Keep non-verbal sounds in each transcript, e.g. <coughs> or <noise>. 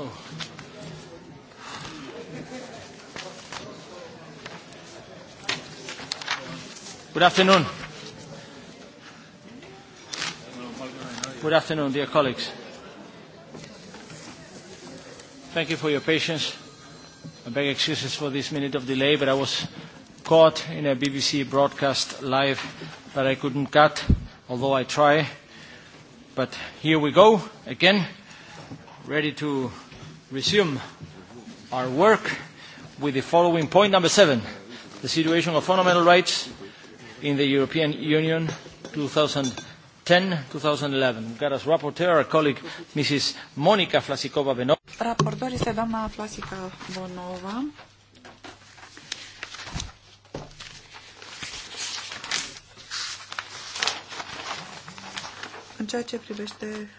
Oh. Good afternoon. Good afternoon, dear colleagues. Thank you for your patience. I beg excuses for this minute of delay, but I was caught in a BBC broadcast live that I couldn't cut, although I try. But here we go again, ready to resume our work with the following point number seven, the situation of fundamental rights in the European Union 2010-2011. got as rapporteur our colleague Mrs. Monica Flasikova Benova. Raportor este doamna Flasica Bonova. În ceea ce privește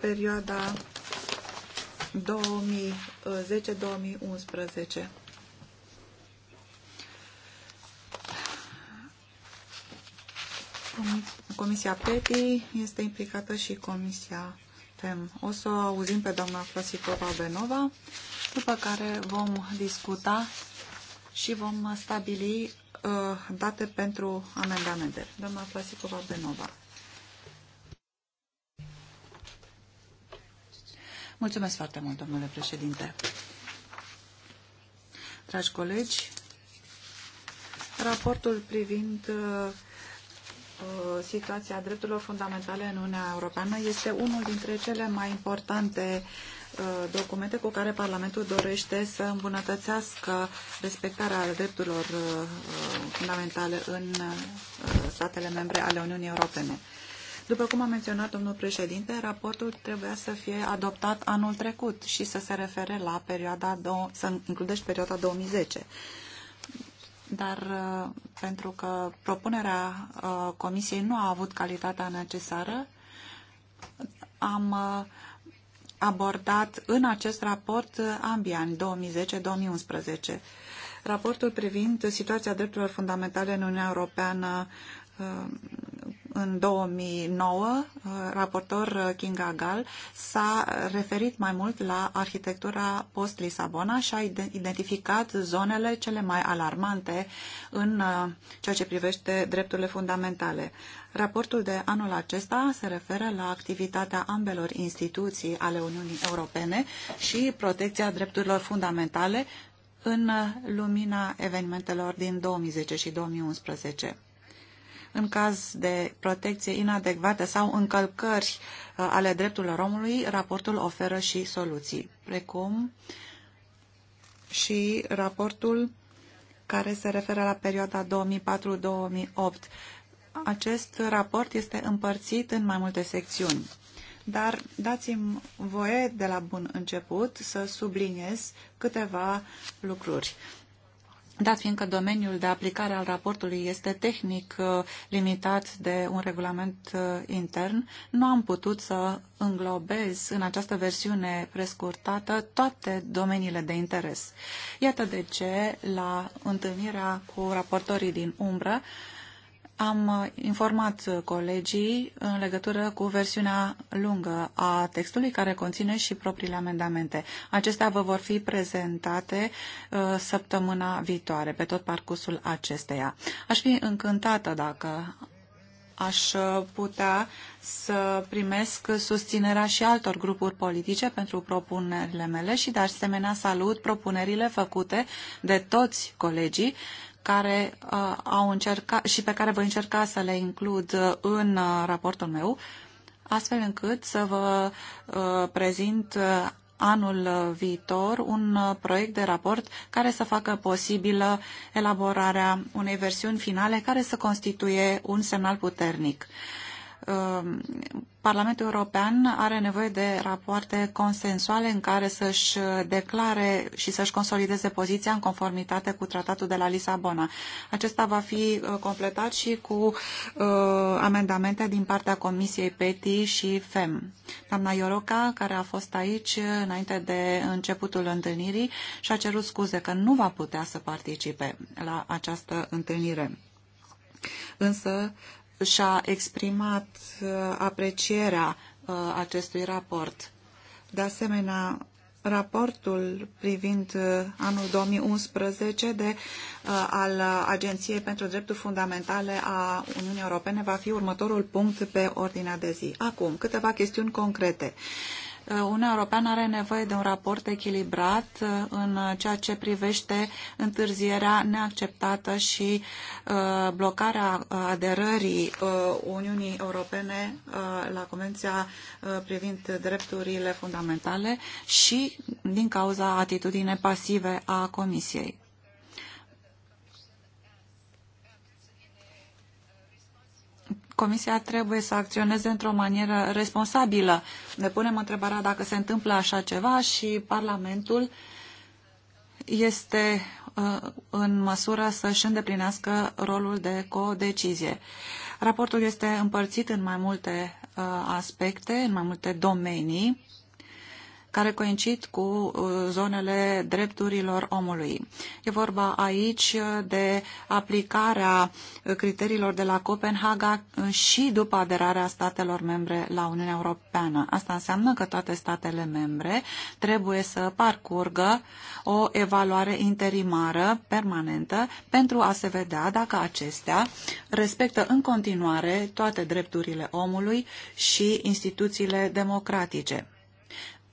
perioada 2010-2011. Comisia PETI este implicată și Comisia FEM. O să o auzim pe doamna Flosicova Benova, după care vom discuta și vom stabili uh, date pentru amendamente. Doamna Flosicova Benova. Mulțumesc foarte mult, domnule președinte. Dragi colegi, raportul privind uh, uh, situația drepturilor fundamentale în Uniunea Europeană este unul dintre cele mai importante uh, documente cu care Parlamentul dorește să îmbunătățească respectarea drepturilor uh, fundamentale în statele membre ale Uniunii Europene. După cum a menționat domnul președinte, raportul trebuia să fie adoptat anul trecut și să se refere la perioada, să includă și perioada 2010 dar uh, pentru că propunerea uh, Comisiei nu a avut calitatea necesară, am uh, abordat în acest raport ambii ani, 2010-2011. Raportul privind situația drepturilor fundamentale în Uniunea Europeană în 2009, uh, raportor uh, Kinga Gal s-a referit mai mult la arhitectura post-Lisabona și a identificat zonele cele mai alarmante în uh, ceea ce privește drepturile fundamentale. Raportul de anul acesta se referă la activitatea ambelor instituții ale Uniunii Europene și protecția drepturilor fundamentale în lumina evenimentelor din 2010 și 2011 în caz de protecție inadecvată sau încălcări uh, ale drepturilor omului, raportul oferă și soluții, precum și raportul care se referă la perioada 2004-2008. Acest raport este împărțit în mai multe secțiuni. Dar dați-mi voie de la bun început să subliniez câteva lucruri. Dat fiindcă domeniul de aplicare al raportului este tehnic uh, limitat de un regulament uh, intern, nu am putut să înglobez în această versiune prescurtată toate domeniile de interes. Iată de ce, la întâlnirea cu raportorii din umbră, am uh, informat uh, colegii în legătură cu versiunea lungă a textului care conține și propriile amendamente. Acestea vă vor fi prezentate uh, săptămâna viitoare, pe tot parcursul acesteia. Aș fi încântată dacă aș putea să primesc susținerea și altor grupuri politice pentru propunerile mele și de asemenea salut propunerile făcute de toți colegii care uh, au încercat și pe care voi încerca să le includ uh, în uh, raportul meu, astfel încât să vă uh, prezint uh, anul uh, viitor un uh, proiect de raport care să facă posibilă elaborarea unei versiuni finale care să constituie un semnal puternic. Uh, Um, Parlamentul European are nevoie de rapoarte consensuale în care să-și declare și să-și consolideze poziția în conformitate cu tratatul de la Lisabona. Acesta va fi uh, completat și cu uh, amendamente din partea Comisiei PETI și FEM. Doamna Ioroca, care a fost aici uh, înainte de începutul întâlnirii și a cerut scuze că nu va putea să participe la această întâlnire. Însă și-a exprimat uh, aprecierea uh, acestui raport. De asemenea, raportul privind uh, anul 2011 de, al Agenției pentru Drepturi Fundamentale a Uniunii Europene va fi următorul punct pe ordinea de zi. Acum, câteva chestiuni concrete. Uh, Uh, Uniunea Europeană are nevoie de un raport echilibrat uh, în ceea ce privește întârzierea neacceptată și uh, blocarea aderării Uniunii Europene la Convenția privind drepturile fundamentale și din cauza atitudine pasive a Comisiei. Comisia trebuie să acționeze într-o manieră responsabilă. Ne punem întrebarea dacă se întâmplă așa ceva și Parlamentul este uh, în măsură să-și îndeplinească rolul de codecizie. Raportul este împărțit în mai multe uh, aspecte, în mai multe domenii care coincid cu uh, zonele drepturilor omului. E vorba aici de aplicarea uh, criteriilor de la Copenhaga uh, și după aderarea statelor membre la Uniunea Europeană. Asta înseamnă că toate statele membre trebuie să parcurgă o evaluare interimară permanentă pentru a se vedea dacă acestea respectă în continuare toate drepturile omului și instituțiile democratice.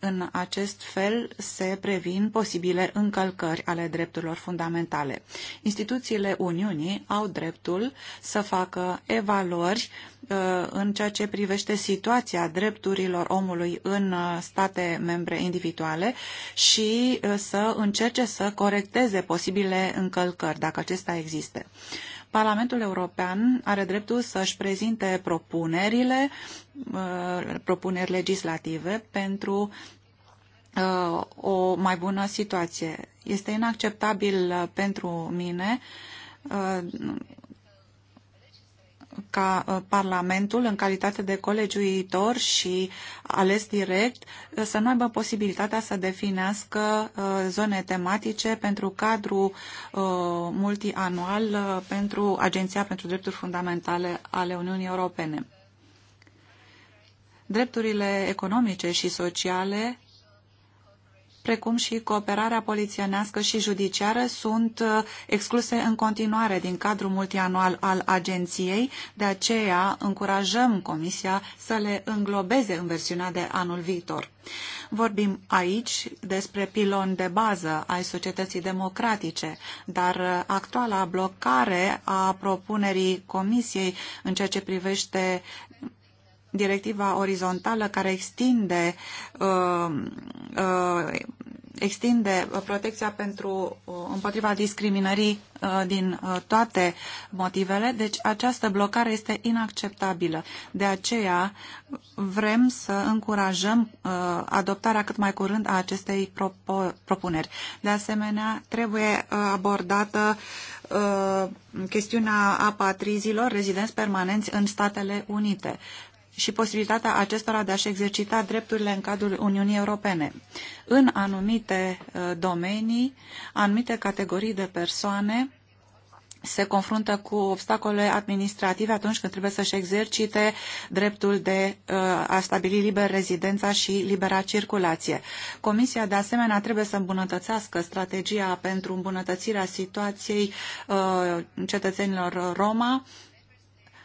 În acest fel se previn posibile încălcări ale drepturilor fundamentale. Instituțiile Uniunii au dreptul să facă evaluări uh, în ceea ce privește situația drepturilor omului în uh, state membre individuale și uh, să încerce să corecteze posibile încălcări, dacă acestea există. Parlamentul European are dreptul să-și prezinte propunerile Uh, propuneri legislative pentru uh, o mai bună situație. Este inacceptabil uh, pentru mine ca Parlamentul, în calitate de colegiuitor și ales direct, să nu aibă posibilitatea să definească zone tematice pentru cadru multianual pentru Agenția pentru Drepturi Fundamentale ale Uniunii Europene drepturile economice și sociale, precum și cooperarea polițienească și judiciară, sunt uh, excluse în continuare din cadrul multianual al agenției, de aceea încurajăm Comisia să le înglobeze în versiunea de anul viitor. Vorbim aici despre pilon de bază ai societății democratice, dar uh, actuala blocare a propunerii Comisiei în ceea ce privește directiva orizontală care extinde, uh, uh, extinde protecția pentru uh, împotriva discriminării uh, din uh, toate motivele. Deci această blocare este inacceptabilă. De aceea vrem să încurajăm uh, adoptarea cât mai curând a acestei propo- propuneri. De asemenea, trebuie uh, abordată uh, chestiunea apatrizilor rezidenți permanenți în Statele Unite și posibilitatea acestora de a-și exercita drepturile în cadrul Uniunii Europene. În anumite uh, domenii, anumite categorii de persoane se confruntă cu obstacole administrative atunci când trebuie să-și exercite dreptul de uh, a stabili liber rezidența și libera circulație. Comisia, de asemenea, trebuie să îmbunătățească strategia pentru îmbunătățirea situației uh, cetățenilor Roma,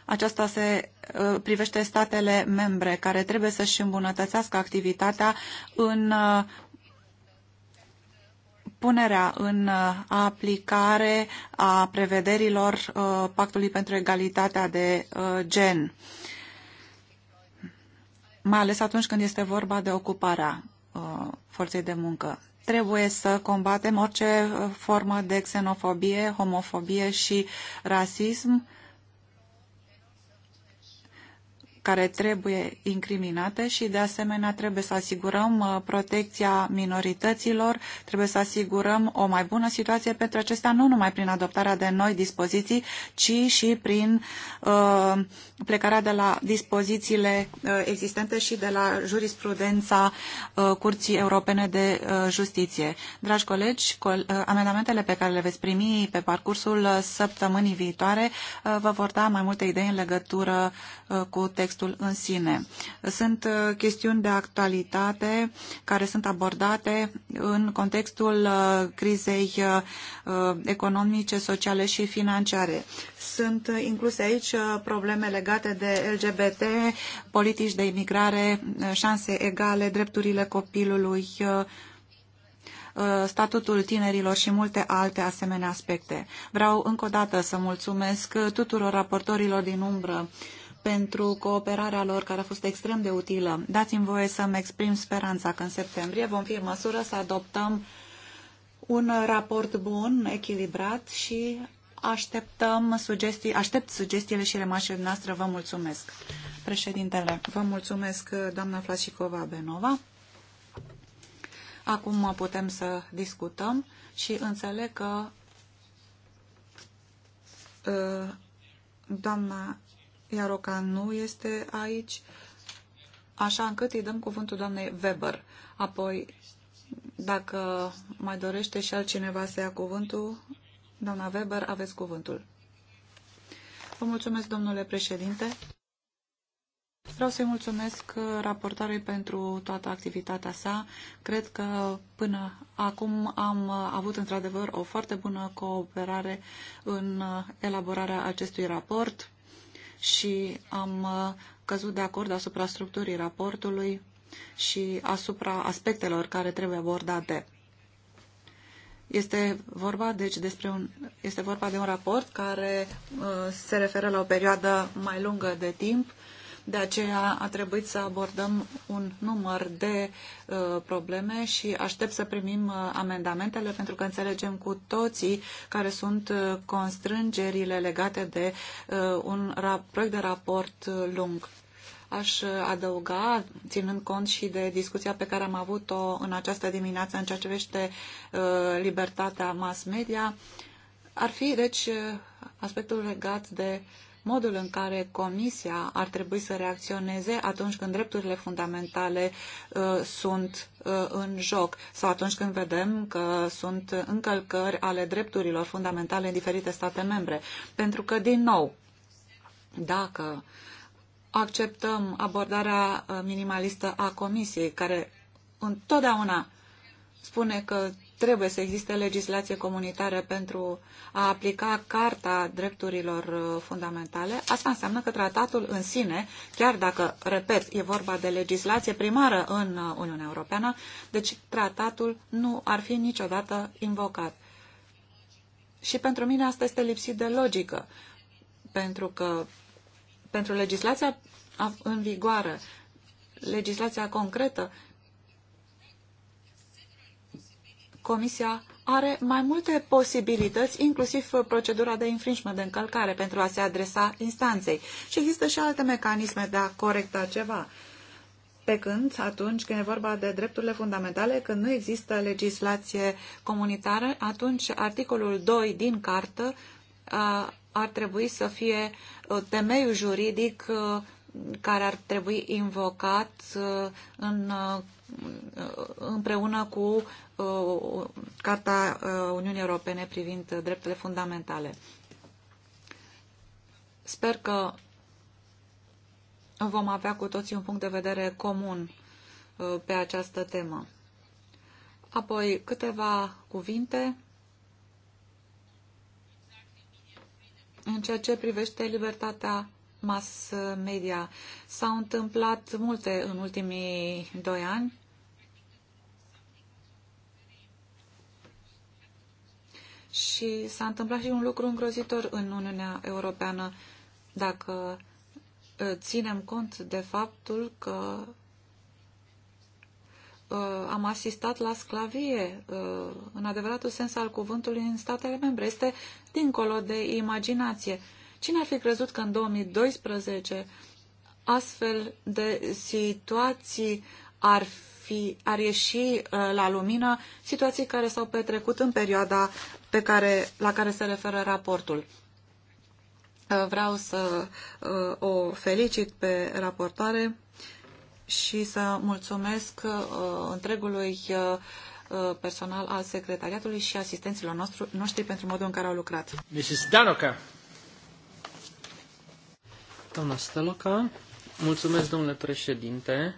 aceasta se uh, privește statele membre care trebuie să-și îmbunătățească activitatea în uh, punerea în uh, aplicare a prevederilor Pactului pentru Egalitatea de Gen, mai ales atunci când este vorba de ocuparea forței de muncă. Trebuie să combatem orice formă de xenofobie, homofobie și rasism care trebuie incriminate și, de asemenea, trebuie să asigurăm uh, protecția minorităților, trebuie să asigurăm o mai bună situație pentru acestea, nu numai prin adoptarea de noi dispoziții, ci și prin uh, plecarea de la dispozițiile uh, existente și de la jurisprudența uh, Curții Europene de uh, Justiție. Dragi colegi, col uh, amendamentele pe care le veți primi pe parcursul uh, săptămânii viitoare uh, vă vor da mai multe idei în legătură uh, cu textul textul în sine. Sunt uh, chestiuni de actualitate care sunt abordate în contextul uh, crizei uh, economice, sociale și financiare. Sunt incluse aici probleme legate de LGBT, politici de imigrare, șanse egale, drepturile copilului, statutul tinerilor și multe alte asemenea aspecte. Vreau încă o dată să mulțumesc tuturor raportorilor din umbră pentru cooperarea lor, care a fost extrem de utilă. Dați-mi voie să-mi exprim speranța că în septembrie vom fi în măsură să adoptăm un raport bun, echilibrat și așteptăm sugestii, aștept sugestiile și remașele noastre. Vă mulțumesc, președintele. Vă mulțumesc, doamna Flașicova Benova. Acum putem să discutăm și înțeleg că uh, doamna iar Oca nu este aici, așa încât îi dăm cuvântul doamnei Weber. Apoi, dacă mai dorește și altcineva să ia cuvântul, doamna Weber, aveți cuvântul. Vă mulțumesc, domnule președinte. Vreau să-i mulțumesc raportarei pentru toată activitatea sa. Cred că până acum am avut într-adevăr o foarte bună cooperare în elaborarea acestui raport și am uh, căzut de acord asupra structurii raportului și asupra aspectelor care trebuie abordate. Este vorba, deci, despre un, este vorba de un raport care uh, se referă la o perioadă mai lungă de timp de aceea a trebuit să abordăm un număr de uh, probleme și aștept să primim uh, amendamentele pentru că înțelegem cu toții care sunt uh, constrângerile legate de uh, un proiect de raport uh, lung aș uh, adăuga, ținând cont și de discuția pe care am avut-o în această dimineață în ceea ce vește uh, libertatea mass media, ar fi, deci, aspectul legat de modul în care Comisia ar trebui să reacționeze atunci când drepturile fundamentale uh, sunt uh, în joc sau atunci când vedem că sunt încălcări ale drepturilor fundamentale în diferite state membre. Pentru că, din nou, dacă acceptăm abordarea uh, minimalistă a Comisiei, care întotdeauna spune că trebuie să existe legislație comunitară pentru a aplica Carta Drepturilor uh, Fundamentale, asta înseamnă că tratatul în sine, chiar dacă, repet, e vorba de legislație primară în uh, Uniunea Europeană, deci tratatul nu ar fi niciodată invocat. Și pentru mine asta este lipsit de logică, pentru că pentru legislația în vigoare, legislația concretă, Comisia are mai multe posibilități, inclusiv procedura de infringement, de încălcare, pentru a se adresa instanței. Și există și alte mecanisme de a corecta ceva. Pe când, atunci când e vorba de drepturile fundamentale, când nu există legislație comunitară, atunci articolul 2 din cartă ar trebui să fie uh, temeiul juridic uh, care ar trebui invocat uh, în, împreună cu Uh, Carta uh, Uniunii Europene privind uh, drepturile fundamentale. Sper că vom avea cu toții un punct de vedere comun pe această temă. Apoi câteva cuvinte în ceea ce privește libertatea mass media. S-au întâmplat multe în ultimii doi ani Și s-a întâmplat și un lucru îngrozitor în Uniunea Europeană. Dacă ă, ținem cont de faptul că ă, am asistat la sclavie, ă, în adevăratul sens al cuvântului, în statele membre. Este dincolo de imaginație. Cine ar fi crezut că în 2012 astfel de situații ar fi, ar ieși uh, la lumină situații care s-au petrecut în perioada pe care, la care se referă raportul. Uh, vreau să uh, o felicit pe raportoare și să mulțumesc întregului personal al secretariatului și asistenților nostru, noștri pentru modul în care au lucrat. Mrs. Danoca. Doamna Steloca, mulțumesc domnule președinte.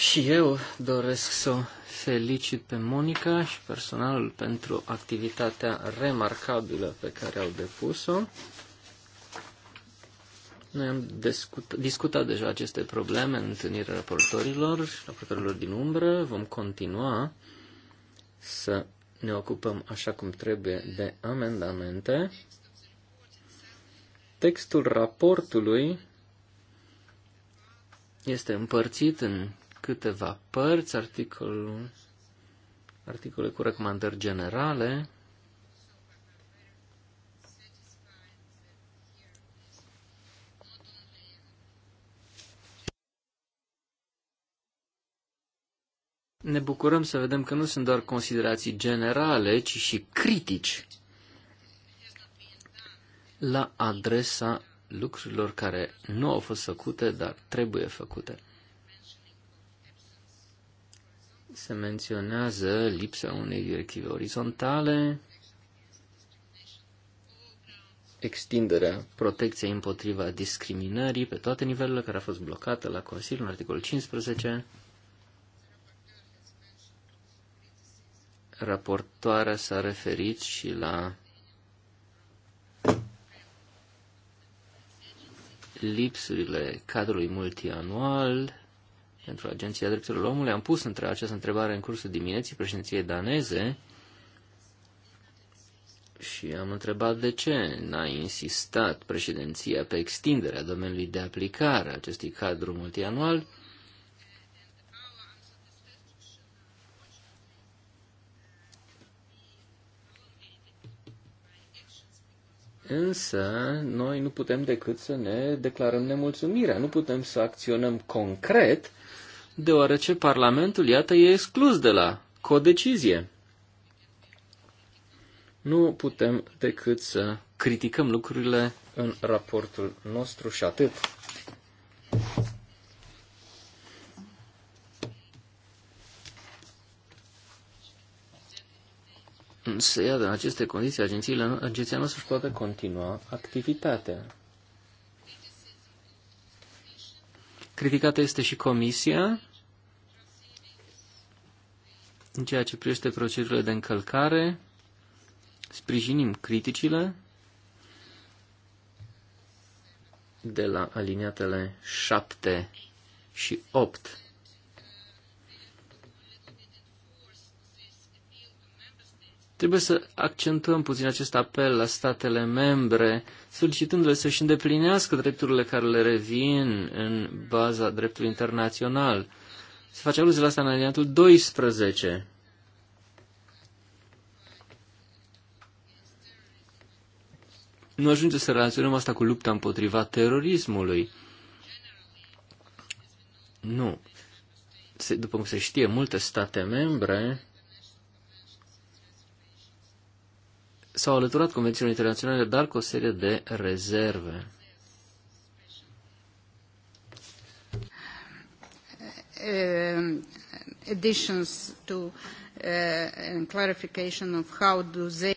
Și eu doresc să o felicit pe Monica și personalul pentru activitatea remarcabilă pe care au depus-o. Noi am discut, discutat deja aceste probleme în întâlnirea raportorilor și raportorilor din umbră. Vom continua să ne ocupăm așa cum trebuie de amendamente. Textul raportului este împărțit în câteva părți, articolul, articole cu recomandări generale. Ne bucurăm să vedem că nu sunt doar considerații generale, ci și critici la adresa lucrurilor care nu au fost făcute, dar trebuie făcute se menționează lipsa unei directive orizontale, extinderea protecției împotriva discriminării pe toate nivelurile care a fost blocată la Consiliul în articolul 15. Raportoarea s-a referit și la lipsurile cadrului multianual pentru Agenția Drepturilor Omului. Am pus între această întrebare în cursul dimineții președinției daneze și am întrebat de ce n-a insistat președinția pe extinderea domeniului de aplicare a acestui cadru multianual. Însă, noi nu putem decât să ne declarăm nemulțumirea, nu putem să acționăm concret deoarece Parlamentul, iată, e exclus de la codecizie. Nu putem decât să criticăm lucrurile în raportul nostru și atât. Să ia de aceste condiții, agențiile, agenția noastră își poate continua activitatea. Criticată este și comisia în ceea ce privește procedurile de încălcare, sprijinim criticile de la aliniatele 7 și 8. Trebuie să accentuăm puțin acest apel la statele membre, solicitându-le să-și îndeplinească drepturile care le revin în baza dreptului internațional. Se face aluzie la asta în aliniatul 12. Nu ajunge să relaționăm asta cu lupta împotriva terorismului. Nu. Se, după cum se știe, multe state membre s-au alăturat convențiilor internaționale, dar cu o serie de rezerve. Uh, additions to uh, and clarification of how do they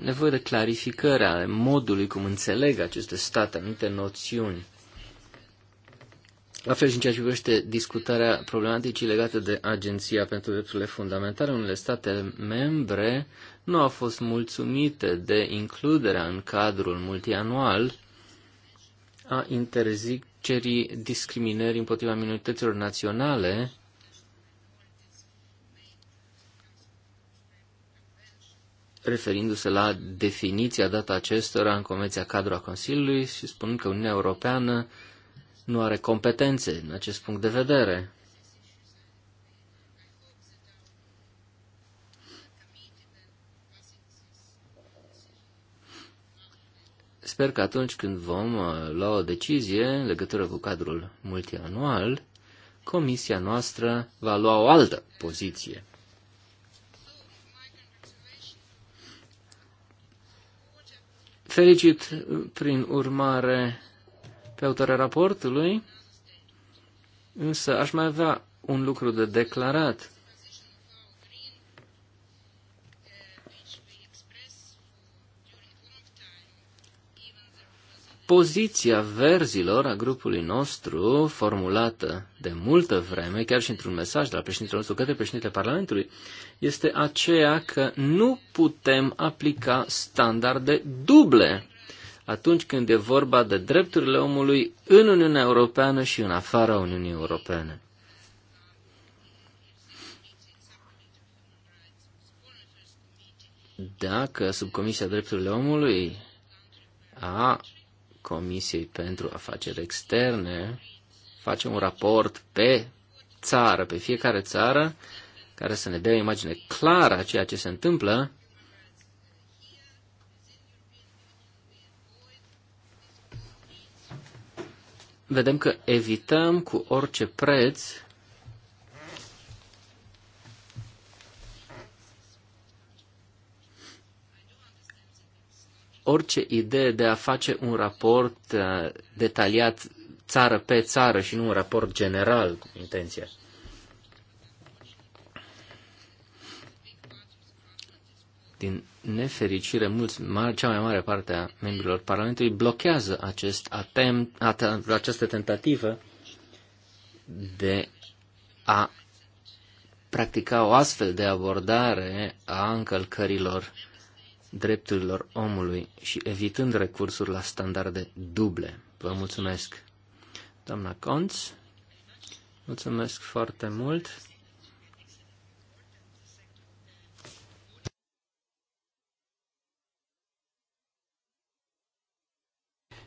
nevoie de clarificare a modului cum înțeleg aceste state anumite noțiuni. La fel și în ceea ce privește discutarea problematicii legate de Agenția pentru Drepturile Fundamentale, unele state membre nu au fost mulțumite de includerea în cadrul multianual a interzicerii discriminării împotriva minorităților naționale referindu-se la definiția dată acestora în Convenția Cadru a Consiliului și spunând că Uniunea Europeană nu are competențe în acest punct de vedere. Sper că atunci când vom uh, lua o decizie în legătură cu cadrul multianual, comisia noastră va lua o altă poziție. Felicit, uh, prin urmare, pe autoarea raportului, însă aș mai avea un lucru de declarat. Poziția verzilor a grupului nostru, formulată de multă vreme, chiar și într-un mesaj de la președintele nostru către președintele Parlamentului, este aceea că nu putem aplica standarde duble atunci când e vorba de drepturile omului în Uniunea Europeană și în afara Uniunii Europene. Dacă Subcomisia Drepturile Omului a Comisiei pentru Afaceri Externe face un raport pe țară, pe fiecare țară, care să ne dea o imagine clară a ceea ce se întâmplă. Vedem că evităm cu orice preț orice idee de a face un raport uh, detaliat țară pe țară și nu un raport general cu intenția. Din nefericire, mulți, cea mai mare parte a membrilor Parlamentului blochează acest atem, această tentativă de a practica o astfel de abordare a încălcărilor drepturilor omului și evitând recursul la standarde duble. Vă mulțumesc. Doamna Conț, mulțumesc foarte mult.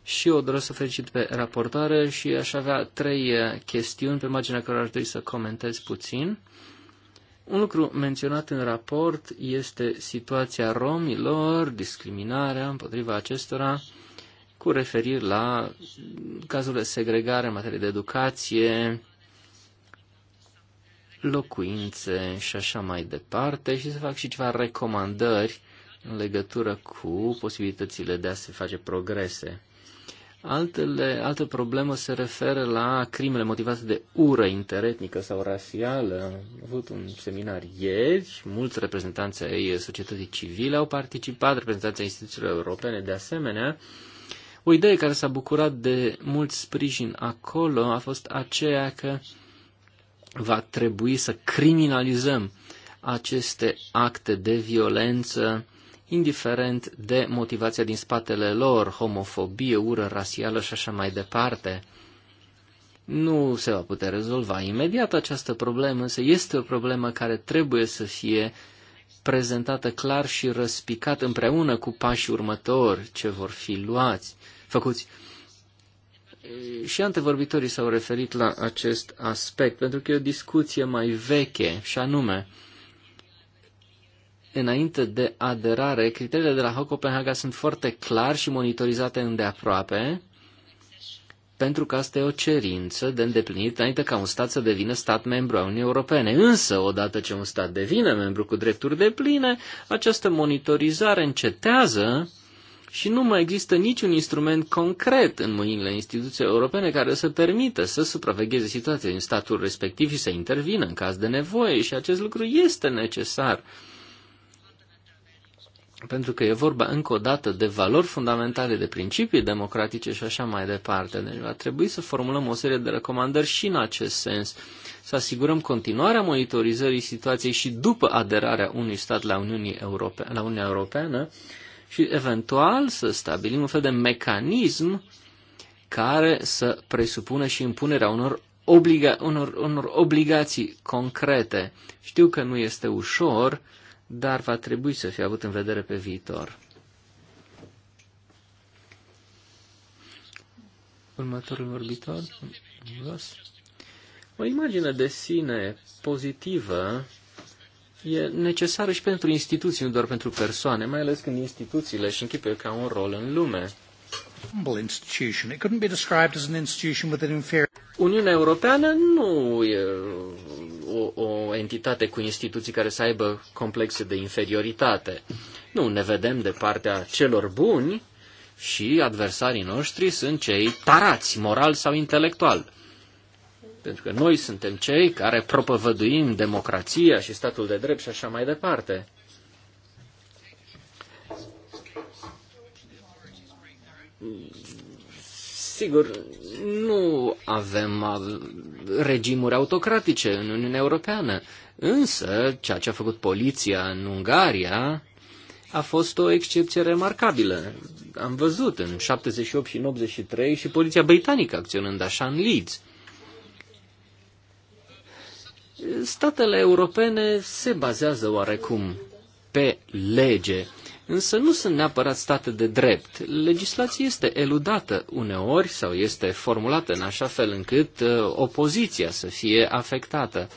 Și eu doresc să felicit pe raportare și aș avea trei eh, chestiuni pe marginea care ar trebui să comentez puțin. Un lucru menționat în raport este situația romilor, discriminarea împotriva acestora, cu referiri la cazul de segregare în materie de educație, locuințe și așa mai departe și să fac și ceva recomandări în legătură cu posibilitățile de a se face progrese. Altele, altă problemă se referă la crimele motivate de ură interetnică sau rasială. Am avut un seminar ieri, mulți reprezentanți ai societății civile au participat, reprezentanții instituțiilor europene de asemenea. O idee care s-a bucurat de mult sprijin acolo a fost aceea că va trebui să criminalizăm aceste acte de violență indiferent de motivația din spatele lor, homofobie, ură rasială și așa mai departe. Nu se va putea rezolva imediat această problemă, însă este o problemă care trebuie să fie prezentată clar și răspicat împreună cu pașii următori ce vor fi luați, făcuți. Și antevorbitorii s-au referit la acest aspect, pentru că e o discuție mai veche, și anume, înainte de aderare, criteriile de la Copenhaga sunt foarte clar și monitorizate îndeaproape, pentru că asta e o cerință de îndeplinit înainte ca un stat să devină stat membru a Uniunii Europene. Însă, odată ce un stat devine membru cu drepturi de pline, această monitorizare încetează și nu mai există niciun instrument concret în mâinile instituției europene care să permită să supravegheze situația din statul respectiv și să intervină în caz de nevoie și acest lucru este necesar pentru că e vorba încă o dată de valori fundamentale, de principii democratice și așa mai departe. Deci va trebui să formulăm o serie de recomandări și în acest sens, să asigurăm continuarea monitorizării situației și după aderarea unui stat la, Uniunii Europe- la Uniunea Europeană și eventual să stabilim un fel de mecanism care să presupună și impunerea unor, obliga- unor, unor obligații concrete. Știu că nu este ușor, dar va trebui să fie avut în vedere pe viitor. Următorul vorbitor, o imagine de sine pozitivă e necesară și pentru instituții, nu doar pentru persoane, mai ales când instituțiile își închipe ca un rol în lume. Uniunea Europeană nu e o, o entitate cu instituții care să aibă complexe de inferioritate. Nu, ne vedem de partea celor buni și adversarii noștri sunt cei tarați, moral sau intelectual. Pentru că noi suntem cei care propovăduim democrația și statul de drept și așa mai departe. Sigur, nu avem regimuri autocratice în Uniunea Europeană, însă ceea ce a făcut poliția în Ungaria a fost o excepție remarcabilă. Am văzut în 78 și în 83 și poliția britanică acționând așa în Leeds. Statele europene se bazează oarecum pe lege însă nu sunt neapărat state de drept. Legislația este eludată uneori sau este formulată în așa fel încât uh, opoziția să fie afectată.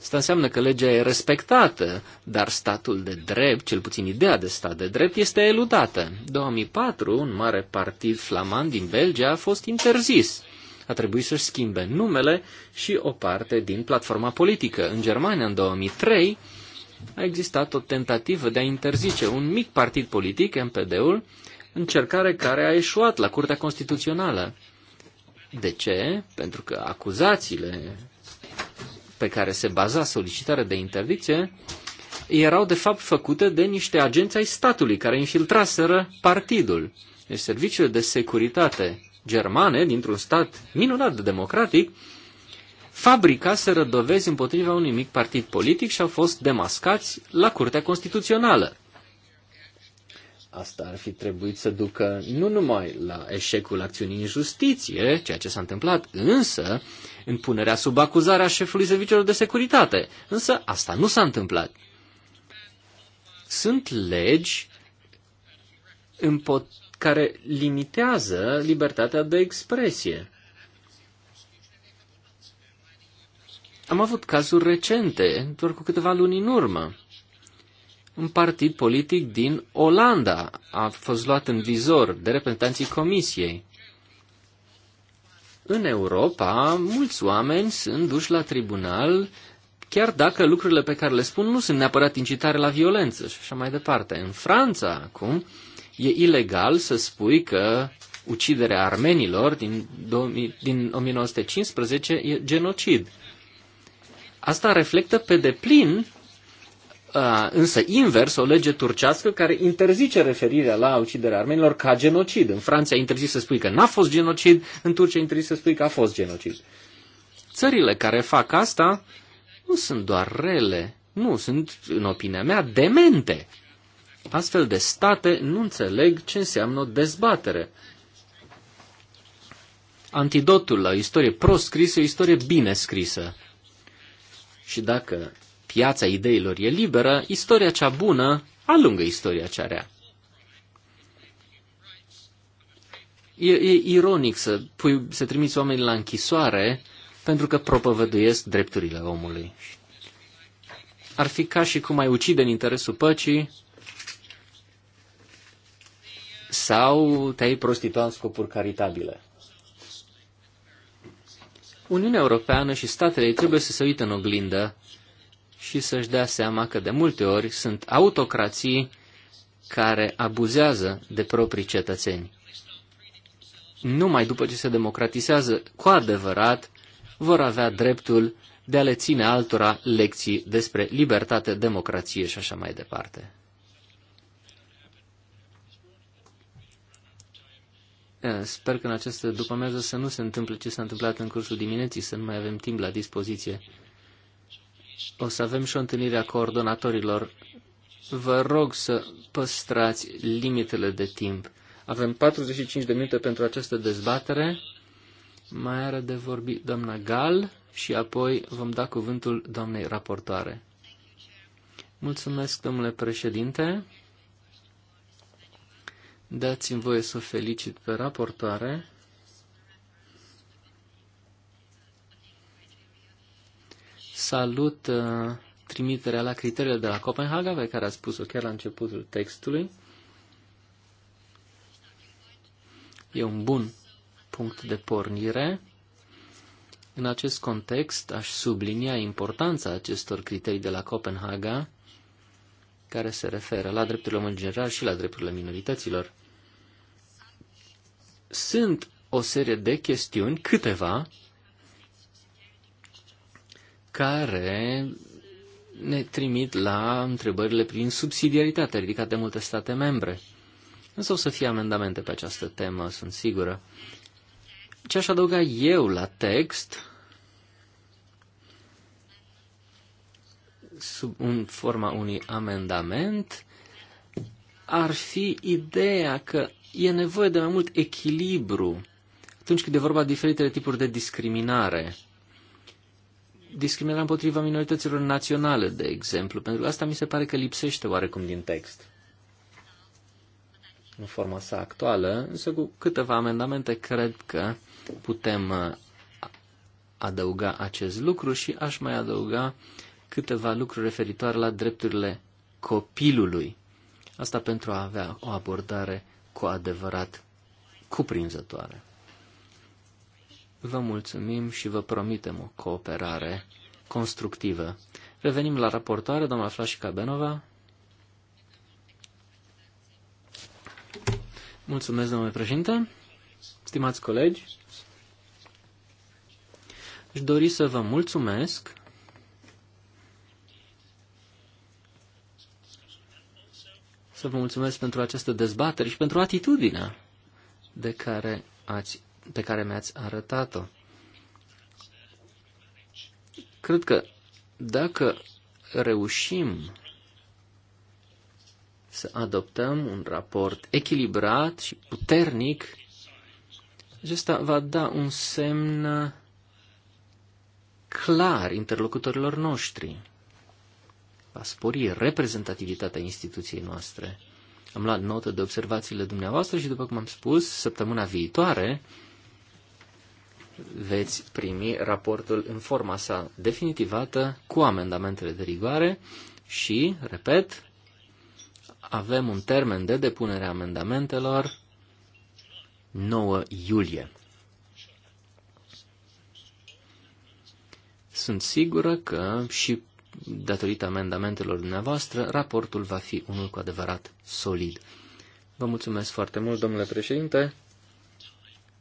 Asta înseamnă că legea e respectată, dar statul de drept, cel puțin ideea de stat de drept, este eludată. 2004, un mare partid flamand din Belgia a fost interzis. A trebuit să-și schimbe numele și o parte din platforma politică. În Germania, în 2003, a existat o tentativă de a interzice un mic partid politic, MPD-ul, încercare care a eșuat la Curtea Constituțională. De ce? Pentru că acuzațiile pe care se baza solicitarea de interdicție erau de fapt făcute de niște agenți ai statului care infiltraseră partidul. Deci serviciile de securitate germane dintr-un stat minunat de democratic fabrica să dovezi împotriva unui mic partid politic și au fost demascați la Curtea Constituțională. Asta ar fi trebuit să ducă nu numai la eșecul acțiunii în justiție, ceea ce s-a întâmplat, însă în punerea sub acuzare a șefului serviciilor de securitate. Însă asta nu s-a întâmplat. Sunt legi care limitează libertatea de expresie. Am avut cazuri recente, doar cu câteva luni în urmă. Un partid politic din Olanda a fost luat în vizor de reprezentanții comisiei. În Europa, mulți oameni sunt duși la tribunal, chiar dacă lucrurile pe care le spun nu sunt neapărat incitare la violență și așa mai departe. În Franța, acum, e ilegal să spui că uciderea armenilor din, 2000, din 1915 e genocid. Asta reflectă pe deplin însă invers o lege turcească care interzice referirea la uciderea armenilor ca genocid. În Franța interzis să spui că n-a fost genocid, în Turcia interzis să spui că a fost genocid. Țările care fac asta nu sunt doar rele, nu, sunt, în opinia mea, demente. Astfel de state nu înțeleg ce înseamnă o dezbatere. Antidotul la o istorie proscrisă o istorie bine scrisă. Și dacă piața ideilor e liberă, istoria cea bună alungă istoria cea rea. E, e ironic să, pui, să trimiți oameni la închisoare pentru că propovăduiesc drepturile omului. Ar fi ca și cum ai ucide în interesul păcii sau te-ai prostitua în scopuri caritabile. Uniunea Europeană și statele ei trebuie să se uită în oglindă și să-și dea seama că de multe ori sunt autocrații care abuzează de proprii cetățeni. Numai după ce se democratizează cu adevărat, vor avea dreptul de a le ține altora lecții despre libertate, democrație și așa mai departe. Eh, sper că în această după-amiază să nu se întâmple ce s-a întâmplat în cursul dimineții, să nu mai avem timp la dispoziție. O să avem și o întâlnire a coordonatorilor. Vă rog să păstrați limitele de timp. Avem 45 de minute pentru această dezbatere. Mai are de vorbit doamna Gal și apoi vom da cuvântul doamnei raportoare. Mulțumesc, domnule președinte. Dați-mi voie să felicit pe raportoare. Salut uh, trimiterea la criteriile de la Copenhaga, pe care a spus-o chiar la începutul textului. E un bun punct de pornire. În acest context, aș sublinia importanța acestor criterii de la Copenhaga care se referă la drepturile omului în general și la drepturile minorităților. Sunt o serie de chestiuni, câteva, care ne trimit la întrebările prin subsidiaritate ridicate de multe state membre. Însă o să fie amendamente pe această temă, sunt sigură. Ce aș adăuga eu la text sub un, forma unui amendament ar fi ideea că e nevoie de mai mult echilibru atunci când e vorba de diferitele tipuri de discriminare. Discriminarea împotriva minorităților naționale, de exemplu, pentru că asta mi se pare că lipsește oarecum din text. În forma sa actuală, însă cu câteva amendamente cred că putem uh, adăuga acest lucru și aș mai adăuga uh, câteva lucruri referitoare la drepturile copilului. Asta pentru a avea o abordare cu adevărat cuprinzătoare. Vă mulțumim și vă promitem o cooperare constructivă. Revenim la raportoare, doamna Flașica Benova. Mulțumesc, domnule președinte. Stimați colegi, aș dori să vă mulțumesc să vă mulțumesc pentru această dezbatere și pentru atitudinea de care ați, pe care mi-ați arătat-o. Cred că dacă reușim să adoptăm un raport echilibrat și puternic, acesta va da un semn clar interlocutorilor noștri a spori reprezentativitatea instituției noastre. Am luat notă de observațiile dumneavoastră și, după cum am spus, săptămâna viitoare veți primi raportul în forma sa definitivată cu amendamentele de rigoare și, repet, avem un termen de depunere a amendamentelor 9 iulie. Sunt sigură că și datorită amendamentelor dumneavoastră, raportul va fi unul cu adevărat solid. Vă mulțumesc foarte mult, domnule președinte.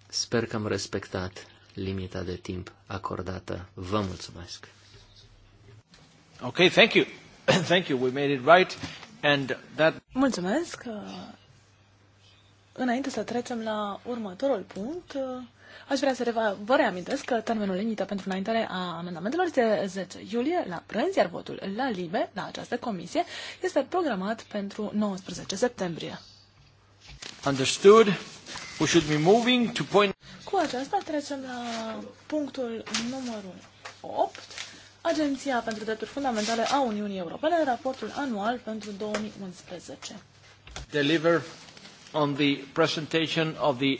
Sper că am respectat limita de timp acordată. Vă mulțumesc. Ok, thank you. <coughs> thank you. We made it right. And that... Mulțumesc. Înainte să trecem la următorul punct, Aș vrea să vă reamintesc că termenul limită pentru înaintare a amendamentelor este 10 iulie la prânz, iar votul la LIBE, la această comisie, este programat pentru 19 septembrie. Understood. We should be moving to point... Cu aceasta trecem la punctul numărul 8, Agenția pentru Drepturi Fundamentale a Uniunii Europene, raportul anual pentru 2011. Deliver on the presentation of the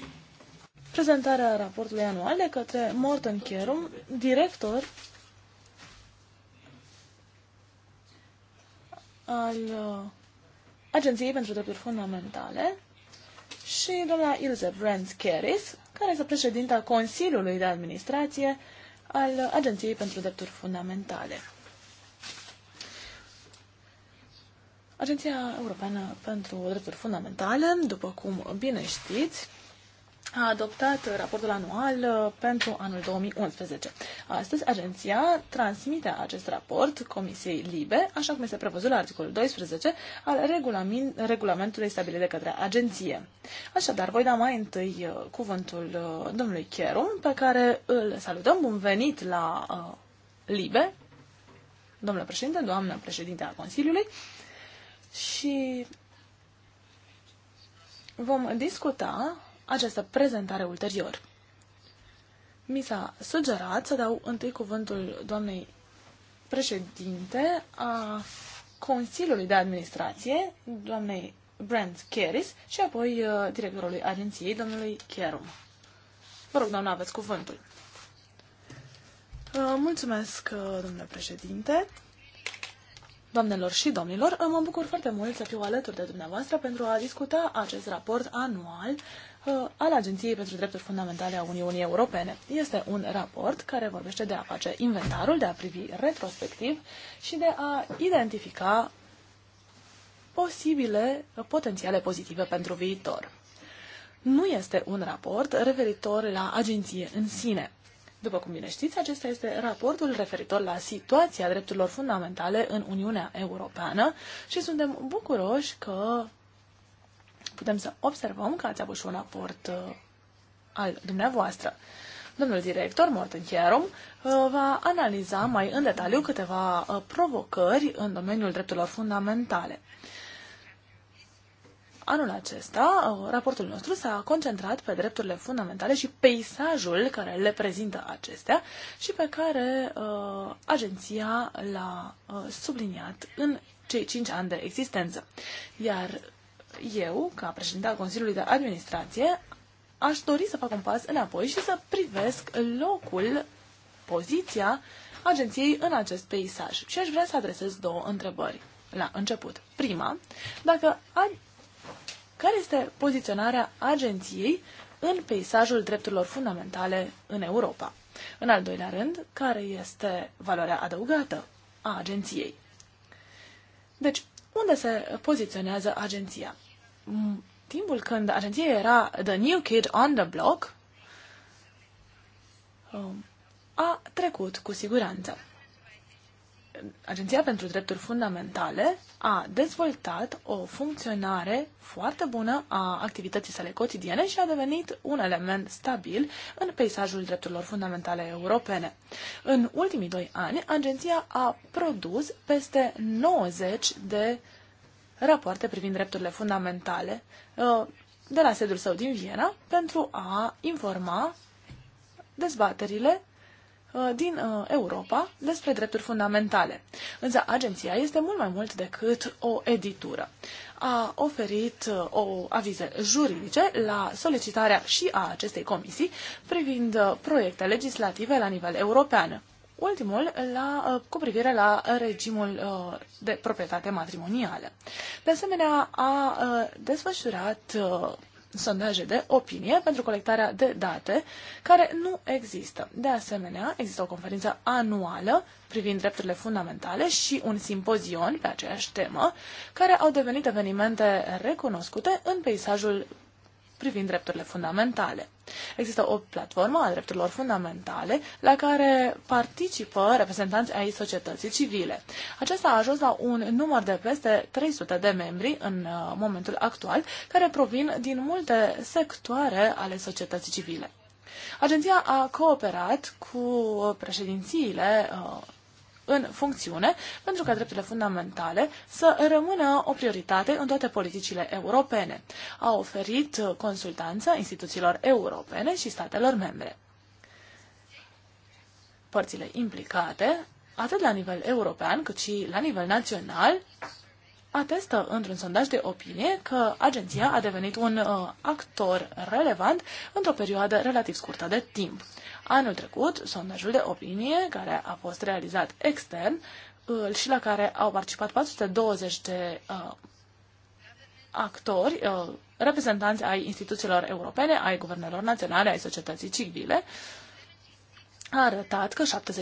prezentarea raportului anual de către Morten Kerum, director al uh, Agenției pentru Drepturi Fundamentale și doamna Ilse Brands Keris, care este președinta Consiliului de Administrație al Agenției pentru Drepturi Fundamentale. Agenția Europeană pentru Drepturi Fundamentale, după cum bine știți, a adoptat raportul anual uh, pentru anul 2011. Astăzi, agenția transmite acest raport Comisiei Libe, așa cum este prevăzut la articolul 12 al regulamentului stabilit de către agenție. Așadar, voi da mai întâi uh, cuvântul uh, domnului Cherum, pe care îl salutăm. Bun venit la uh, Libe, domnule președinte, doamnă președinte a Consiliului. Și vom discuta această prezentare ulterior. Mi s-a sugerat să dau întâi cuvântul doamnei președinte a Consiliului de Administrație, doamnei Brent Keris, și apoi uh, directorului agenției, domnului Kierum. Vă rog, doamna, aveți cuvântul. Uh, mulțumesc, uh, domnule președinte. Doamnelor și domnilor, mă bucur foarte mult să fiu alături de dumneavoastră pentru a discuta acest raport anual Uh, al Agenției pentru Drepturi Fundamentale a Uniunii Europene. Este un raport care vorbește de a face inventarul, de a privi retrospectiv și de a identifica posibile potențiale pozitive pentru viitor. Nu este un raport referitor la agenție în sine. După cum bine știți, acesta este raportul referitor la situația drepturilor fundamentale în Uniunea Europeană și suntem bucuroși că putem să observăm că ați avut și un raport uh, al dumneavoastră. Domnul director Morten Chiarum uh, va analiza mai în detaliu câteva uh, provocări în domeniul drepturilor fundamentale. Anul acesta, uh, raportul nostru s-a concentrat pe drepturile fundamentale și peisajul care le prezintă acestea și pe care uh, agenția l-a uh, subliniat în cei cinci ani de existență. Iar eu, ca președinte al Consiliului de Administrație, aș dori să fac un pas înapoi și să privesc locul, poziția agenției în acest peisaj. Și aș vrea să adresez două întrebări la început. Prima, dacă a... care este poziționarea agenției în peisajul drepturilor fundamentale în Europa? În al doilea rând, care este valoarea adăugată a agenției? Deci, unde se poziționează agenția? Mm, timpul când agenția era The New Kid on the Block, um, a trecut cu siguranță. Agenția pentru Drepturi Fundamentale a dezvoltat o funcționare foarte bună a activității sale cotidiene și a devenit un element stabil în peisajul drepturilor fundamentale europene. În ultimii doi ani, agenția a produs peste 90 de uh, rapoarte privind drepturile fundamentale uh, de la sediul său din Viena pentru a informa dezbaterile uh, din uh, Europa despre drepturi fundamentale. Însă agenția este mult mai mult decât o editură. A oferit o avize juridice la solicitarea și a acestei comisii privind proiecte legislative la nivel european ultimul la, uh, cu privire la regimul uh, de proprietate matrimonială. De asemenea, a uh, desfășurat sondaje de opinie pentru colectarea de date care nu există. De asemenea, există o conferință anuală privind drepturile fundamentale și un simpozion pe aceeași temă, care au devenit evenimente recunoscute în peisajul privind drepturile fundamentale. Există o platformă a drepturilor fundamentale la care participă reprezentanți ai societății civile. Aceasta a ajuns la un număr de peste 300 de membri în uh, momentul actual, care provin din multe sectoare ale societății civile. Agenția a cooperat cu președințiile uh, în funcțiune pentru ca drepturile fundamentale să rămână o prioritate în toate politicile europene. A oferit uh, consultanță instituțiilor europene și statelor membre. Părțile implicate, atât la nivel european cât și la nivel național, atestă într-un sondaj de opinie că agenția a devenit un uh, actor relevant într-o perioadă relativ scurtă de timp. Anul trecut, sondajul de opinie, care a fost realizat extern și la care au participat 420 de uh, actori, uh, reprezentanți ai instituțiilor europene, ai guvernelor naționale, ai societății civile, a arătat că 76%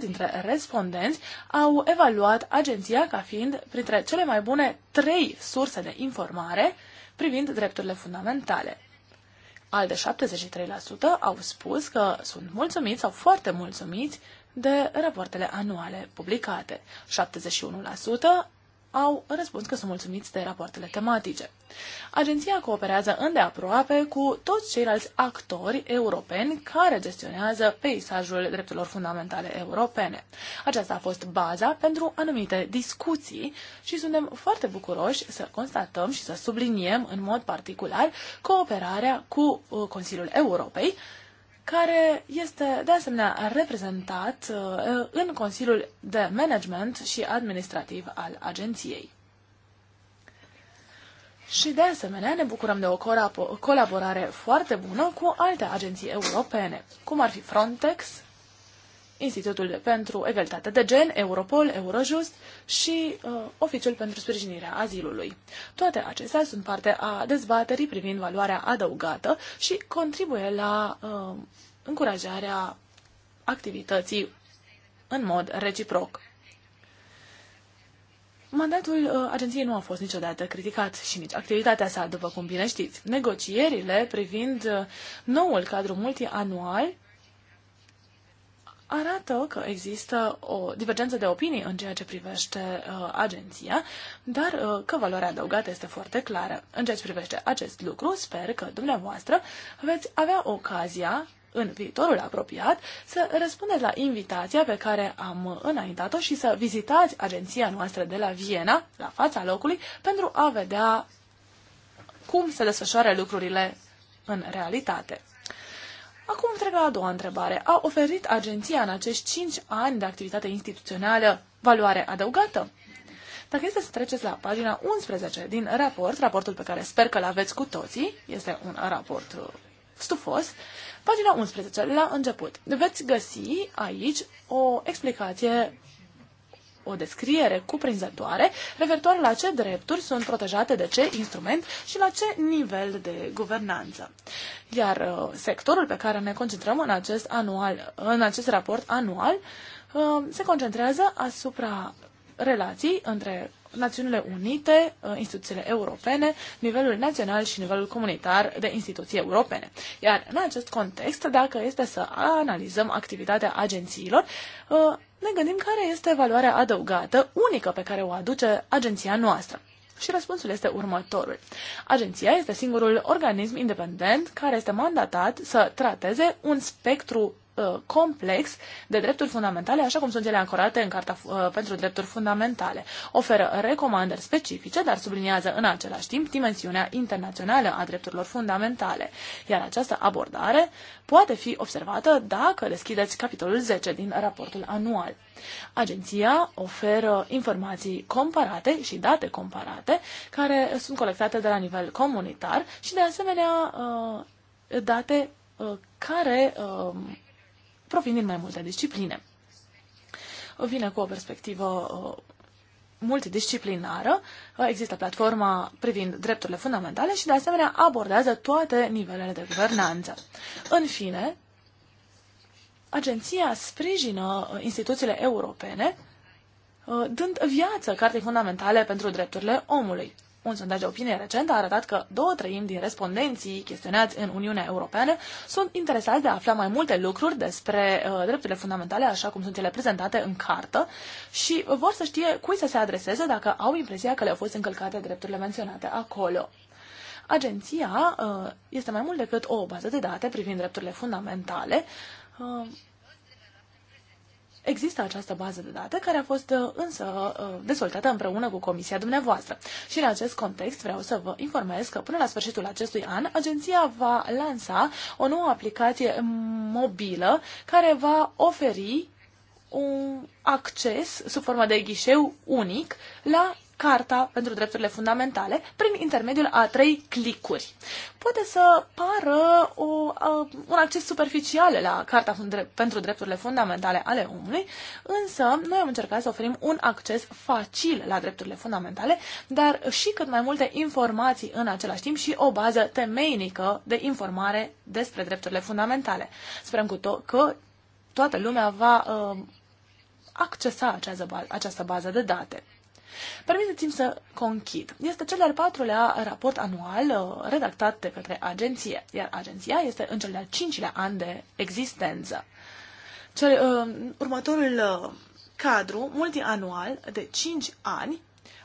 dintre respondenți au evaluat agenția ca fiind printre cele mai bune trei surse de informare privind drepturile fundamentale al de 73% au spus că sunt mulțumiți sau foarte mulțumiți de rapoartele anuale publicate. 71% au răspuns că sunt mulțumiți de rapoartele tematice. Agenția cooperează îndeaproape cu toți ceilalți actori europeni care gestionează peisajul drepturilor fundamentale europene. Aceasta a fost baza pentru anumite discuții și suntem foarte bucuroși să constatăm și să subliniem în mod particular cooperarea cu uh, Consiliul Europei, care este de asemenea reprezentat uh, în Consiliul de Management și Administrativ al agenției. Și de asemenea ne bucurăm de o colaborare foarte bună cu alte agenții europene, cum ar fi Frontex, Institutul pentru Egalitate de Gen, Europol, Eurojust și uh, Oficiul pentru Sprijinirea Azilului. Toate acestea sunt parte a dezbaterii privind valoarea adăugată și contribuie la uh, încurajarea activității în mod reciproc. Mandatul uh, agenției nu a fost niciodată criticat și nici activitatea sa, după cum bine știți. Negocierile privind uh, noul cadru multianual arată că există o divergență de opinii în ceea ce privește uh, agenția, dar uh, că valoarea adăugată este foarte clară. În ceea ce privește acest lucru, sper că dumneavoastră veți avea ocazia în viitorul apropiat să răspundeți la invitația pe care am înaintat-o și să vizitați agenția noastră de la Viena, la fața locului, pentru a vedea cum se desfășoară lucrurile în realitate. Acum trec la a doua întrebare. A oferit agenția în acești 5 ani de activitate instituțională valoare adăugată? Dacă este să treceți la pagina 11 din raport, raportul pe care sper că l aveți cu toții, este un raport uh, stufos, pagina 11, la început, veți găsi aici o explicație o descriere cuprinzătoare referitoare la ce drepturi sunt protejate de ce instrument și la ce nivel de guvernanță. Iar uh, sectorul pe care ne concentrăm în acest, anual, în acest raport anual uh, se concentrează asupra relații între Națiunile Unite, uh, instituțiile europene, nivelul național și nivelul comunitar de instituții europene. Iar în acest context, dacă este să analizăm activitatea agențiilor, uh, ne gândim care este valoarea adăugată unică pe care o aduce agenția noastră. Și răspunsul este următorul. Agenția este singurul organism independent care este mandatat să trateze un spectru Uh, complex de drepturi fundamentale, așa cum sunt ele ancorate în Carta uh, pentru Drepturi Fundamentale. Oferă recomandări specifice, dar subliniază în același timp dimensiunea internațională a drepturilor fundamentale. Iar această abordare poate fi observată dacă deschideți capitolul 10 din raportul anual. Agenția oferă informații comparate și date comparate care sunt colectate de la nivel comunitar și de asemenea uh, date care provin din mai multe discipline. Vine cu o perspectivă uh, multidisciplinară, uh, există platforma privind drepturile fundamentale și de asemenea abordează toate nivelele de guvernanță. În fine, agenția sprijină uh, instituțiile europene dând viață Cartei Fundamentale pentru Drepturile Omului. Un sondaj de opinie recent a arătat că două treimi din respondenții chestionați în Uniunea Europeană sunt interesați de a afla mai multe lucruri despre uh, drepturile fundamentale, așa cum sunt ele prezentate în cartă, și vor să știe cui să se adreseze dacă au impresia că le-au fost încălcate drepturile menționate acolo. Agenția uh, este mai mult decât o bază de date privind drepturile fundamentale. Uh, Există această bază de date care a fost uh, însă uh, dezvoltată împreună cu comisia dumneavoastră. Și în acest context vreau să vă informez că până la sfârșitul acestui an agenția va lansa o nouă aplicație mobilă care va oferi un acces sub formă de ghișeu unic la Carta pentru Drepturile Fundamentale prin intermediul a trei clicuri. Poate să pară o, a, un acces superficial la Carta pentru Drepturile Fundamentale ale omului, însă noi am încercat să oferim un acces facil la drepturile fundamentale, dar și cât mai multe informații în același timp și o bază temeinică de informare despre drepturile fundamentale. Sperăm cu to- că toată lumea va uh, accesa această, această bază de date. Permiteți-mi să conchid. Este cel de-al patrulea raport anual uh, redactat de către agenție, iar agenția este în cel de-al cincilea an de existență. Cel, uh, următorul uh, cadru multianual de 5 ani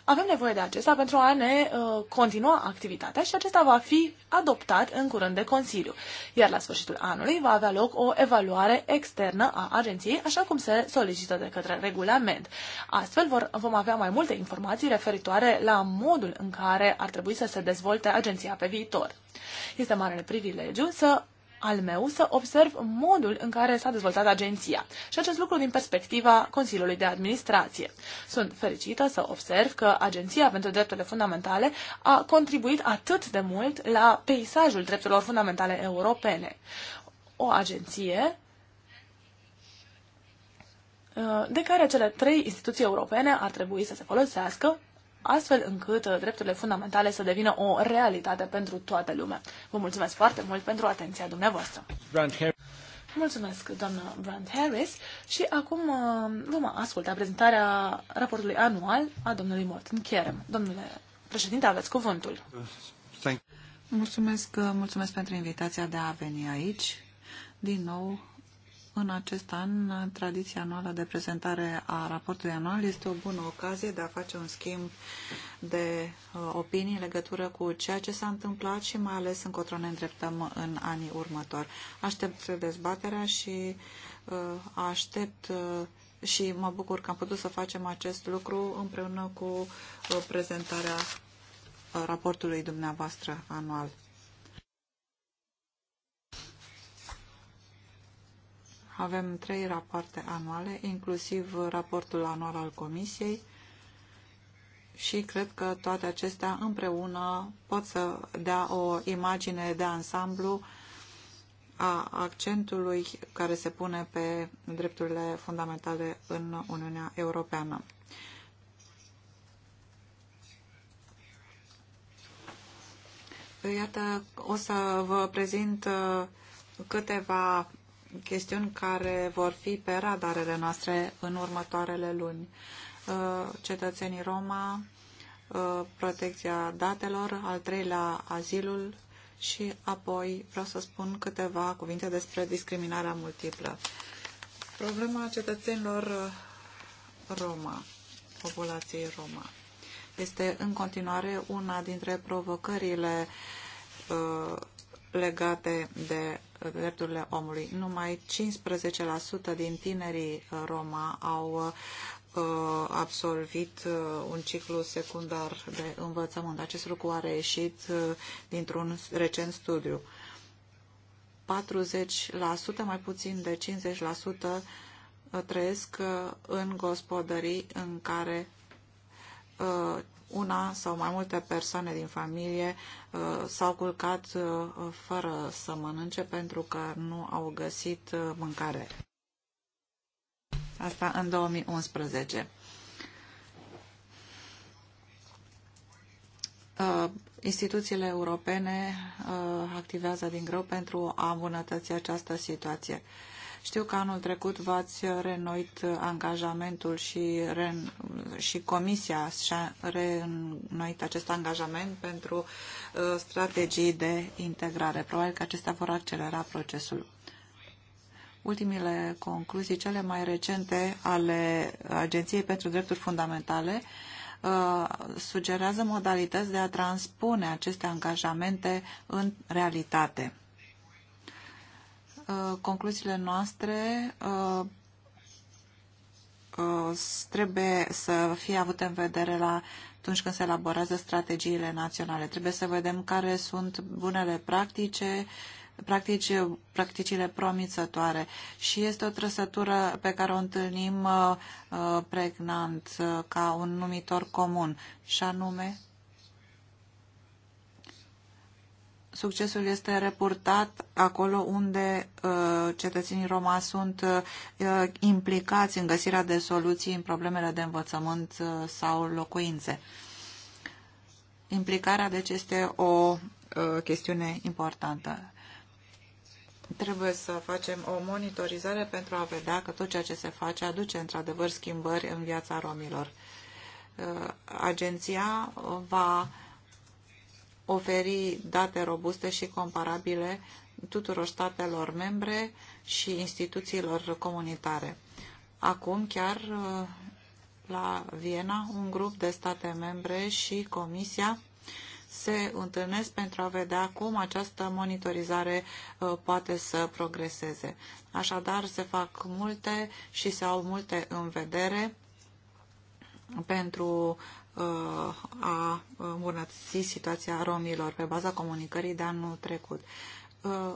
avem nevoie de acesta pentru a ne uh, continua activitatea și acesta va fi adoptat în curând de Consiliu. Iar la sfârșitul anului va avea loc o evaluare externă a agenției, așa cum se solicită de către regulament. Astfel vor, vom avea mai multe informații referitoare la modul în care ar trebui să se dezvolte agenția pe viitor. Este marele privilegiu să al meu să observ modul în care s-a dezvoltat agenția și acest lucru din perspectiva Consiliului de Administrație. Sunt fericită să observ că Agenția pentru Drepturile Fundamentale a contribuit atât de mult la peisajul drepturilor fundamentale europene. O agenție uh, de care cele trei instituții europene ar trebui să se folosească astfel încât uh, drepturile fundamentale să devină o realitate pentru toată lumea. Vă mulțumesc foarte mult pentru atenția dumneavoastră. Mulțumesc, doamnă Brand Harris, și acum uh, vom asculta prezentarea raportului anual a domnului Morton Kerem. Domnule președinte, aveți cuvântul. Mulțumesc, uh, mulțumesc pentru invitația de a veni aici. Din nou, în acest an, tradiția anuală de prezentare a raportului anual este o bună ocazie de a face un schimb de uh, opinii în legătură cu ceea ce s-a întâmplat și mai ales încotro ne îndreptăm în anii următori. Aștept dezbaterea și uh, aștept uh, și mă bucur că am putut să facem acest lucru împreună cu prezentarea raportului dumneavoastră anual. Avem trei rapoarte anuale, inclusiv raportul anual al Comisiei și cred că toate acestea împreună pot să dea o imagine de ansamblu a accentului care se pune pe drepturile fundamentale în Uniunea Europeană. Iată, o să vă prezint uh, câteva chestiuni care vor fi pe radarele noastre în următoarele luni. Uh, cetățenii Roma, uh, protecția datelor, al treilea azilul și apoi vreau să spun câteva cuvinte despre discriminarea multiplă. Problema cetățenilor uh, Roma, populației Roma, este în continuare una dintre provocările legate de drepturile omului. Numai 15% din tinerii uh, Roma au uh, absolvit uh, un ciclu secundar de învățământ. Acest lucru a reieșit dintr-un recent studiu. 40%, mai puțin de 50% trăiesc în gospodării în care una sau mai multe persoane din familie uh, s-au culcat uh, fără să mănânce pentru că nu au găsit uh, mâncare. Asta în 2011. Instituțiile europene activează din greu pentru a îmbunătăți această situație. Știu că anul trecut v-ați renoit angajamentul și, re, și Comisia și-a renoit acest angajament pentru uh, strategii de integrare. Probabil că acestea vor accelera procesul. Ultimile concluzii, cele mai recente ale Agenției pentru Drepturi Fundamentale, uh, sugerează modalități de a transpune aceste angajamente în realitate Uh, concluziile noastre uh, uh, trebuie să fie avute în vedere la atunci când se elaborează strategiile naționale. Trebuie să vedem care sunt bunele practice, practici, practicile promițătoare și este o trăsătură pe care o întâlnim pregnant ca un numitor comun și anume succesul este reportat acolo unde uh, cetățenii roma sunt uh, implicați în găsirea de soluții în problemele de învățământ uh, sau locuințe. Implicarea, deci, este o chestiune importantă. Trebuie să facem o monitorizare pentru a vedea că tot ceea ce se face aduce, într-adevăr, schimbări în viața romilor. Agenția va oferi date robuste și comparabile tuturor statelor membre și instituțiilor comunitare. Acum, chiar uh, la Viena, un grup de state membre și Comisia se întâlnesc pentru a vedea cum această monitorizare uh, poate să progreseze. Așadar, se fac multe și se au multe în vedere pentru Uh, a îmbunătăți situația romilor pe baza comunicării de anul trecut. Uh,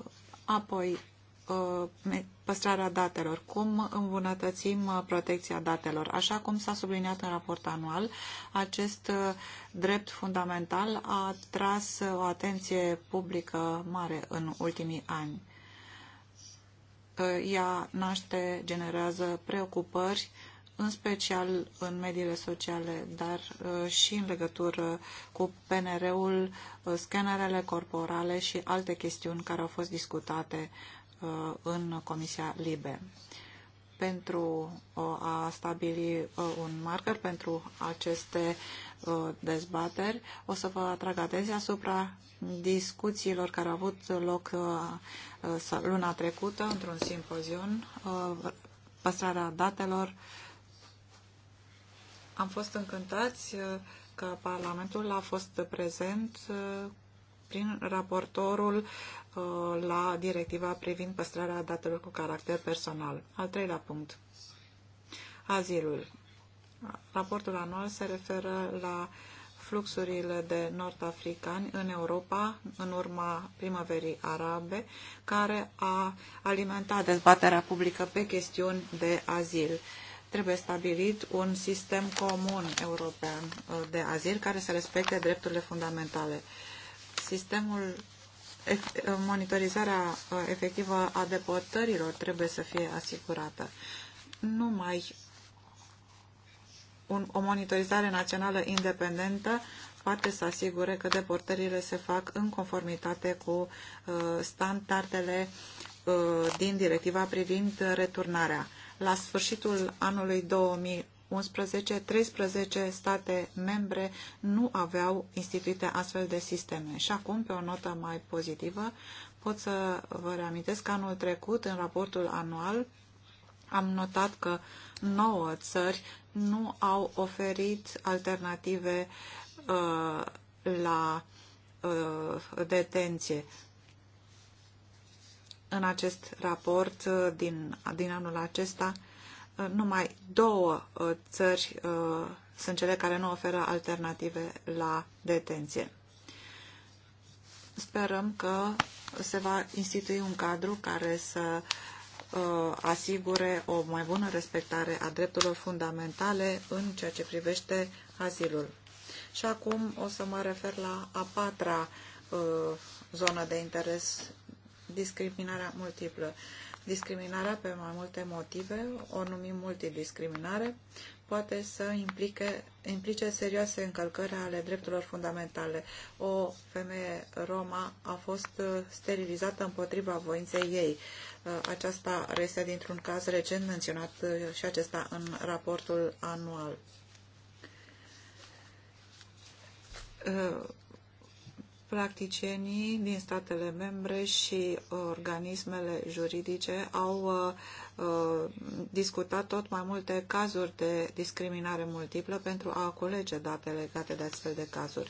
apoi, uh, păstrarea datelor, cum îmbunătățim protecția datelor. Așa cum s-a subliniat în raport anual, acest drept fundamental a tras o atenție publică mare în ultimii ani. Ea naște, generează preocupări în special în mediile sociale, dar uh, și în legătură cu PNR-ul, uh, scanerele corporale și alte chestiuni care au fost discutate uh, în Comisia Libe. Pentru a stabili un marker pentru aceste dezbateri, o să vă atrag atenția asupra discuțiilor care au avut loc luna trecută într-un simpozion, păstrarea datelor, am fost încântați uh, că Parlamentul a fost prezent uh, prin raportorul uh, la directiva privind păstrarea datelor cu caracter personal. Al treilea punct. Azilul. Raportul anual se referă la fluxurile de nord-africani în Europa în urma primăverii arabe, care a alimentat dezbaterea publică pe chestiuni de azil. Trebuie stabilit un sistem comun european uh, de azil care să respecte drepturile fundamentale. Sistemul uh, monitorizarea uh, efectivă a deportărilor trebuie să fie asigurată. Numai un, o monitorizare națională independentă poate să asigure că deportările se fac în conformitate cu uh, standardele uh, din directiva privind returnarea. La sfârșitul anului 2011, 13 state membre nu aveau instituite astfel de sisteme. Și acum, pe o notă mai pozitivă, pot să vă reamintesc că anul trecut, în raportul anual, am notat că 9 țări nu au oferit alternative uh, la uh, detenție în acest raport uh, din, din anul acesta, uh, numai două uh, țări sunt cele care nu oferă alternative la detenție. Sperăm că se va institui un cadru care să asigure o mai bună respectare a drepturilor fundamentale în ceea ce privește azilul. Și acum o să mă refer la a patra zonă de interes discriminarea multiplă. Discriminarea pe mai multe motive, o numim multidiscriminare, poate să implice, implice serioase încălcări ale drepturilor fundamentale. O femeie Roma a fost uh, sterilizată împotriva voinței ei. Uh, aceasta este dintr-un caz recent menționat uh, și acesta în raportul anual practicienii din statele membre și organismele juridice au uh, uh, discutat tot mai multe cazuri de discriminare multiplă pentru a colege date legate de astfel de cazuri.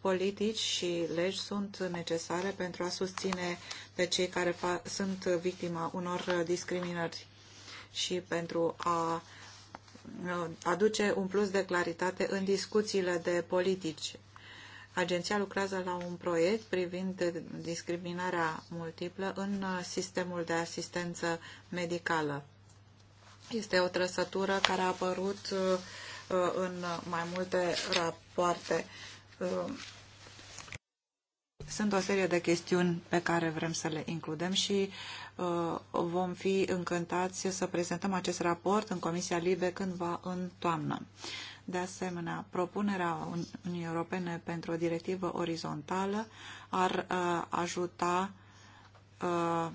Politici și legi sunt necesare pentru a susține pe cei care sunt victima unor discriminări și pentru a uh, aduce un plus de claritate în discuțiile de politici Agenția lucrează la un proiect privind discriminarea multiplă în uh, sistemul de asistență medicală. Este o trăsătură care a apărut uh, uh, în mai multe rapoarte. Sunt o serie de chestiuni pe care vrem să le includem și vom fi încântați să prezentăm acest raport în Comisia Libe cândva în toamnă. De asemenea, propunerea Uniunii Europene pentru o directivă orizontală ar uh, ajuta uh,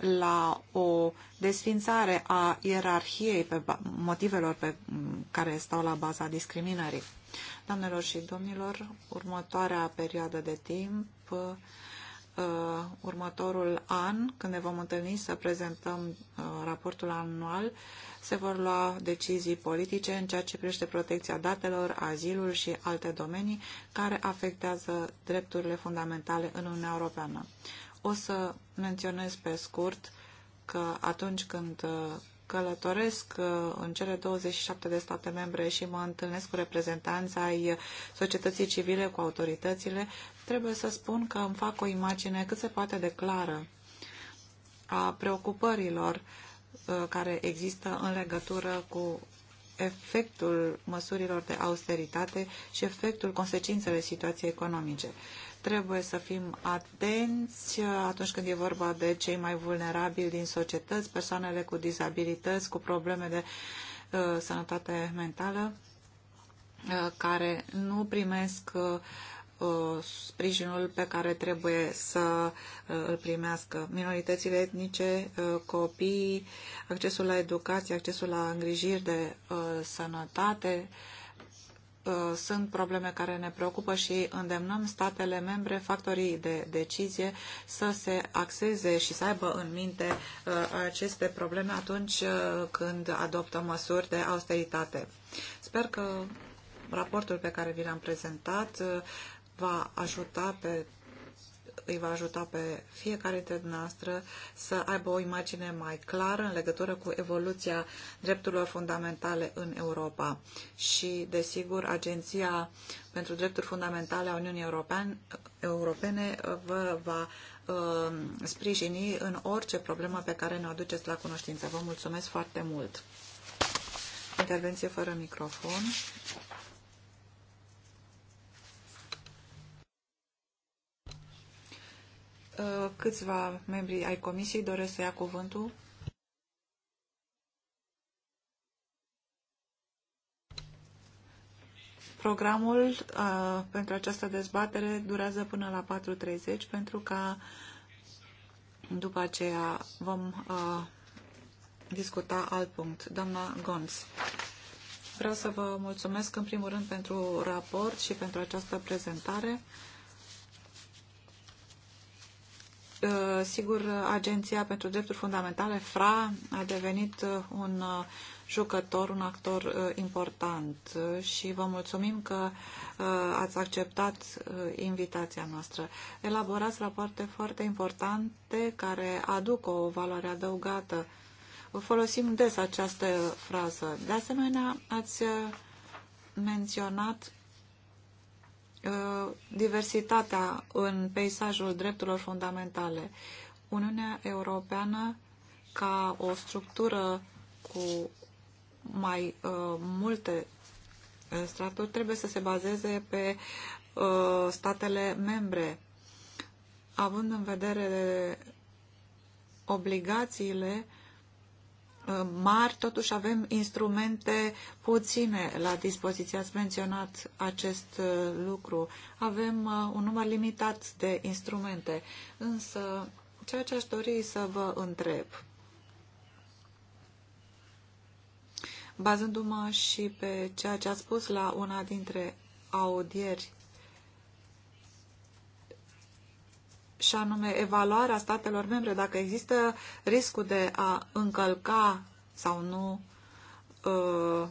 la o desfințare a ierarhiei pe motivelor pe mm, care stau la baza discriminării. Doamnelor și domnilor, următoarea perioadă de timp, uh, următorul an, când ne vom întâlni să prezentăm raportul anual, se vor lua decizii politice în ceea ce privește protecția datelor, azilul și alte domenii care afectează drepturile fundamentale în Uniunea Europeană. O să menționez pe scurt că atunci când uh, călătoresc uh, în cele 27 de state membre și mă întâlnesc cu reprezentanța ai societății civile, cu autoritățile, trebuie să spun că îmi fac o imagine cât se poate de clară a preocupărilor uh, Uh, care există în legătură cu efectul măsurilor de austeritate și efectul consecințele situației economice. Trebuie să fim atenți uh, atunci când e vorba de cei mai vulnerabili din societăți, persoanele cu dizabilități, cu probleme de uh, sănătate mentală, uh, care nu primesc uh, Uh, sprijinul pe care trebuie să uh, îl primească. Minoritățile etnice, uh, copii, accesul la educație, accesul la îngrijiri de sănătate, sunt probleme care ne preocupă și îndemnăm statele membre, factorii de decizie, să se axeze și să aibă în minte aceste probleme atunci când adoptă măsuri de austeritate. Sper că raportul pe care vi l-am prezentat va ajuta pe îi va ajuta pe fiecare dintre noastră să aibă o imagine mai clară în legătură cu evoluția drepturilor fundamentale în Europa. Și, desigur, Agenția pentru Drepturi Fundamentale a Uniunii Europene uh, vă va uh, sprijini în orice problemă pe care ne aduceți la cunoștință. Vă mulțumesc foarte mult! Intervenție fără microfon. Uh, câțiva membri ai comisiei doresc să ia cuvântul. Programul uh, pentru această dezbatere durează până la 4.30 pentru că după aceea vom uh, discuta alt punct. Doamna Gons, vreau să vă mulțumesc în primul rând pentru raport și pentru această prezentare. Uh, sigur, Agenția pentru Drepturi Fundamentale, FRA, a devenit uh, un uh, jucător, un actor important și vă mulțumim că ați acceptat invitația noastră. Elaborați rapoarte foarte importante care aduc o valoare adăugată. Folosim des această frază. De asemenea, ați menționat Uh, diversitatea în peisajul drepturilor fundamentale. Uniunea Europeană, ca o structură cu mai uh, multe uh, straturi, trebuie să se bazeze pe uh, statele membre, având în vedere obligațiile uh, mari, totuși avem instrumente puține la dispoziție. Ați menționat acest uh, lucru. Avem uh, un număr limitat de instrumente, însă ceea ce aș dori să vă întreb, bazându-mă și pe ceea ce ați spus la una dintre audieri și anume evaluarea statelor membre, dacă există riscul de a încălca sau nu uh,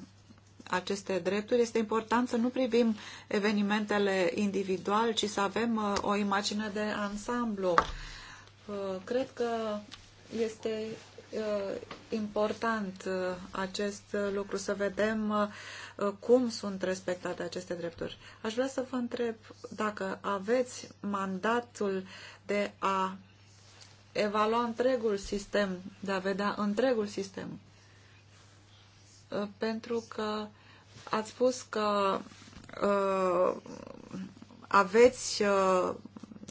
aceste drepturi, este important să nu privim evenimentele individual, ci să avem uh, o imagine de ansamblu. Uh, cred că este Uh, important uh, acest lucru, să vedem uh, cum sunt respectate aceste drepturi. Aș vrea să vă întreb dacă aveți mandatul de a evalua întregul sistem, de a vedea întregul sistem. Pentru că ați spus că aveți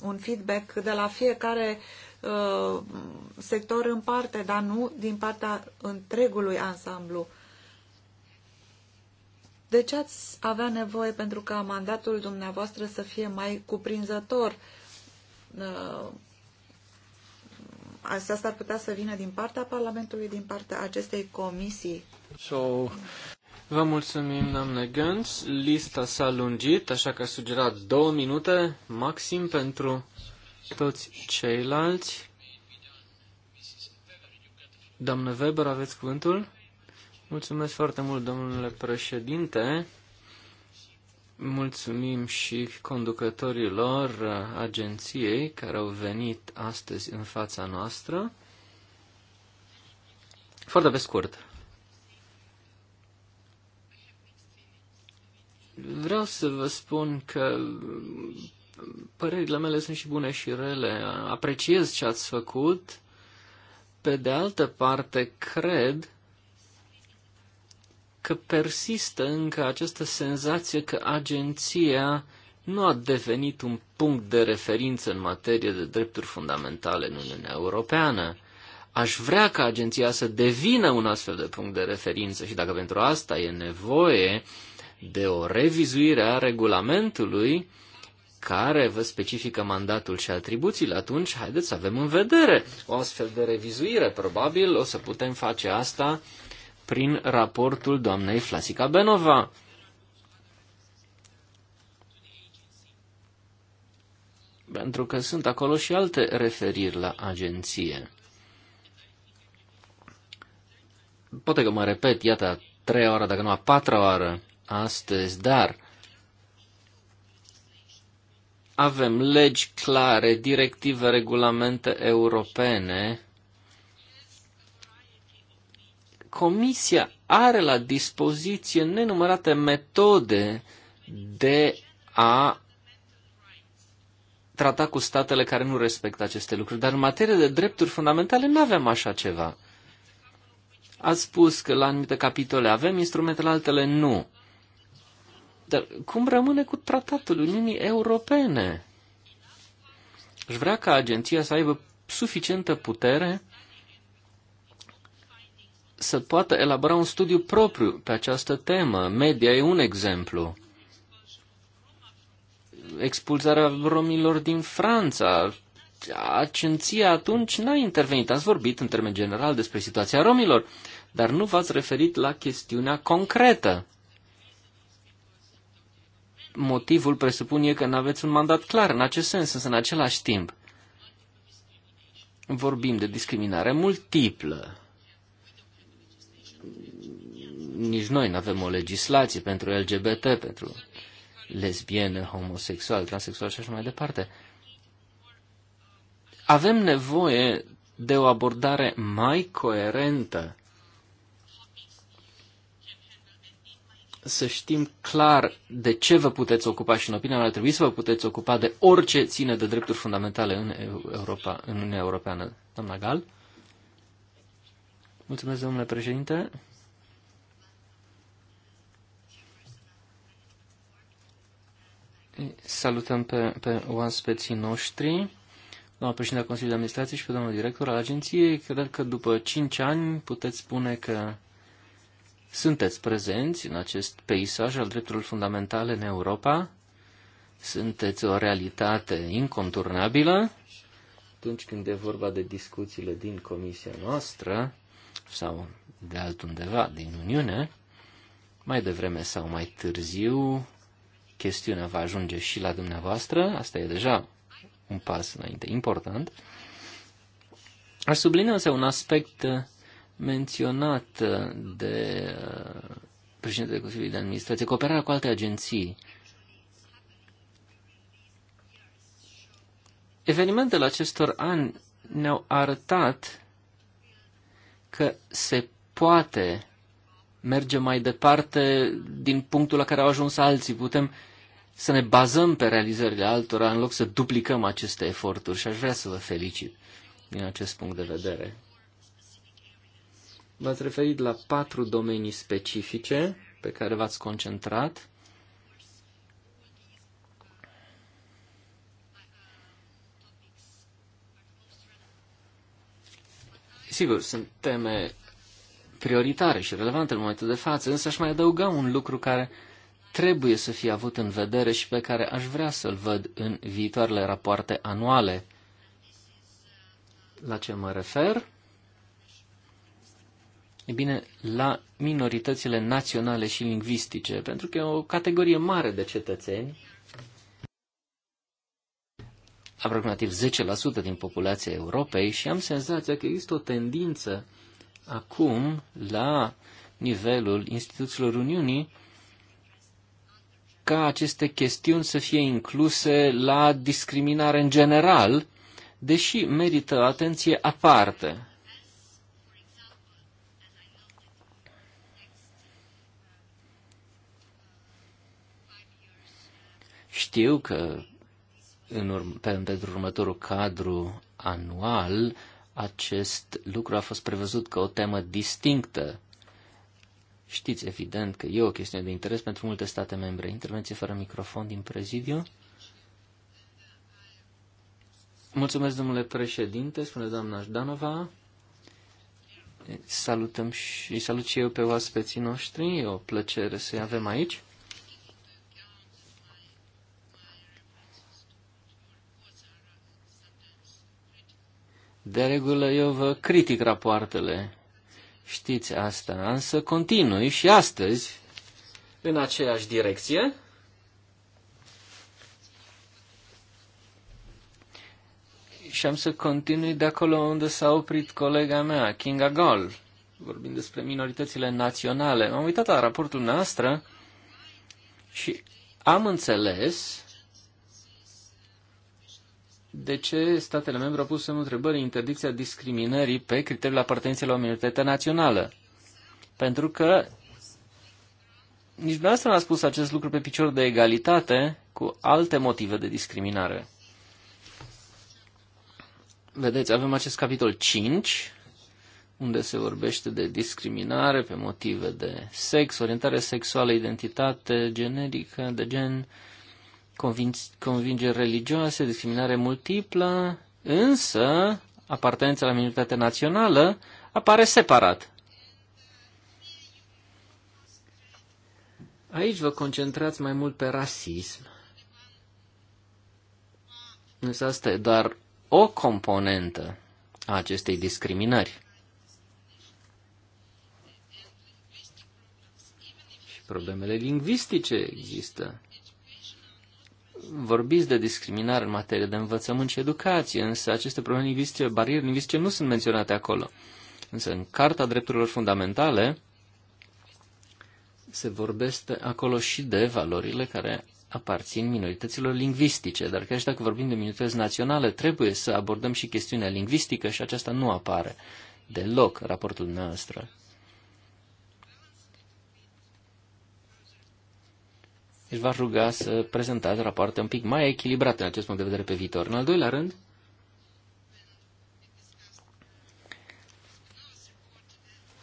un feedback de la fiecare Uh, sector în parte, dar nu din partea întregului ansamblu. De ce ați avea nevoie pentru ca mandatul dumneavoastră să fie mai cuprinzător? Asta uh, asta ar putea să vină din partea Parlamentului, din partea acestei comisii. So, vă mulțumim, doamne Gânț. Lista s-a lungit, așa că a sugerat două minute maxim pentru toți ceilalți. Doamne Weber, aveți cuvântul? Mulțumesc foarte mult, domnule președinte. Mulțumim și conducătorilor agenției care au venit astăzi în fața noastră. Foarte pe scurt. Vreau să vă spun că părerile mele sunt și bune și rele. Apreciez ce ați făcut. Pe de altă parte, cred că persistă încă această senzație că agenția nu a devenit un punct de referință în materie de drepturi fundamentale în Uniunea Europeană. Aș vrea ca agenția să devină un astfel de punct de referință și dacă pentru asta e nevoie de o revizuire a regulamentului, care vă specifică mandatul și atribuțiile, atunci haideți să avem în vedere o astfel de revizuire. Probabil o să putem face asta prin raportul doamnei Flasica Benova. Pentru că sunt acolo și alte referiri la agenție. Poate că mă repet, iată, a treia oară, dacă nu a patra oară astăzi, dar avem legi clare, directive, regulamente europene. Comisia are la dispoziție nenumărate metode de a trata cu statele care nu respectă aceste lucruri. Dar în materie de drepturi fundamentale nu avem așa ceva. Ați spus că la anumite capitole avem instrumente, la altele nu. Dar cum rămâne cu tratatul Uniunii Europene? Aș vrea ca agenția să aibă suficientă putere să poată elabora un studiu propriu pe această temă. Media e un exemplu. Expulzarea romilor din Franța. Agenția atunci n-a intervenit. Ați vorbit în termen general despre situația romilor, dar nu v-ați referit la chestiunea concretă motivul, presupun, că nu aveți un mandat clar în acest sens, însă în același timp vorbim de discriminare multiplă. Nici noi nu avem o legislație pentru LGBT, pentru lesbiene, homosexual, transexual și așa mai departe. Avem nevoie de o abordare mai coerentă să știm clar de ce vă puteți ocupa și în opinia mea trebuie să vă puteți ocupa de orice ține de drepturi fundamentale în, Europa, în Uniunea Europeană. Doamna Gal? Mulțumesc, domnule președinte. Salutăm pe, pe oaspeții noștri, doamna președinte a Consiliului de Administrație și pe domnul director al agenției. Cred că după 5 ani puteți spune că sunteți prezenți în acest peisaj al drepturilor fundamentale în Europa, sunteți o realitate inconturnabilă atunci când e vorba de discuțiile din comisia noastră sau de altundeva din Uniune, mai devreme sau mai târziu, chestiunea va ajunge și la dumneavoastră, asta e deja un pas înainte important. Aș sublinea însă un aspect menționat de uh, președintele Consiliului de Administrație, cooperarea cu alte agenții. Evenimentele acestor ani ne-au arătat că se poate merge mai departe din punctul la care au ajuns alții. Putem să ne bazăm pe realizările altora în loc să duplicăm aceste eforturi și aș vrea să vă felicit din acest punct de vedere. V-ați referit la patru domenii specifice pe care v-ați concentrat. Sigur, sunt teme prioritare și relevante în momentul de față, însă aș mai adăuga un lucru care trebuie să fie avut în vedere și pe care aș vrea să-l văd în viitoarele rapoarte anuale. La ce mă refer? E bine, la minoritățile naționale și lingvistice, pentru că e o categorie mare de cetățeni, aproximativ 10% din populația Europei și am senzația că există o tendință acum la nivelul instituțiilor Uniunii ca aceste chestiuni să fie incluse la discriminare în general, deși merită atenție aparte. Știu că în urm- pentru următorul cadru anual acest lucru a fost prevăzut ca o temă distinctă. Știți, evident, că e o chestiune de interes pentru multe state membre. Intervenție fără microfon din prezidiu. Mulțumesc, domnule președinte, spune doamna Jdanova. Salutăm și salut și eu pe oaspeții noștri. E o plăcere să-i avem aici. De regulă eu vă critic rapoartele, știți asta, însă continui și astăzi în aceeași direcție. Și am să continui de acolo unde s-a oprit colega mea, Kinga Gol, vorbind despre minoritățile naționale. M-am uitat la raportul noastră și am înțeles de ce statele membre au pus în întrebări interdicția discriminării pe criteriul apartenenței la o minoritate națională. Pentru că nici dumneavoastră n-a spus acest lucru pe picior de egalitate cu alte motive de discriminare. Vedeți, avem acest capitol 5, unde se vorbește de discriminare pe motive de sex, orientare sexuală, identitate generică, de gen, uh, convingeri religioase, discriminare multiplă, însă apartenența la minoritatea națională apare separat. Aici vă concentrați mai mult pe rasism. Însă asta e doar o componentă a acestei discriminări. Și problemele lingvistice există vorbiți de discriminare în materie de învățământ și educație, însă aceste probleme lingvistice, bariere lingvistice nu sunt menționate acolo. Însă în Carta Drepturilor Fundamentale se vorbește acolo și de valorile care aparțin minorităților lingvistice, dar chiar și dacă vorbim de minorități naționale, trebuie să abordăm și chestiunea lingvistică și aceasta nu apare deloc în raportul nostru. Deci v-aș ruga să prezentați rapoarte un pic mai echilibrate în acest punct de vedere pe viitor. În al doilea rând,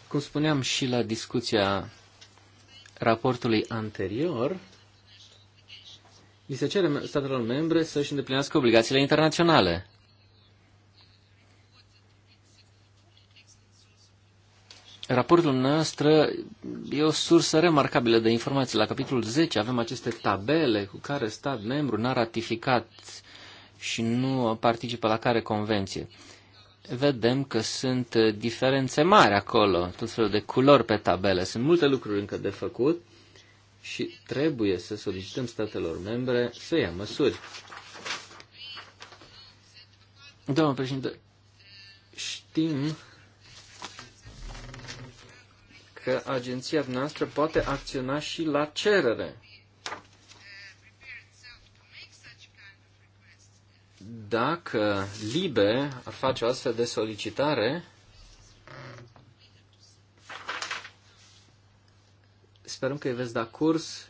cum spuneam și la discuția raportului anterior, li se cere statelor membre să-și îndeplinească obligațiile internaționale. raportul nostru e o sursă remarcabilă de informații. La capitolul 10 avem aceste tabele cu care stat membru n-a ratificat și nu participă la care convenție. Vedem că sunt diferențe mari acolo, tot felul de culori pe tabele. Sunt multe lucruri încă de făcut și trebuie să solicităm statelor membre să ia măsuri. Domnul președinte, știm că agenția noastră poate acționa și la cerere. Dacă LIBE ar face o astfel de solicitare, sperăm că îi veți da curs.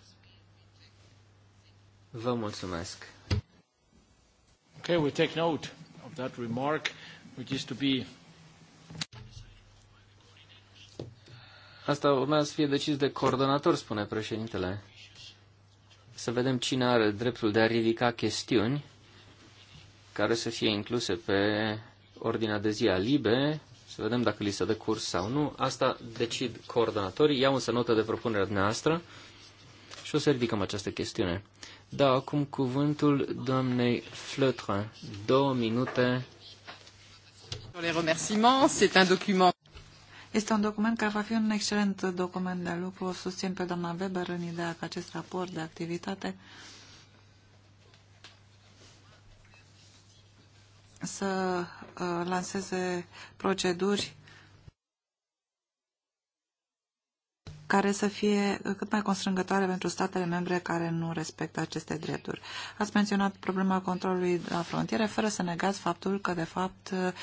Vă mulțumesc. Okay, we take note of that remark, which is to be Asta urmează să fie decis de coordonator, spune președintele. Să vedem cine are dreptul de a ridica chestiuni care să fie incluse pe ordinea de zi a LIBE, să vedem dacă li se dă curs sau nu. Asta decid coordonatorii. Iau însă notă de propunerea noastră și o să ridicăm această chestiune. Da, acum cuvântul doamnei Flătră. Două minute. Les remerciements, c'est un document este un document care va fi un excelent document de lucru. O susțin pe doamna Weber în ideea că acest raport de activitate să uh, lanseze proceduri care să fie uh, cât mai constrângătoare pentru statele membre care nu respectă aceste drepturi. Ați menționat problema controlului la frontiere, fără să negați faptul că, de fapt, uh,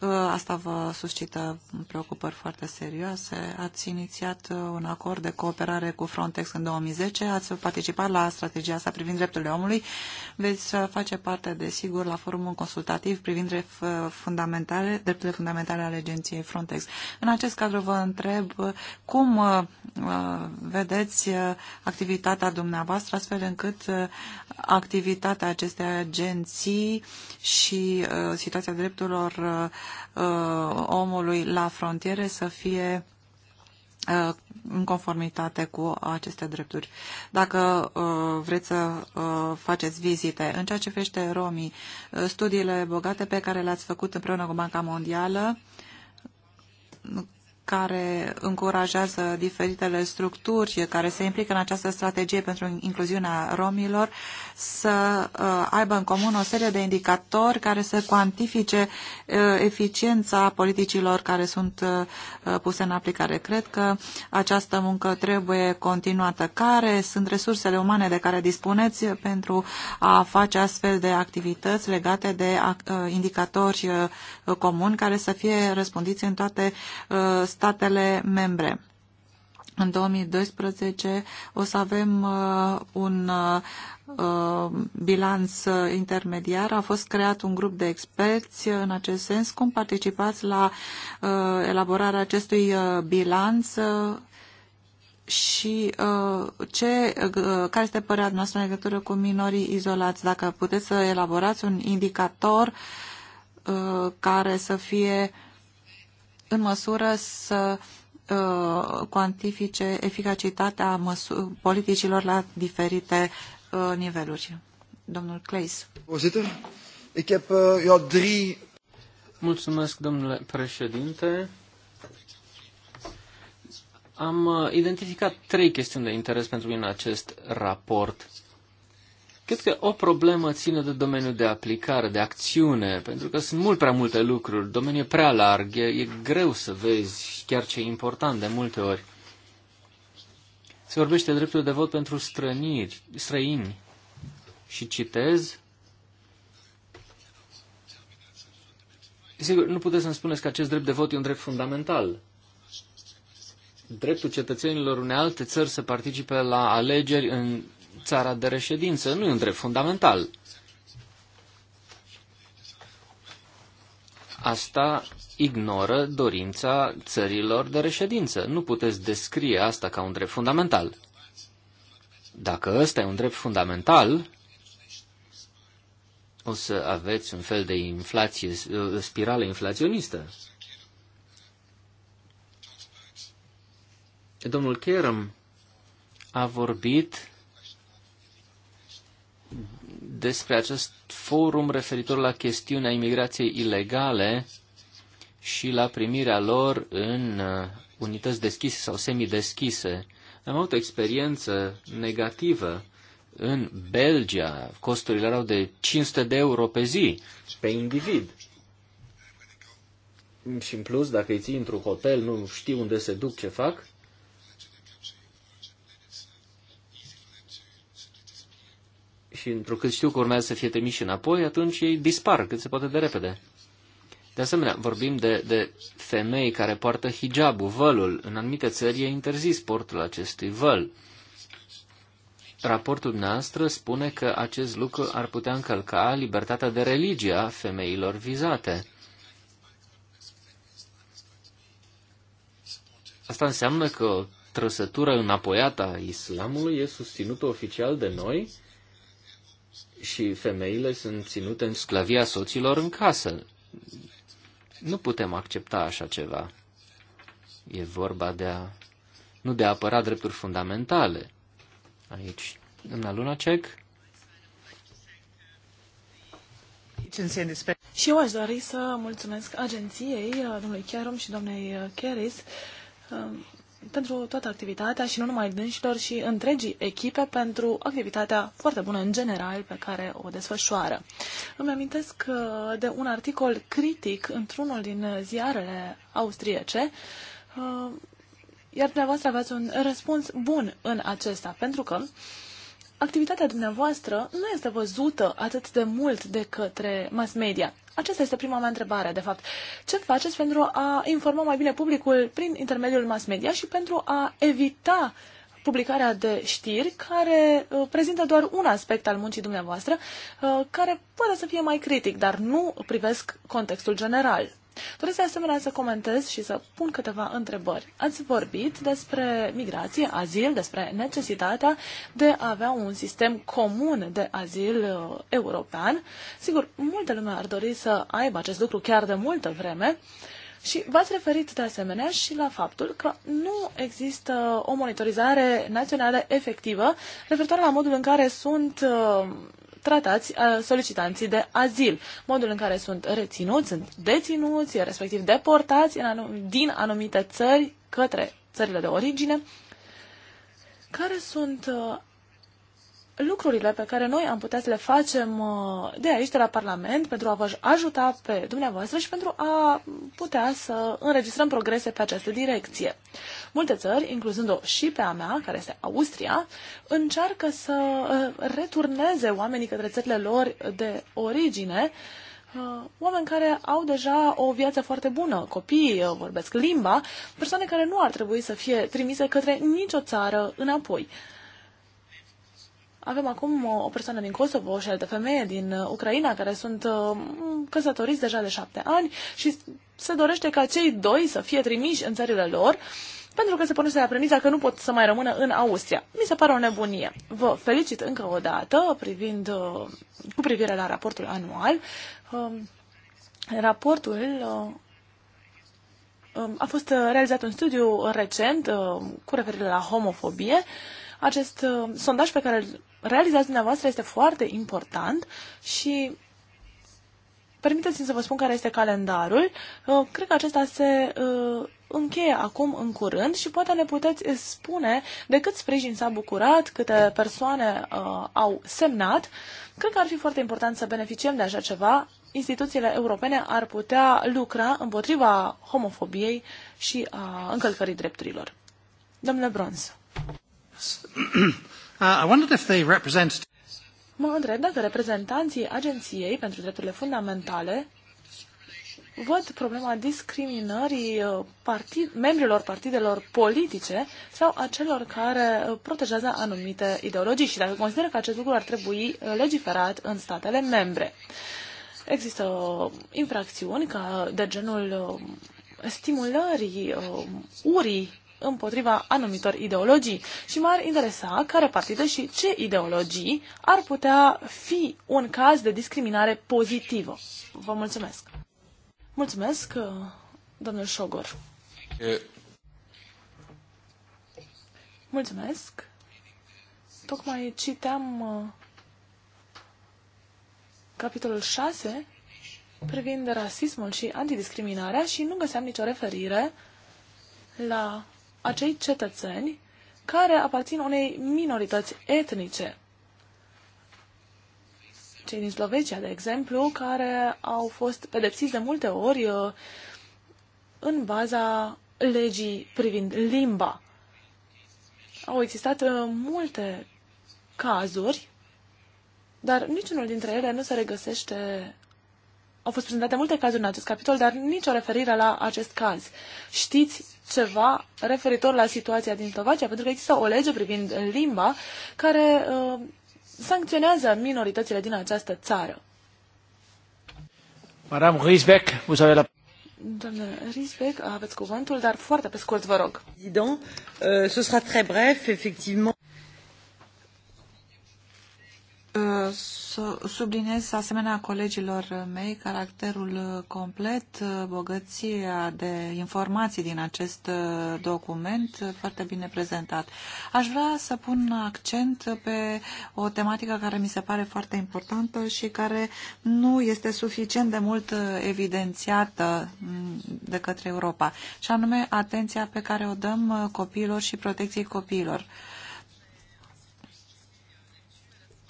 uh, asta vă suscită preocupări foarte serioase. Ați inițiat un acord de cooperare cu Frontex în 2010, ați participat la strategia asta privind drepturile omului, veți face parte, desigur, la forumul consultativ privind fundamentale, drepturile fundamentale ale agenției Frontex. În acest cadru vă întreb cum Uh, vedeți uh, activitatea dumneavoastră astfel încât uh, activitatea acestei agenții și situația drepturilor omului la frontiere să fie în conformitate cu aceste drepturi. Dacă vreți să faceți vizite, în ceea ce privește romii, studiile bogate pe care le-ați făcut împreună cu Banca Mondială, care încurajează diferitele structuri care se implică în această strategie pentru incluziunea romilor să uh, aibă în comun o serie de indicatori care să cuantifice uh, eficiența politicilor care sunt uh, puse în aplicare. Cred că această muncă trebuie continuată. Care sunt resursele umane de care dispuneți pentru a face astfel de activități legate de indicatori comuni care să fie răspundiți în toate statele membre. În 2012 o să avem uh, un uh, bilanț intermediar. A fost creat un grup de experți în acest sens. Cum participați la uh, elaborarea acestui uh, bilanț? Uh, și uh, ce, uh, care este părerea noastră în legătură cu minorii izolați? Dacă puteți să elaborați un indicator uh, care să fie în măsură să uh, cuantifice eficacitatea politicilor la diferite uh, niveluri. Domnul Kleis. Uh, Mulțumesc, domnule președinte. Am identificat trei chestiuni de interes pentru mine în acest raport. Cred că o problemă ține de domeniul de aplicare, de acțiune, pentru că sunt mult prea multe lucruri, domeniul e prea larg, e, e greu să vezi chiar ce e important de multe ori. Se vorbește dreptul de vot pentru străniri, străini și citez. Sigur, nu puteți să-mi spuneți că acest drept de vot e un drept fundamental. Dreptul cetățenilor unei alte țări să participe la alegeri în țara de reședință. Nu e un drept fundamental. Asta ignoră dorința țărilor de reședință. Nu puteți descrie asta ca un drept fundamental. Dacă ăsta e un drept fundamental, o să aveți un fel de inflație, spirală inflaționistă. Domnul Kerem a vorbit despre acest forum referitor la chestiunea imigrației ilegale și la primirea lor în uh, unități deschise sau semideschise. Am avut o experiență negativă în Belgia. Costurile erau de 500 de euro pe zi, pe individ. Și în plus, dacă îi ții într-un hotel, nu știu unde se duc, ce fac, și întrucât știu că urmează să fie trimiși înapoi, atunci ei dispar cât se poate de repede. De asemenea, vorbim de, de femei care poartă hijabul, vălul. În anumite țări e interzis portul acestui văl. Raportul dumneavoastră spune că acest lucru ar putea încălca libertatea de religie a femeilor vizate. Asta înseamnă că trăsătura înapoiată a islamului e susținută oficial de noi și femeile sunt ținute în sclavia soților în casă. Nu putem accepta așa ceva. E vorba de a, nu de a apăra drepturi fundamentale. Aici, în cec. Și eu aș dori să mulțumesc agenției, domnului Chiarom și doamnei Keris, pentru toată activitatea și nu numai dânșilor și întregii echipe pentru activitatea foarte bună în general pe care o desfășoară. Îmi amintesc uh, de un articol critic într-unul din ziarele austriece uh, iar dumneavoastră aveți un răspuns bun în acesta, pentru că activitatea dumneavoastră nu este văzută atât de mult de către mass media. Aceasta este prima mea întrebare, de fapt. Ce faceți pentru a informa mai bine publicul prin intermediul mass media și pentru a evita publicarea de știri care uh, prezintă doar un aspect al muncii dumneavoastră, uh, care poate să fie mai critic, dar nu privesc contextul general? Doresc de asemenea să comentez și să pun câteva întrebări. Ați vorbit despre migrație, azil, despre necesitatea de a avea un sistem comun de azil uh, european. Sigur, multă lume ar dori să aibă acest lucru chiar de multă vreme. Și v-ați referit de asemenea și la faptul că nu există o monitorizare națională efectivă referitoare la modul în care sunt uh, tratați solicitanții de azil. Modul în care sunt reținuți, sunt deținuți, respectiv deportați în anum- din anumite țări către țările de origine, care sunt lucrurile pe care noi am putea să le facem uh, de aici, de la Parlament, pentru a vă ajuta pe dumneavoastră și pentru a putea să înregistrăm progrese pe această direcție. Multe țări, incluzând-o și pe a mea, care este Austria, încearcă să uh, returneze oamenii către țările lor de origine, uh, oameni care au deja o viață foarte bună, copii, vorbesc limba, persoane care nu ar trebui să fie trimise către nicio țară înapoi. Avem acum uh, o persoană din Kosovo și altă femeie din uh, Ucraina care sunt uh, căsătoriți deja de șapte ani și se dorește ca cei doi să fie trimiși în țările lor pentru că se să ia premisa că nu pot să mai rămână în Austria. Mi se pare o nebunie. Vă felicit încă o dată privind, cu privire la raportul anual. Um, raportul um, a fost realizat un studiu recent cu referire la homofobie acest uh, sondaj pe care îl realizați dumneavoastră este foarte important și permiteți-mi să vă spun care este calendarul. Uh, cred că acesta se uh, încheie acum în curând și poate ne puteți spune de cât sprijin s-a bucurat, câte persoane uh, au semnat. Cred că ar fi foarte important să beneficiem de așa ceva. Instituțiile europene ar putea lucra împotriva homofobiei și a încălcării drepturilor. Domnule Brons. Uh, mă întreb dacă reprezentanții Agenției pentru Drepturile Fundamentale văd problema discriminării uh, partid, membrilor partidelor politice sau a celor care uh, protejează anumite ideologii și dacă consideră că acest lucru ar trebui legiferat în statele membre. Există infracțiuni ca de genul stimulării urii împotriva anumitor ideologii și m-ar interesa care partide și ce ideologii ar putea fi un caz de discriminare pozitivă. Vă mulțumesc! Mulțumesc, uh, domnul Șogor! E... Mulțumesc! Tocmai citeam uh, capitolul 6 privind rasismul și antidiscriminarea și nu găseam nicio referire la acei cetățeni care aparțin unei minorități etnice. Cei din Slovecia, de exemplu, care au fost pedepsiți de multe ori uh, în baza legii privind limba. Au existat uh, multe cazuri, dar niciunul dintre ele nu se regăsește au fost prezentate multe cazuri în acest capitol, dar nicio referire la acest caz. Știți ceva referitor la situația din Slovacia, pentru că există o lege privind limba care uh, sancționează minoritățile din această țară. Madame Riesbeck, vous avez la... Doamne Riesbeck, aveți cuvântul, dar foarte pe scurt, vă rog. Président, uh, ce sera très bref, efectivement. Subliniez asemenea colegilor mei caracterul complet, bogăția de informații din acest document, foarte bine prezentat. Aș vrea să pun accent pe o tematică care mi se pare foarte importantă și care nu este suficient de mult evidențiată de către Europa, și anume atenția pe care o dăm copiilor și protecției copiilor. Uh,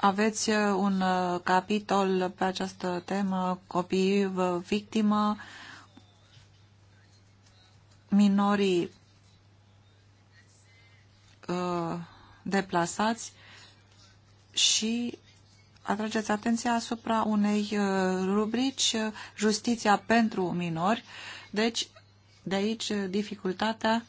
aveți uh, un uh, capitol pe această temă, copii victimă, minorii uh, deplasați și atrageți atenția asupra unei rubrici Justiția pentru minori. Deci, de aici dificultatea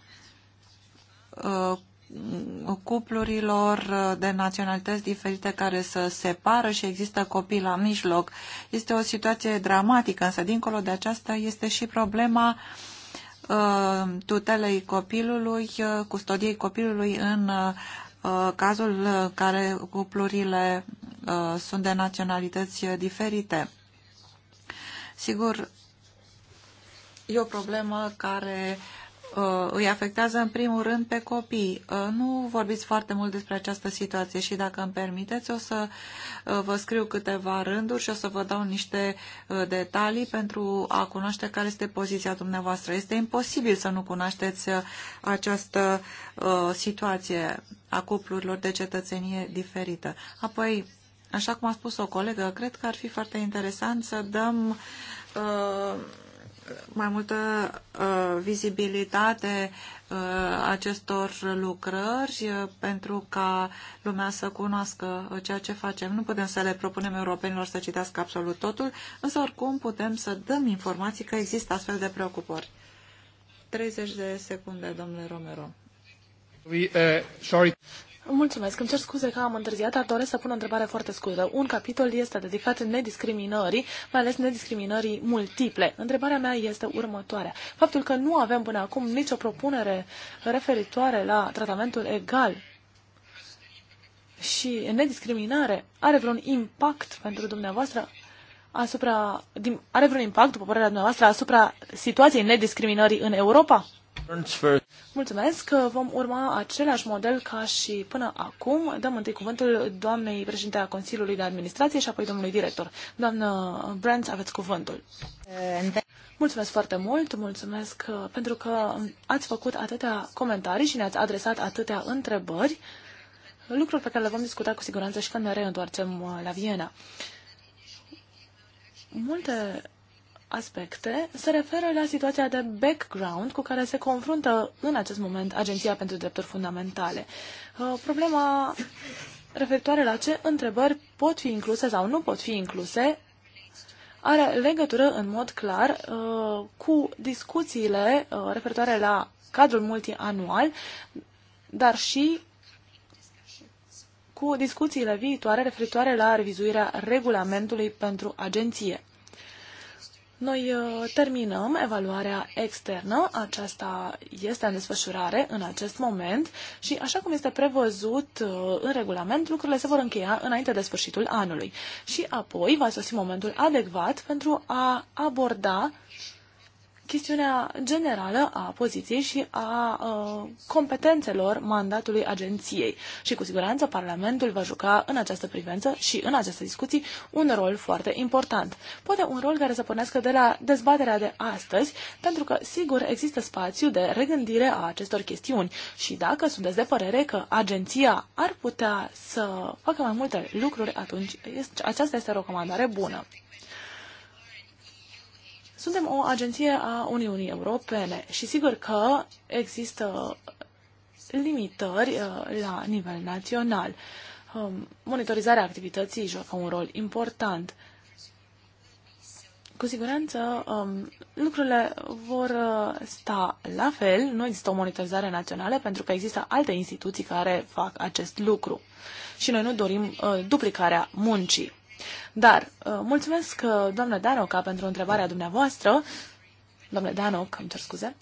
Mm, cuplurilor uh, de naționalități diferite care să separă și există copii la mijloc. Este o situație dramatică, însă dincolo de aceasta este și problema uh, tutelei copilului, uh, custodiei copilului în cazul cazul care cuplurile sunt de naționalități diferite. Sigur, e o problemă care uh, uh, îi afectează în primul rând pe copii. Uh, nu vorbiți foarte mult despre această situație și dacă îmi permiteți o să uh, vă scriu câteva rânduri și o să vă dau niște uh, detalii pentru a cunoaște care este poziția dumneavoastră. Este imposibil să nu cunoașteți uh, această uh, situație a cuplurilor de cetățenie diferită. Apoi, așa cum a spus o colegă, cred că ar fi foarte interesant să dăm uh, mai multă uh, vizibilitate uh, acestor lucrări uh, pentru ca lumea să cunoască uh, ceea ce facem. Nu putem să le propunem europenilor să citească absolut totul, însă oricum putem să dăm informații că există astfel de preocupări. 30 de secunde, domnule Romero. We, uh, sorry. Mulțumesc. Îmi cer scuze că am întârziat, dar doresc să pun o întrebare foarte scurtă. Un capitol este dedicat nediscriminării, mai ales nediscriminării multiple. Întrebarea mea este următoarea. Faptul că nu avem până acum nicio propunere referitoare la tratamentul egal și nediscriminare are vreun impact pentru dumneavoastră asupra, are vreun impact, după părerea dumneavoastră, asupra situației nediscriminării în Europa? Mulțumesc. Vom urma același model ca și până acum. Dăm întâi cuvântul doamnei președinte a Consiliului de Administrație și apoi domnului director. Doamnă Brands, aveți cuvântul. Mulțumesc foarte mult, mulțumesc pentru că ați făcut atâtea comentarii și ne-ați adresat atâtea întrebări, lucruri pe care le vom discuta cu siguranță și când ne reîntoarcem la Viena. Multe aspecte se referă la situația de background cu care se confruntă în acest moment Agenția pentru Drepturi Fundamentale. Uh, problema referitoare la ce întrebări pot fi incluse sau nu pot fi incluse are legătură în mod clar uh, cu discuțiile uh, referitoare la cadrul multianual, dar și cu discuțiile viitoare referitoare la revizuirea regulamentului pentru agenție. Noi uh, terminăm evaluarea externă, aceasta este în desfășurare în acest moment și așa cum este prevăzut uh, în regulament, lucrurile se vor încheia înainte de sfârșitul anului. Și apoi va sosi momentul adecvat pentru a aborda chestiunea generală a poziției și a uh, competențelor mandatului agenției. Și cu siguranță Parlamentul va juca în această privință și în această discuții un rol foarte important. Poate un rol care să pornească de la dezbaterea de astăzi, pentru că sigur există spațiu de regândire a acestor chestiuni și dacă sunteți de părere că agenția ar putea să facă mai multe lucruri, atunci aceasta este o recomandare bună. Suntem o agenție a Uniunii Europene și sigur că există limitări uh, la nivel național. Um, monitorizarea activității joacă un rol important. Cu siguranță um, lucrurile vor uh, sta la fel, nu există o monitorizare națională pentru că există alte instituții care fac acest lucru și noi nu dorim uh, duplicarea muncii. Dar uh, mulțumesc, uh, doamnă Danoca, pentru întrebarea dumneavoastră. Doamne Danoc, îmi cer scuze.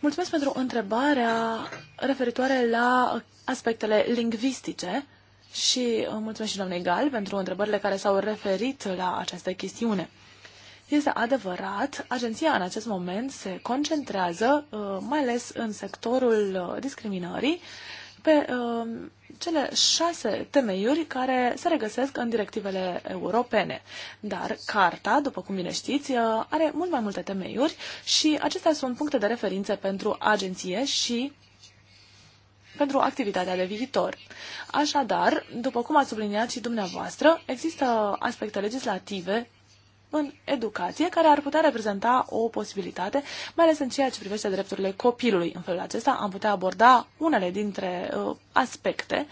Mulțumesc pentru întrebarea referitoare la aspectele lingvistice și uh, mulțumesc și doamnei Gal pentru întrebările care s-au referit la această chestiune. Este adevărat, agenția în acest moment se concentrează mai ales în sectorul discriminării pe uh, cele șase temeiuri care se regăsesc în directivele europene. Dar carta, după cum bine știți, uh, are mult mai multe temeiuri și acestea sunt puncte de referință pentru agenție și pentru activitatea de viitor. Așadar, după cum ați subliniat și dumneavoastră, există aspecte legislative în educație, care ar putea reprezenta o posibilitate, mai ales în ceea ce privește drepturile copilului. În felul acesta am putea aborda unele dintre uh, aspecte,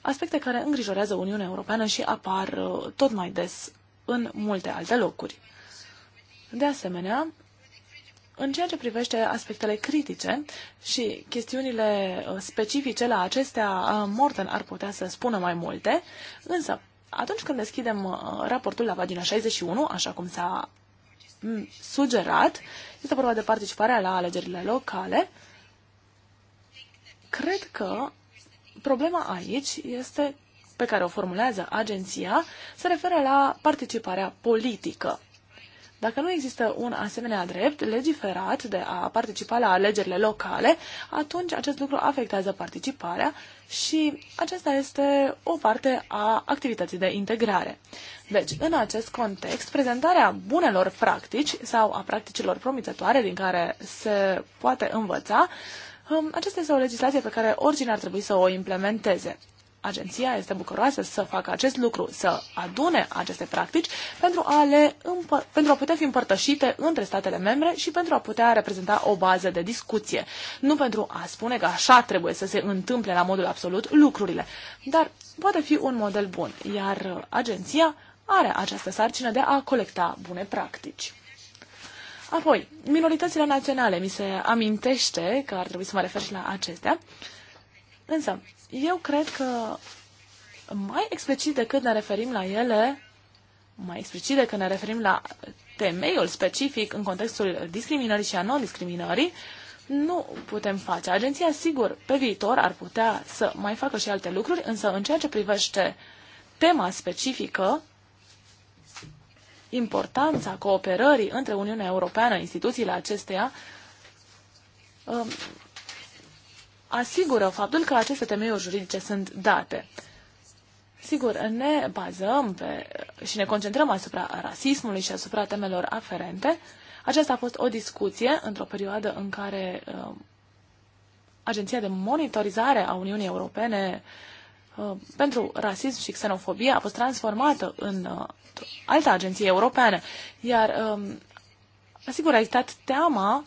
aspecte care îngrijorează Uniunea Europeană și apar uh, tot mai des în multe alte locuri. De asemenea, în ceea ce privește aspectele critice și chestiunile uh, specifice la acestea, uh, Morten ar putea să spună mai multe, însă atunci când deschidem uh, raportul la pagina 61, așa cum s-a mm, sugerat, este vorba de participarea la alegerile locale, cred că problema aici este pe care o formulează agenția se referă la participarea politică. Dacă nu există un asemenea drept legiferat de a participa la alegerile locale, atunci acest lucru afectează participarea și acesta este o parte a activității de integrare. Deci, în acest context, prezentarea bunelor practici sau a practicilor promițătoare din care se poate învăța, um, aceasta este o legislație pe care oricine ar trebui să o implementeze agenția este bucuroasă să facă acest lucru, să adune aceste practici pentru a, le pentru a putea fi împărtășite între statele membre și pentru a putea reprezenta o bază de discuție. Nu pentru a spune că așa trebuie să se întâmple la modul absolut lucrurile, dar poate fi un model bun, iar agenția are această sarcină de a colecta bune practici. Apoi, minoritățile naționale. Mi se amintește că ar trebui să mă refer și la acestea. Uh, Însă, eu cred că mai explicit decât ne referim la ele, mai explicit decât ne referim la temeiul specific în contextul discriminării și a non-discriminării, nu putem face. Agenția, sigur, pe viitor ar putea să mai facă și alte lucruri, însă în ceea ce privește tema specifică, importanța cooperării între Uniunea Europeană, instituțiile acesteia, um, asigură faptul că aceste temeiuri juridice sunt date. Sigur, ne bazăm pe și ne concentrăm asupra rasismului și asupra temelor aferente. Aceasta a fost o discuție într-o perioadă în care uh, Agenția de Monitorizare a Uniunii Europene uh, pentru rasism și xenofobie a fost transformată în uh, alta agenție europeană, iar, um, sigur, a existat teama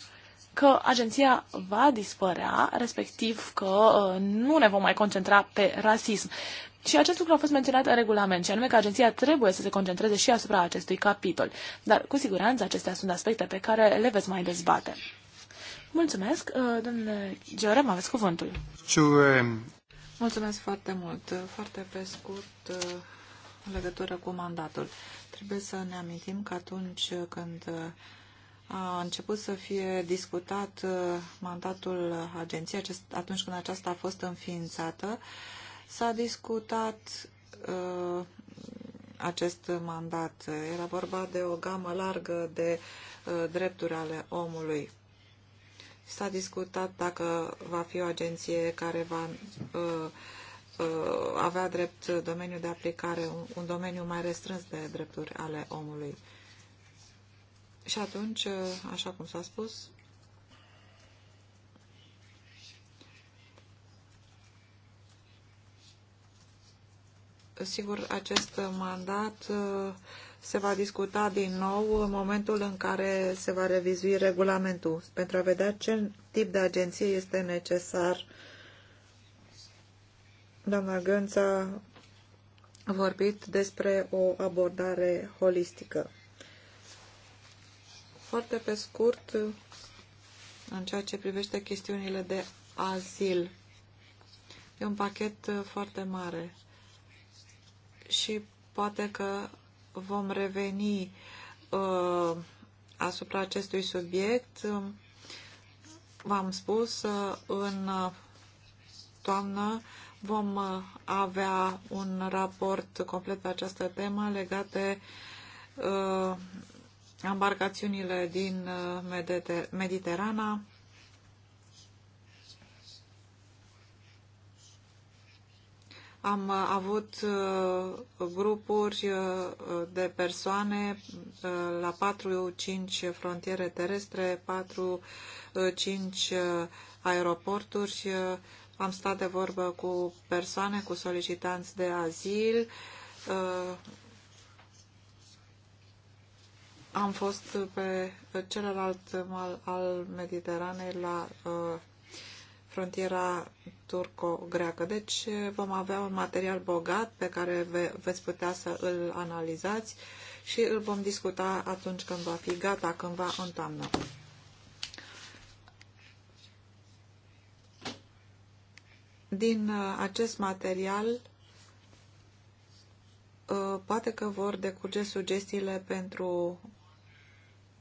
că agenția va dispărea, respectiv că uh, nu ne vom mai concentra pe rasism. Și acest lucru a fost menționat în regulament, și anume că agenția trebuie să se concentreze și asupra acestui capitol. Dar, cu siguranță, acestea sunt aspecte pe care le veți mai dezbate. Mulțumesc. Uh, domnule Georem, aveți cuvântul. Um, Mulțumesc foarte mult. Foarte pe scurt, uh, în legătură cu mandatul. Trebuie să ne amintim că atunci când a început să fie discutat uh, mandatul agenției atunci când aceasta a fost înființată. S-a discutat uh, acest mandat. Era vorba de o gamă largă de uh, drepturi ale omului. S-a discutat dacă va fi o agenție care va uh, uh avea drept domeniu de aplicare, un, un domeniu mai restrâns de drepturi ale omului și atunci, ă, așa cum s-a spus, sigur, acest mandat ă, se va discuta din nou în momentul în care se va revizui regulamentul pentru a vedea ce tip de agenție este necesar. Doamna Gânța a vorbit despre o abordare holistică. Foarte pe scurt, în ceea ce privește chestiunile de azil, e un pachet uh, foarte mare și poate că vom reveni uh, asupra acestui subiect. Um, v-am spus, uh, în uh, toamnă vom uh, avea un raport complet pe această temă legate uh, embarcațiunile din uh, Mediterana am uh, avut uh, grupuri de persoane la 4-5 frontiere terestre, 4-5 aeroporturi. Am stat de vorbă cu persoane, cu solicitanți de azil, am fost pe celălalt mal al Mediteranei la uh, frontiera turco-greacă. Deci uh, vom avea un material bogat pe care ve veți putea să îl analizați și îl vom discuta atunci când va fi gata, când va întoamnă. Din uh, acest material uh, poate că vor decurge sugestiile pentru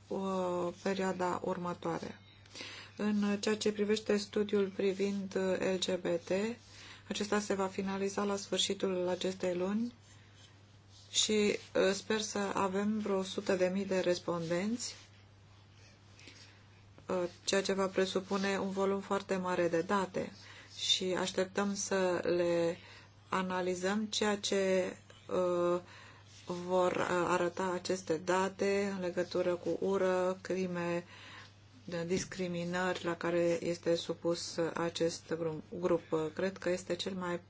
Uh, perioada următoare. În ceea ce privește studiul privind uh, LGBT, acesta se va finaliza la sfârșitul acestei luni și uh, sper să avem vreo 100.000 de respondenți, ceea ce va presupune un volum foarte mare de date și așteptăm să le analizăm, ceea ce vor uh, arăta aceste date în legătură cu ură, crime, discriminări la care este supus acest grup. Cred că este cel mai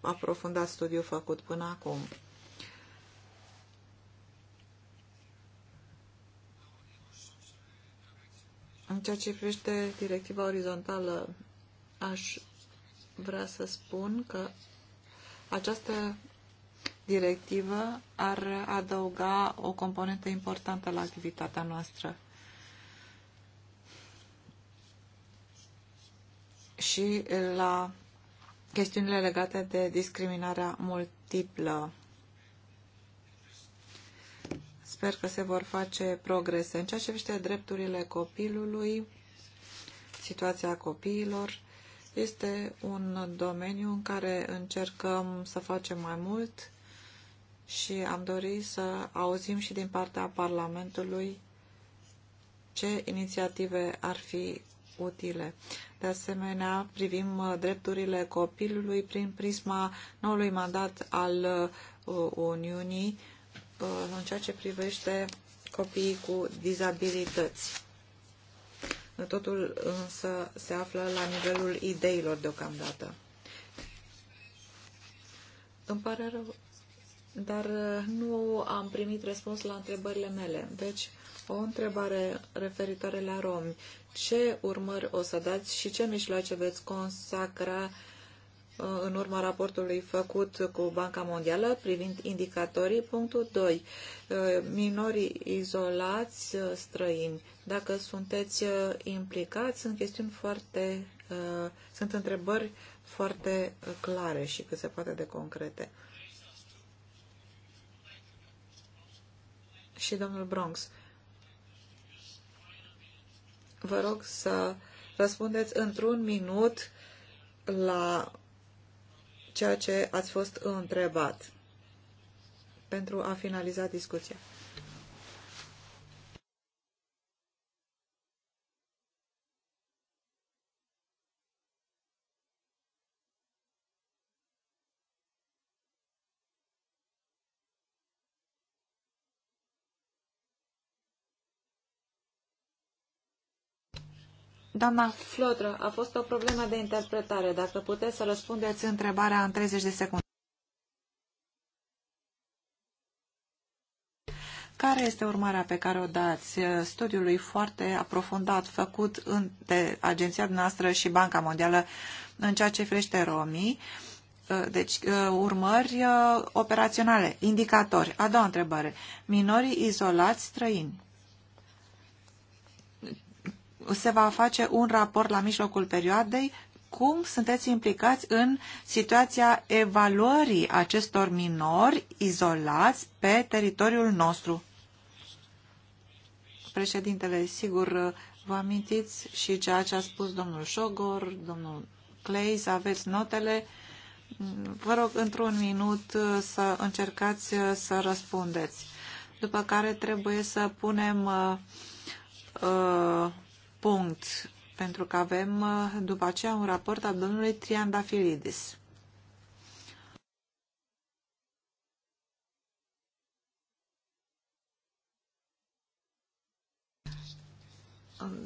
aprofundat studiu făcut până acum. În ceea ce privește directiva orizontală, aș vrea să spun că această directivă ar adăuga o componentă importantă la activitatea noastră. Și la chestiunile legate de discriminarea multiplă. Sper că se vor face progrese. În ceea ce privește drepturile copilului, situația copiilor, este un domeniu în care încercăm să facem mai mult și am dorit să auzim și din partea Parlamentului ce inițiative ar fi utile. De asemenea, privim uh, drepturile copilului prin prisma noului mandat al uh, Uniunii uh, în ceea ce privește copiii cu dizabilități. Totul însă se află la nivelul ideilor deocamdată. Îmi pare rău dar uh, nu am primit răspuns la întrebările mele. Deci, o întrebare referitoare la romi. Ce urmări o să dați și ce mijloace veți consacra uh, în urma raportului făcut cu Banca Mondială privind indicatorii? Punctul 2. Uh, minorii izolați străini. Dacă sunteți implicați, sunt chestiuni foarte... sunt întrebări foarte clare și cât se poate de concrete. și domnul Bronx. Vă rog să răspundeți într-un minut la ceea ce ați fost întrebat pentru a finaliza discuția. Doamna Flotră, a fost o problemă de interpretare. Dacă puteți să răspundeți întrebarea în 30 de secunde. Care este urmarea pe care o dați uh, studiului foarte aprofundat făcut de agenția noastră și Banca Mondială în ceea ce privește romii? Uh, deci, uh, urmări operaționale, indicatori. A doua întrebare. Minorii izolați străini se va face un raport la mijlocul perioadei cum sunteți implicați în situația evaluării acestor minori izolați pe teritoriul nostru. Președintele, sigur, vă amintiți și ceea ce a spus domnul Șogor, domnul să aveți notele. Vă rog, într-un minut, să încercați să răspundeți. După care trebuie să punem uh, uh punct, pentru că avem uh, după aceea un raport al domnului Triandafilidis.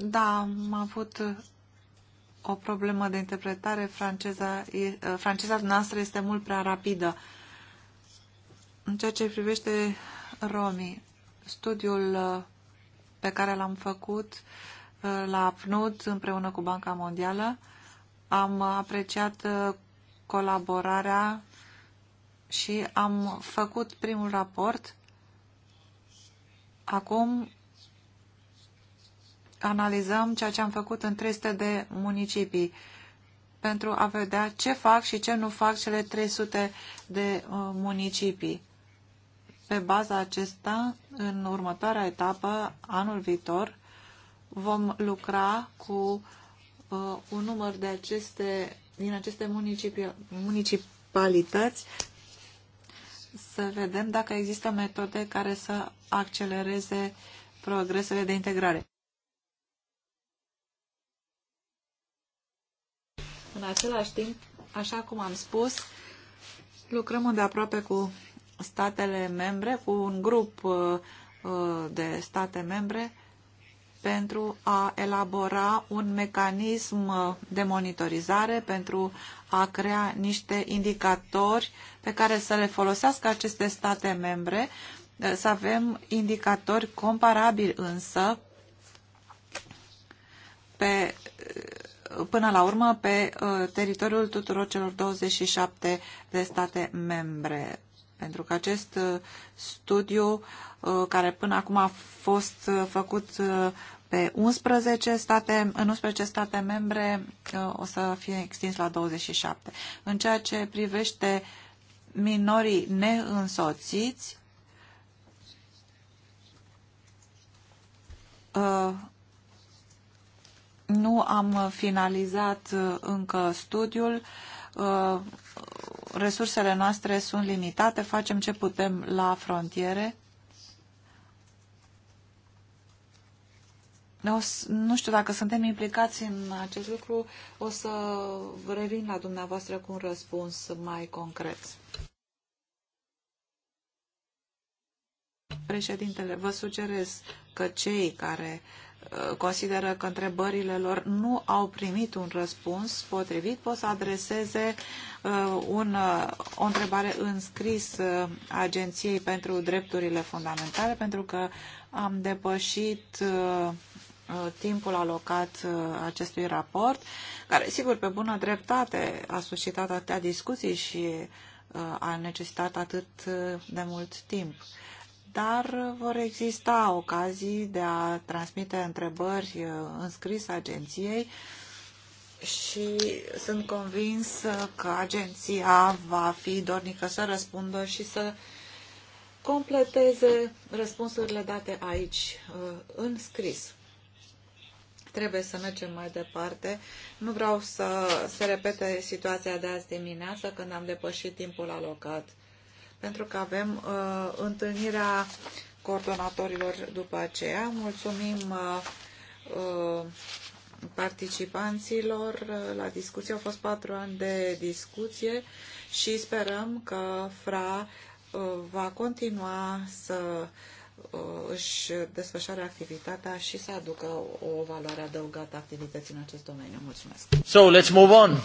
Da, am avut o problemă de interpretare. Franceza, uh, franceza noastră este mult prea rapidă. În ceea ce privește romii, studiul uh, pe care l-am făcut Uh, la PNUD împreună cu Banca Mondială. Am apreciat uh, colaborarea și am făcut primul raport. Acum analizăm ceea ce am făcut în 300 de municipii pentru a vedea ce fac și ce nu fac cele 300 de uh, municipii. Pe baza acesta, în următoarea etapă, anul viitor, vom lucra cu uh, un număr de aceste, din aceste municipi, municipalități să vedem dacă există metode care să accelereze progresele de integrare. În același timp, așa cum am spus, lucrăm îndeaproape cu statele membre, cu un grup uh, de state membre pentru a elabora un mecanism de monitorizare, pentru a crea niște indicatori pe care să le folosească aceste state membre, să avem indicatori comparabili însă pe, până la urmă pe uh, teritoriul tuturor celor 27 de state membre pentru că acest uh, studiu, uh, care până acum a fost uh, făcut pe 11 state, în 11 state membre, o să fie extins la 27. În ceea ce privește minorii neînsoțiți, nu am finalizat încă studiul, Uh, resursele noastre sunt limitate, facem ce putem la frontiere. O, nu știu dacă suntem implicați în acest lucru, o să revin la dumneavoastră cu un răspuns mai concret. Președintele, vă sugerez că cei care uh, Uh, consideră că întrebările lor nu au primit un răspuns potrivit, pot să adreseze uh, un, uh, o întrebare în scris Agenției pentru Drepturile Fundamentale, pentru că am depășit timpul alocat acestui raport, care, sigur, pe bună dreptate a suscitat atâtea discuții și a necesitat atât de mult timp dar vor exista ocazii de a transmite întrebări uh, în scris agenției și sunt convins că agenția va fi dornică să răspundă și să completeze răspunsurile date aici uh, în scris. Trebuie să mergem mai departe. Nu vreau să se repete situația de azi dimineață când am depășit timpul alocat pentru că avem uh, întâlnirea coordonatorilor după aceea. Mulțumim uh, uh participanților uh, la discuție. Au fost patru ani de discuție și sperăm că FRA uh, va continua să își desfășoare activitatea și să aducă o valoare adăugată activității în acest domeniu. Mulțumesc! So, let's move on!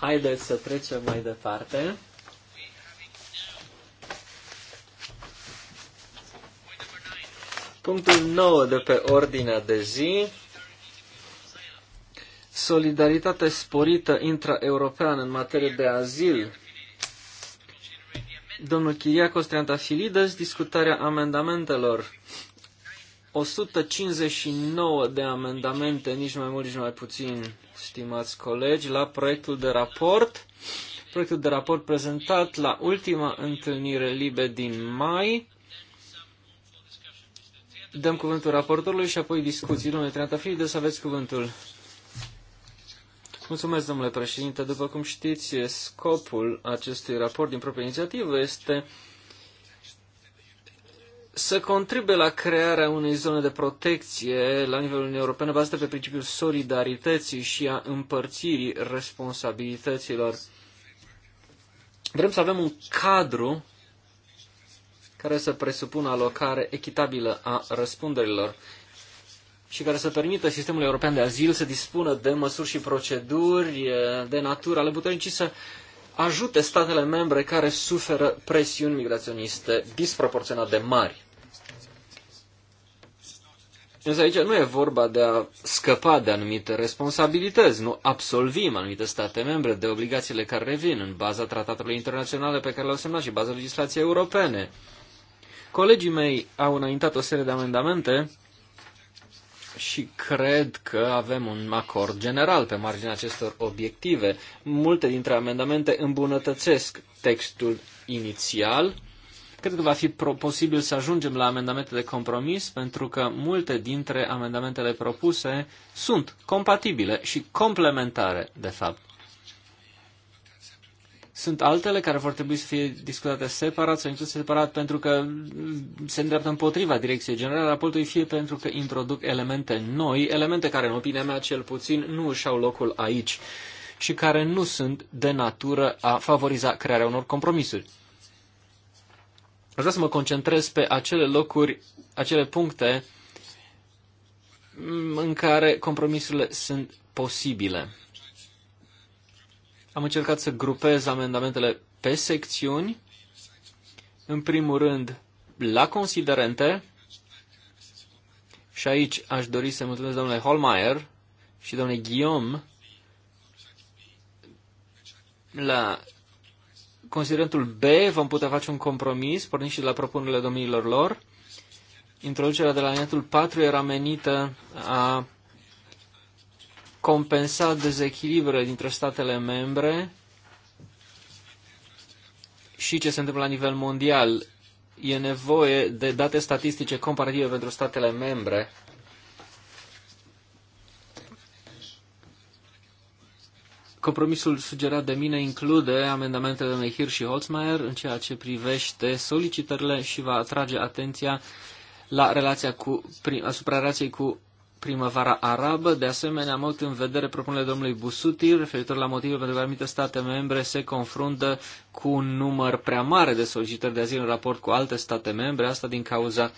Haideți să trecem mai departe. Punctul 9 de pe ordinea de zi. Solidaritate sporită intraeuropeană în materie de azil. Domnul Chiriacos Triantafilides, discutarea amendamentelor. 159 de amendamente, nici mai mult, nici mai puțin, stimați colegi, la proiectul de raport. Proiectul de raport prezentat la ultima întâlnire libe din mai Dăm cuvântul raportorului și apoi discuții. Domnule Triantafil, să aveți cuvântul. Mulțumesc, domnule președinte. După cum știți, scopul acestui raport din proprie inițiativă este să contribuie la crearea unei zone de protecție la nivelul Uniunii Europene bazată pe principiul solidarității și a împărțirii responsabilităților. Vrem să avem un cadru care să presupună alocare echitabilă a răspunderilor și care să permită sistemului european de azil să dispună de măsuri și proceduri de natură ale puternicii să ajute statele membre care suferă presiuni migraționiste disproporționat de mari. Însă aici nu e vorba de a scăpa de anumite responsabilități, nu absolvim anumite state membre de obligațiile care revin în baza tratatelor internaționale pe care le-au semnat și baza legislației europene. Colegii mei au înaintat o serie de amendamente și cred că avem un acord general pe marginea acestor obiective. Multe dintre amendamente îmbunătățesc textul inițial. Cred că va fi posibil să ajungem la amendamente de compromis, pentru că multe dintre amendamentele propuse sunt compatibile și complementare, de fapt. Sunt altele care vor trebui să fie discutate separat sau inclusiv separat pentru că se îndreaptă împotriva direcției generale a raportului, fie pentru că introduc elemente noi, elemente care, în opinia mea, cel puțin nu își au locul aici și care nu sunt de natură a favoriza crearea unor compromisuri. Aș vrea să mă concentrez pe acele locuri, acele puncte în care compromisurile sunt posibile. Am încercat să grupez amendamentele pe secțiuni. În primul rând, la considerente, și aici aș dori să mulțumesc domnule Holmeier și domnule Guillaume la considerentul B vom putea face un compromis, pornind și de la propunerile domnilor lor. Introducerea de la netul 4 era menită a compensa dezechilibre dintre statele membre și ce se întâmplă la nivel mondial. E nevoie de date statistice comparative pentru statele membre. Compromisul sugerat de mine include amendamentele de Mehir și Holzmeier în ceea ce privește solicitările și va atrage atenția la relația cu, asupra relației cu primăvara arabă. De asemenea, am avut în vedere propunerea domnului Busuti referitor la motivele pentru care anumite state membre se confruntă cu un număr prea mare de solicitări de azil în raport cu alte state membre, asta din cauza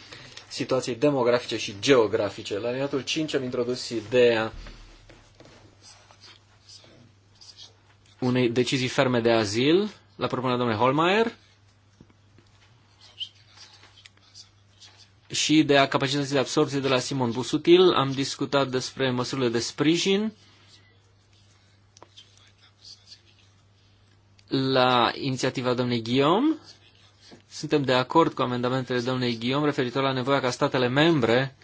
situației demografice și geografice. La alineatul 5 am introdus ideea unei decizii ferme de azil la propunerea domnului Holmeier și de capacității de absorție de la Simon Busutil. Am discutat despre măsurile de sprijin. La inițiativa domnului Guillaume, suntem de acord cu amendamentele domnului Guillaume referitor la nevoia ca statele membre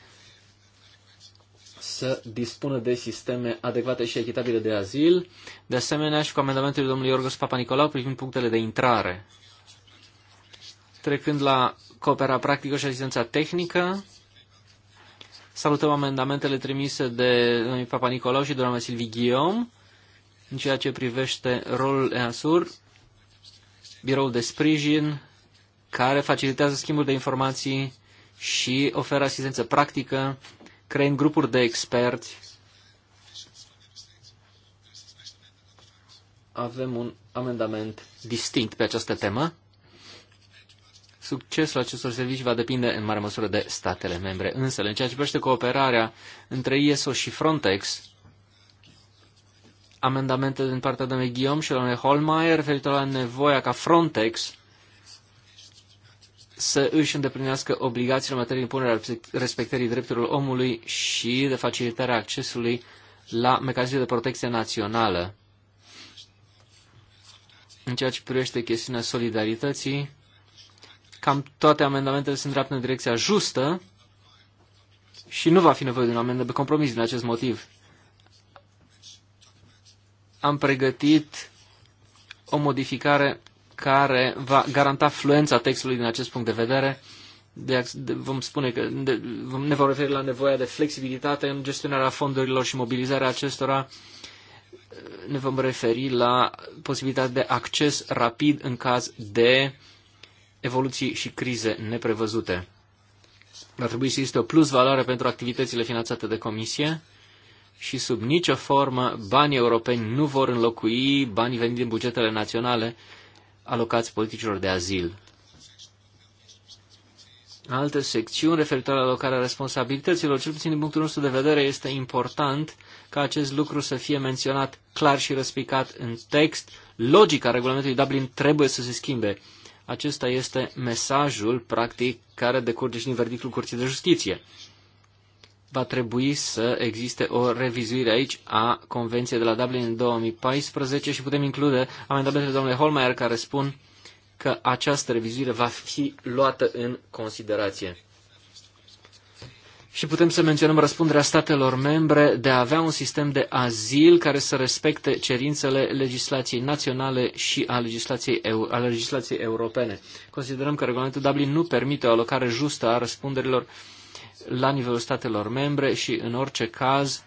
să dispună de sisteme adecvate și echitabile de azil, de asemenea și cu amendamentele domnului Iorgos Papa Nicolau privind punctele de intrare. Trecând la coopera practică și asistența tehnică. Salutăm amendamentele trimise de domnul Papa Nicolau și doamna Silvi Guillaume în ceea ce privește rolul EASUR, biroul de sprijin care facilitează schimbul de informații și oferă asistență practică, creând grupuri de experți. Avem un amendament distinct pe această temă. Succesul acestor servicii va depinde în mare măsură de statele membre. Însă, în ceea ce privește cooperarea între ISO și Frontex, amendamente din partea domnului Guillaume și domnului Holmeier referitor la nevoia ca Frontex să își îndeplinească obligațiile în materie de impunere respectării drepturilor omului și de facilitarea accesului la mecanismul de protecție națională. În ceea ce privește chestiunea solidarității, cam toate amendamentele se îndreaptă în direcția justă și nu va fi nevoie de un amendă de compromis din acest motiv. Am pregătit o modificare care va garanta fluența textului din acest punct de vedere. De, de, vom spune că de, vom, ne vom referi la nevoia de flexibilitate în gestionarea fondurilor și mobilizarea acestora. Ne vom referi la posibilitatea de acces rapid în caz de evoluții și crize neprevăzute. Va trebui să existe o plus valoare pentru activitățile finanțate de comisie și sub nicio formă banii europeni nu vor înlocui banii veniți din bugetele naționale alocați politicilor de azil. Alte secțiuni referitoare la alocarea responsabilităților, cel puțin din punctul nostru de vedere, este important ca acest lucru să fie menționat clar și răspicat în text. Logica regulamentului Dublin trebuie să se schimbe acesta este mesajul, practic, care decurge și din verdictul Curții de Justiție. Va trebui să existe o revizuire aici a Convenției de la Dublin în 2014 și putem include amendamentele domnului Holmeier care spun că această revizuire va fi luată în considerație. Și putem să menționăm răspunderea statelor membre de a avea un sistem de azil care să respecte cerințele legislației naționale și a legislației, a legislației europene. Considerăm că regulamentul Dublin nu permite o alocare justă a răspunderilor la nivelul statelor membre și, în orice caz,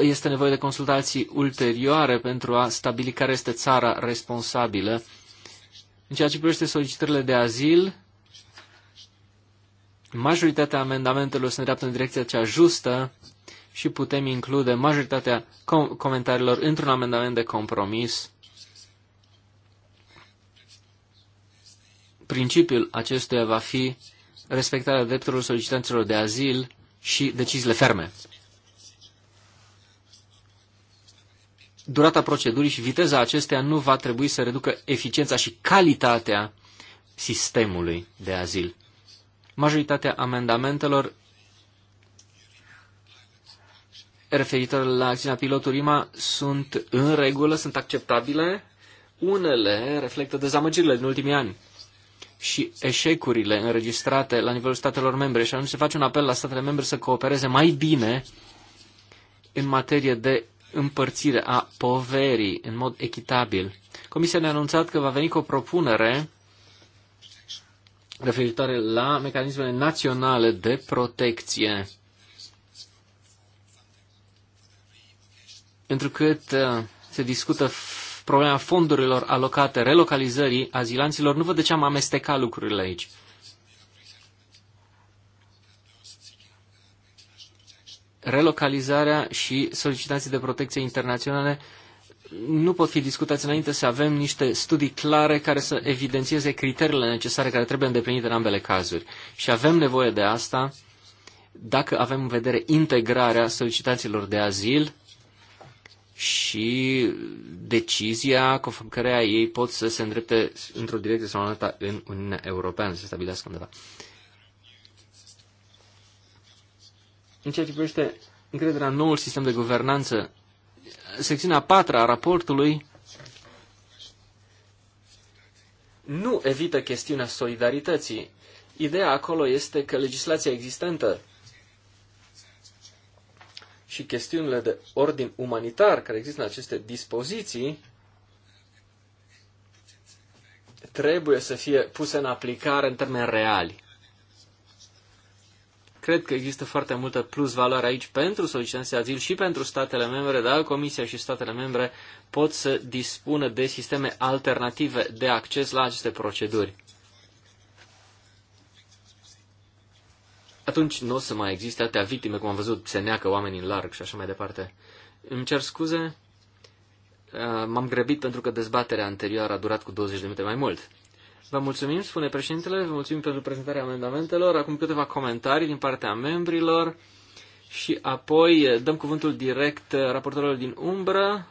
este nevoie de consultații ulterioare pentru a stabili care este țara responsabilă. În ceea ce privește solicitările de azil, Majoritatea amendamentelor se îndreaptă în direcția cea justă și putem include majoritatea com- comentariilor într-un amendament de compromis. Principiul acestuia va fi respectarea drepturilor solicitanților de azil și deciziile ferme. Durata procedurii și viteza acesteia nu va trebui să reducă eficiența și calitatea sistemului de azil majoritatea amendamentelor referitor la acțiunea piloturima sunt în regulă, sunt acceptabile. Unele reflectă dezamăgirile din ultimii ani și eșecurile înregistrate la nivelul statelor membre și anume se face un apel la statele membre să coopereze mai bine în materie de împărțire a poverii în mod echitabil. Comisia ne-a anunțat că va veni cu o propunere referitoare la mecanismele naționale de protecție. Pentru că uh, se discută problema fondurilor alocate relocalizării azilanților, nu văd de ce am amestecat lucrurile aici. Relocalizarea și solicitații de protecție internaționale uh, nu pot fi discutați înainte să avem niște studii clare care să evidențieze criteriile necesare care trebuie îndeplinite în ambele cazuri. Și avem nevoie de asta dacă avem în vedere integrarea solicitațiilor de azil și decizia conform căreia ei pot să se îndrepte într-o direcție sau în alta în Uniunea Europeană, să se stabilească undeva. În ceea ce privește încrederea în noul sistem de guvernanță secțiunea 4 a raportului nu evită chestiunea solidarității. Ideea acolo este că legislația existentă și chestiunile de ordin umanitar care există în aceste dispoziții trebuie să fie puse în aplicare în termeni reali. Cred că există foarte multă plus valoare aici pentru solicitanții de azil și pentru statele membre, dar Comisia și statele membre pot să dispună de sisteme alternative de acces la aceste proceduri. Atunci nu o să mai existe atâtea victime, cum am văzut, se neacă oamenii în larg și așa mai departe. Îmi cer scuze, m-am grăbit pentru că dezbaterea anterioară a durat cu 20 de minute mai mult. Vă mulțumim, spune președintele, vă mulțumim pentru prezentarea amendamentelor. Acum câteva comentarii din partea membrilor și apoi dăm cuvântul direct raportorilor din umbră.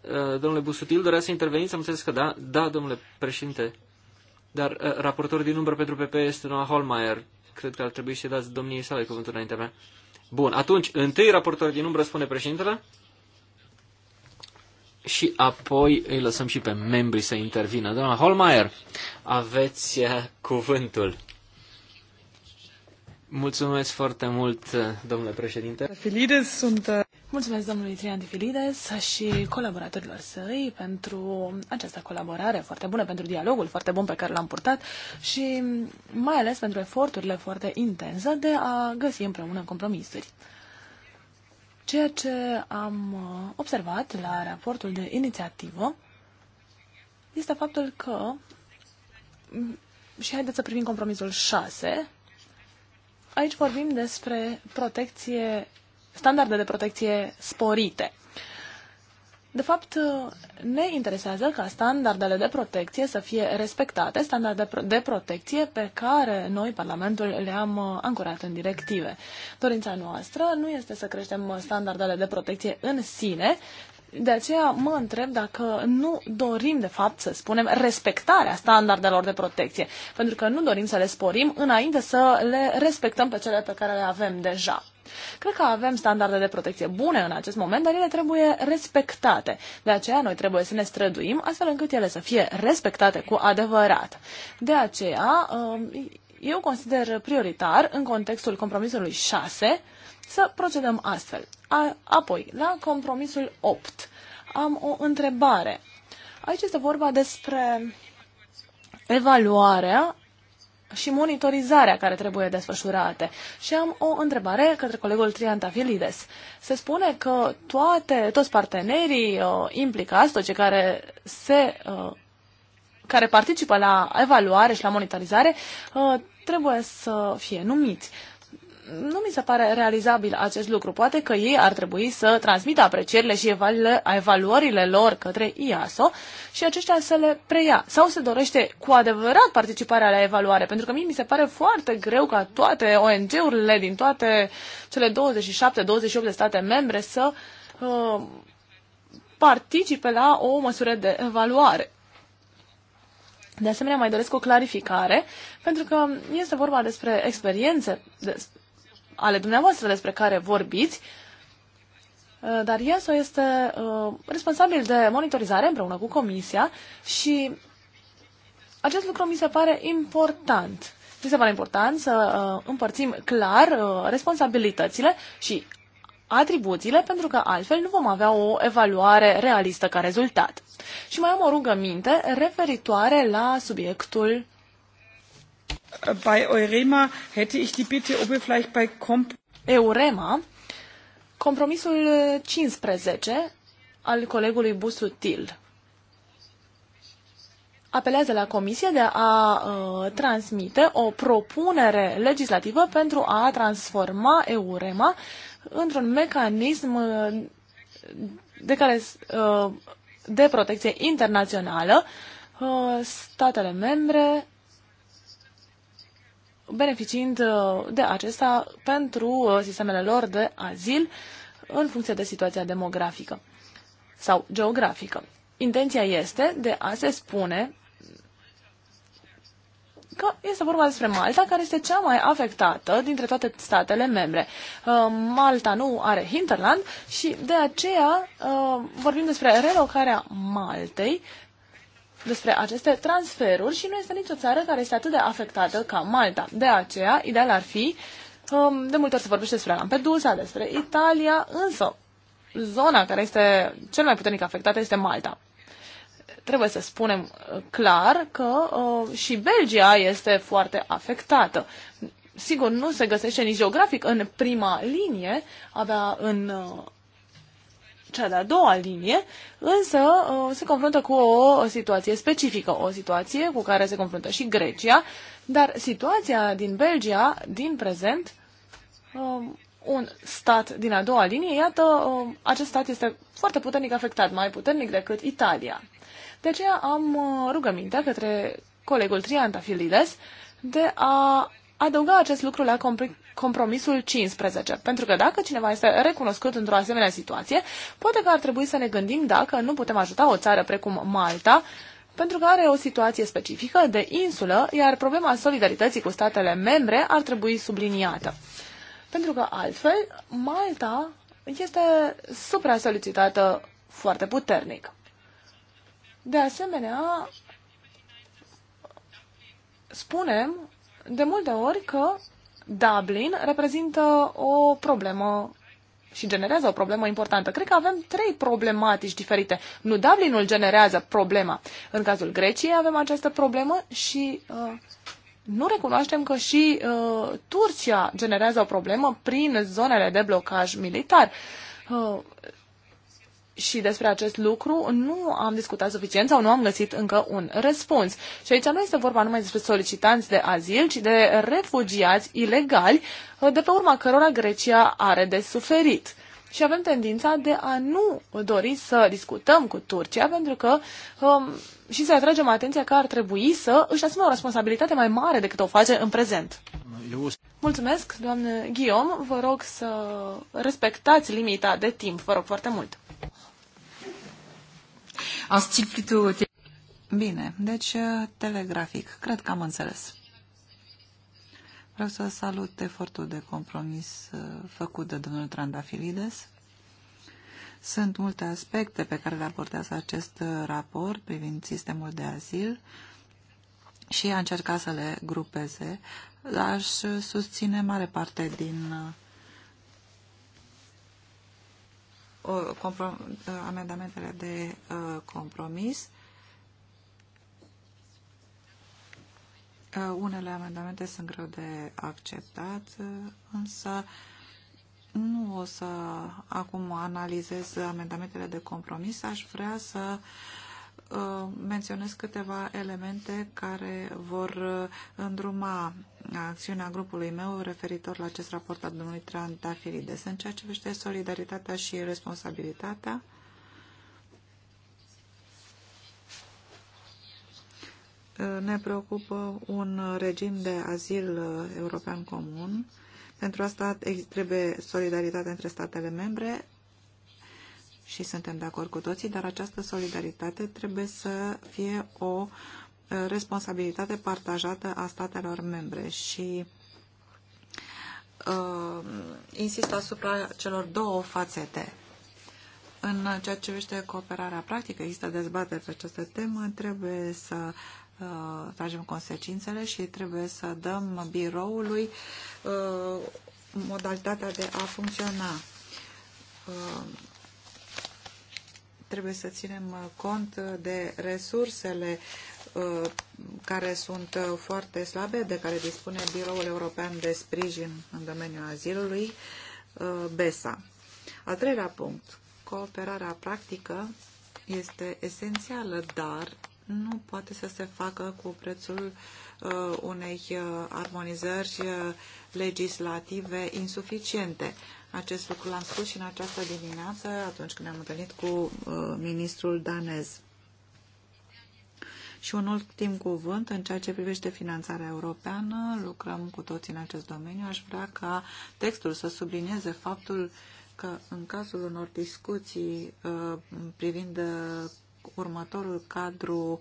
Uh, domnule Busutil, dorea să interveniți? Am înțeles că da. Da, domnule președinte. Dar uh, raportorul din umbră pentru PP este Noah Holmeier. Cred că ar trebui să dați domniei sale cuvântul înaintea mea. Bun, atunci, întâi raportorul din umbră, spune președintele și apoi îi lăsăm și pe membrii să intervină. Doamna Holmeier, aveți eh, cuvântul. Mulțumesc foarte mult, eh, domnule președinte. Filides sunt... Eh, Mulțumesc domnului Trian Filides și colaboratorilor săi pentru această colaborare foarte bună, pentru dialogul foarte bun pe care l-am purtat și mai ales pentru eforturile foarte intense de a găsi împreună compromisuri. Ceea ce am uh, observat la raportul de inițiativă este faptul că, și haideți să privim compromisul 6, aici vorbim despre protecție, standarde de protecție sporite. De fapt, ne interesează ca standardele de protecție să fie respectate, standarde de protecție pe care noi, Parlamentul, le-am uh, ancorat în directive. Dorința noastră nu este să creștem standardele de protecție în sine, de aceea mă întreb dacă nu dorim, de fapt, să spunem, respectarea standardelor de protecție, pentru că nu dorim să le sporim înainte să le respectăm pe cele pe care le avem deja. Cred că avem standarde de protecție bune în acest moment, dar ele trebuie respectate. De aceea noi trebuie să ne străduim astfel încât ele să fie respectate cu adevărat. De aceea um, eu consider prioritar în contextul compromisului 6 să procedăm astfel. A, apoi, la compromisul 8, am o întrebare. Aici este vorba despre evaluarea și monitorizarea care trebuie desfășurate. Și am o întrebare către colegul Triantafilides. Se spune că toate, toți partenerii uh, implicați, toți cei care se uh, care participă la evaluare și la monitorizare, uh, trebuie să fie numiți. Uh, nu mi se pare realizabil acest lucru. Poate că ei ar trebui să transmită aprecierile și evaluările lor către IASO și aceștia să le preia. Sau se dorește cu adevărat participarea la evaluare, pentru că mie mi se pare foarte greu ca toate ONG-urile din toate cele 27-28 de state membre să uh, participe la o măsură de evaluare. De asemenea, mai doresc o clarificare, pentru că este vorba despre experiențe, ale dumneavoastră despre care vorbiți, uh, dar ESO este uh, responsabil de monitorizare împreună cu Comisia și acest lucru mi se pare important. Mi se pare important să uh, împărțim clar responsabilitățile și atribuțiile, pentru că altfel nu vom avea o evaluare realistă ca rezultat. Și mai am o rugăminte referitoare la subiectul bei Eurema hätte ich die Bitte, ob wir vielleicht bei Komp Eurema, compromisul 15 al colegului Busutil apelează la Comisie de a uh, transmite o propunere legislativă pentru a transforma EUREMA într-un mecanism uh, de care uh, de protecție internațională, uh, statele membre beneficiind uh, de acesta pentru uh, sistemele lor de azil în funcție de situația demografică sau geografică. Intenția este de a se spune că este vorba despre Malta, care este cea mai afectată dintre toate statele membre. Uh, Malta nu are hinterland și de aceea vorbim despre relocarea Maltei despre aceste transferuri și nu este nicio țară care este atât de afectată ca Malta. De aceea, ideal ar fi, um, de multe ori se vorbește despre Lampedusa, despre Italia, însă zona care este cel mai puternic afectată este Malta. Trebuie să spunem uh, clar că uh, și Belgia este foarte afectată. Sigur, nu se găsește nici geografic în prima linie, abia în uh, cea de-a doua linie, însă uh, se confruntă cu o situație specifică, o situație cu care se confruntă și Grecia, dar situația din Belgia, din prezent, um, un stat din a doua linie, iată, um, acest stat este foarte puternic afectat, mai puternic decât Italia. De aceea am uh, rugămintea către colegul Triantafilides de a adăuga acest lucru la compromisul 15. Pentru că dacă cineva este recunoscut într-o asemenea situație, poate că ar trebui să ne gândim dacă nu putem ajuta o țară precum Malta, pentru că are o situație specifică de insulă, iar problema solidarității cu statele membre ar trebui subliniată. Pentru că altfel, Malta este supra-solicitată foarte puternic. De asemenea, spunem de multe ori că Dublin reprezintă o problemă și generează o problemă importantă. Cred că avem trei problematici diferite. Nu Dublinul generează problema. În cazul Greciei avem această problemă și uh, nu recunoaștem că și uh, Turcia generează o problemă prin zonele de blocaj militar. Uh, și despre acest lucru nu am discutat suficient sau nu am găsit încă un răspuns. Și aici nu este vorba numai despre solicitanți de azil, ci de refugiați ilegali, de pe urma cărora Grecia are de suferit. Și avem tendința de a nu dori să discutăm cu Turcia, pentru că um, și să atragem atenția că ar trebui să își asume o responsabilitate mai mare decât o face în prezent. Eu... Mulțumesc, doamnă Guillaume. Vă rog să respectați limita de timp. Vă rog foarte mult un stil plutôt... Bine, deci uh, telegrafic. Cred că am înțeles. Vreau să salut efortul de compromis uh, făcut de domnul Trandafilides. Sunt multe aspecte pe care le abordează acest uh, raport privind sistemul de azil și a încercat să le grupeze, aș susține mare parte din Uh, amendamentele de uh, compromis. Uh, unele amendamente sunt greu de acceptat, însă nu o să acum analizez amendamentele de compromis. Aș vrea să Uh, menționez câteva elemente care vor uh, îndruma acțiunea grupului meu referitor la acest raport al domnului Trantafilides. În ceea ce vește solidaritatea și responsabilitatea, uh, ne preocupă un regim de azil european comun. Pentru asta trebuie solidaritate între statele membre, și suntem de acord cu toții, dar această solidaritate trebuie să fie o responsabilitate partajată a statelor membre și uh, insist asupra celor două fațete. În ceea ce privește cooperarea practică, există dezbatere pe această temă, trebuie să uh, tragem consecințele și trebuie să dăm biroului uh, modalitatea de a funcționa. Uh, Trebuie să ținem uh, cont uh, de resursele uh, care sunt foarte slabe, de care dispune Biroul European de Sprijin în domeniul azilului, BESA. Al treilea punct, cooperarea practică este esențială, dar nu poate să se facă cu prețul unei armonizări legislative insuficiente. Acest lucru l-am spus și în această dimineață atunci când am întâlnit cu uh, ministrul danez. Și un ultim cuvânt în ceea ce privește finanțarea europeană, lucrăm cu toți în acest domeniu. Aș vrea ca textul să sublinieze faptul că în cazul unor discuții uh, privind uh, următorul cadru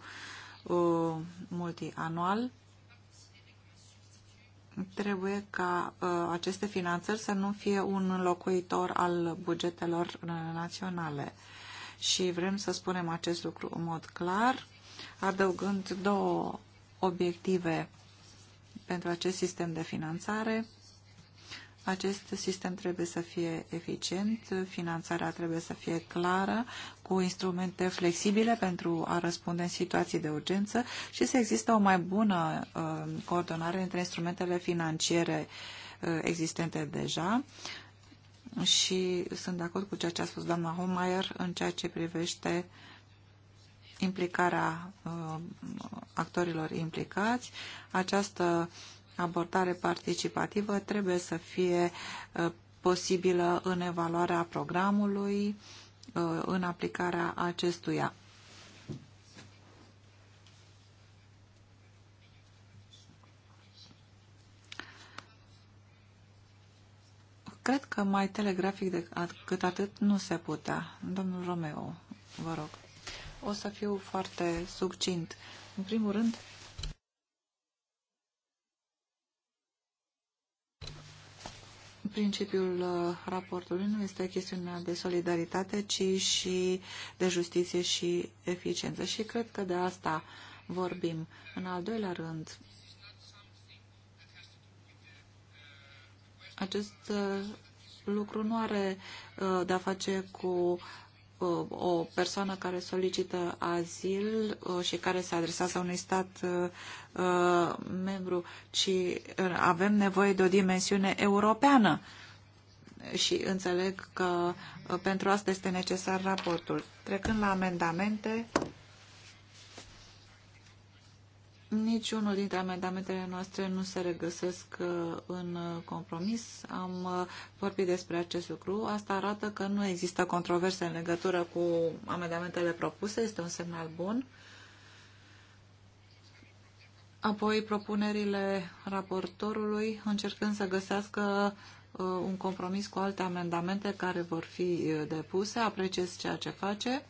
uh, multianual, trebuie ca uh, aceste finanțări să nu fie un înlocuitor al bugetelor uh, naționale. Și vrem să spunem acest lucru în mod clar, adăugând două obiective pentru acest sistem de finanțare. Acest sistem trebuie să fie eficient, finanțarea trebuie să fie clară, cu instrumente flexibile pentru a răspunde în situații de urgență și să există o mai bună uh, coordonare între instrumentele financiare uh, existente deja și sunt de acord cu ceea ce a spus doamna Homayer în ceea ce privește implicarea uh, actorilor implicați. Această abordare participativă trebuie să fie uh, posibilă în evaluarea programului, uh, în aplicarea acestuia. Cred că mai telegrafic decât atât nu se putea. Domnul Romeo, vă rog. O să fiu foarte succint. În primul rând, Principiul uh, raportului nu este chestiunea de solidaritate, ci și de justiție și eficiență. Și cred că de asta vorbim. În al doilea rând, acest uh, lucru nu are uh, de-a face cu o persoană care solicită azil uh, și care se adresează unui stat uh, uh, membru, ci avem nevoie de o dimensiune europeană. Și înțeleg că pentru asta este necesar raportul. Trecând la amendamente, Niciunul dintre amendamentele noastre nu se regăsesc uh, în uh, compromis. Am uh, vorbit despre acest lucru. Asta arată că nu există controverse în legătură cu amendamentele propuse. Este un semnal bun. Apoi propunerile raportorului, încercând să găsească un compromis cu alte amendamente care vor fi depuse. Apreciez ceea ce face.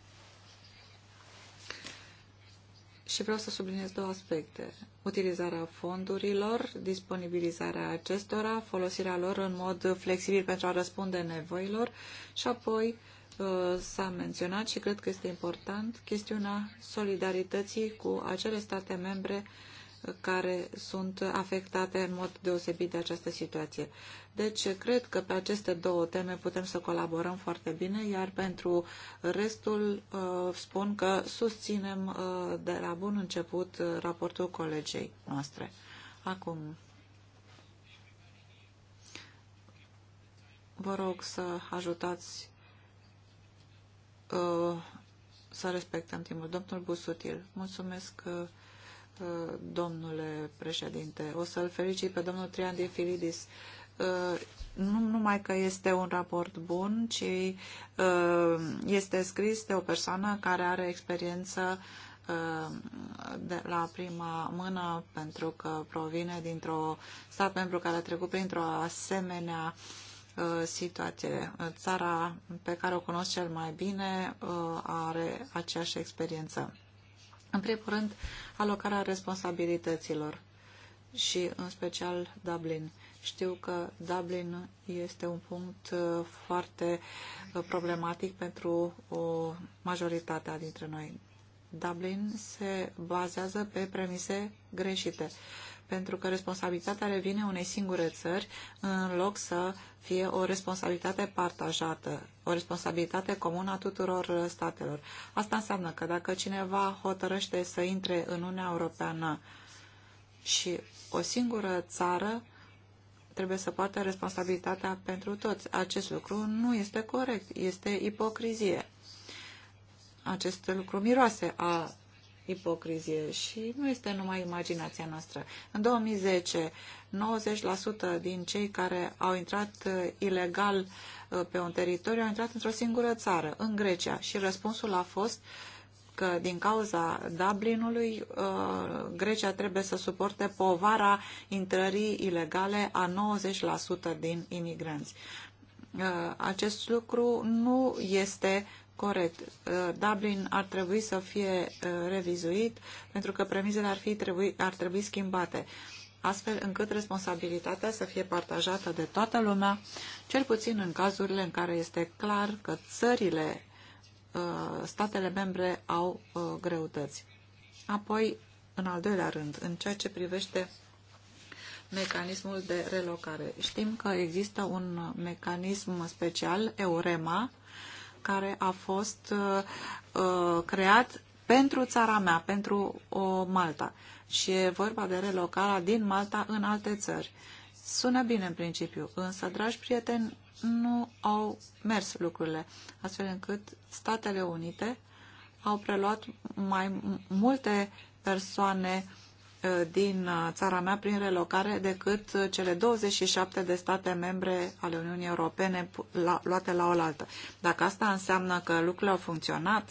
Și vreau să subliniez două aspecte. Utilizarea fondurilor, disponibilizarea acestora, folosirea lor în mod flexibil pentru a răspunde nevoilor și apoi uh, s-a menționat și cred că este important chestiunea solidarității cu acele state membre uh, care sunt afectate în mod deosebit de această situație. Deci, cred că pe aceste două teme putem să colaborăm foarte bine, iar pentru restul uh, spun că susținem uh, de la bun început uh, raportul colegei noastre. Acum, vă rog să ajutați să respectăm timpul. Domnul Busutil, mulțumesc domnule președinte. O să-l felicit pe domnul Trian de Filidis. Uh, nu numai că este un raport bun, ci uh, este scris de o persoană care are experiență uh, de la prima mână pentru că provine dintr-o stat membru care a trecut printr-o asemenea situație. Țara pe care o cunosc cel mai bine are aceeași experiență. În primul rând, alocarea responsabilităților și în special Dublin. Știu că Dublin este un punct uh, foarte uh, problematic pentru o majoritatea dintre noi. Dublin se bazează pe premise greșite pentru că responsabilitatea revine unei singure țări în loc să fie o responsabilitate partajată, o responsabilitate comună a tuturor statelor. Asta înseamnă că dacă cineva hotărăște să intre în Uniunea Europeană și o singură țară trebuie să poată responsabilitatea pentru toți. Acest lucru nu este corect, este ipocrizie. Acest lucru miroase a ipocrizie și nu este numai imaginația noastră. În 2010, 90% din cei care au intrat uh, ilegal uh, pe un teritoriu au intrat într-o singură țară, în Grecia, și răspunsul a fost că din cauza Dublinului uh, Grecia trebuie să suporte povara intrării ilegale a 90% din imigranți. Acest lucru nu este corect. Uh, Dublin ar trebui să fie uh, revizuit pentru că premizele ar, fi trebui, ar trebui schimbate, astfel încât responsabilitatea să fie partajată de toată lumea, cel puțin în cazurile în care este clar că țările, uh, statele membre au greutăți. Apoi, în al doilea rând, în ceea ce privește mecanismul de relocare. Știm că există un mecanism special, EUREMA, care a fost uh, uh, creat pentru țara mea, pentru uh, Malta. Și e vorba de relocarea din Malta în alte țări. Sună bine în principiu, însă, dragi prieteni, nu au mers lucrurile, astfel încât Statele Unite au preluat mai multe persoane Eh, din eh, țara mea prin relocare decât cele 27 de state membre ale Uniunii Europene luate la oaltă. Dacă asta înseamnă că lucrurile au funcționat,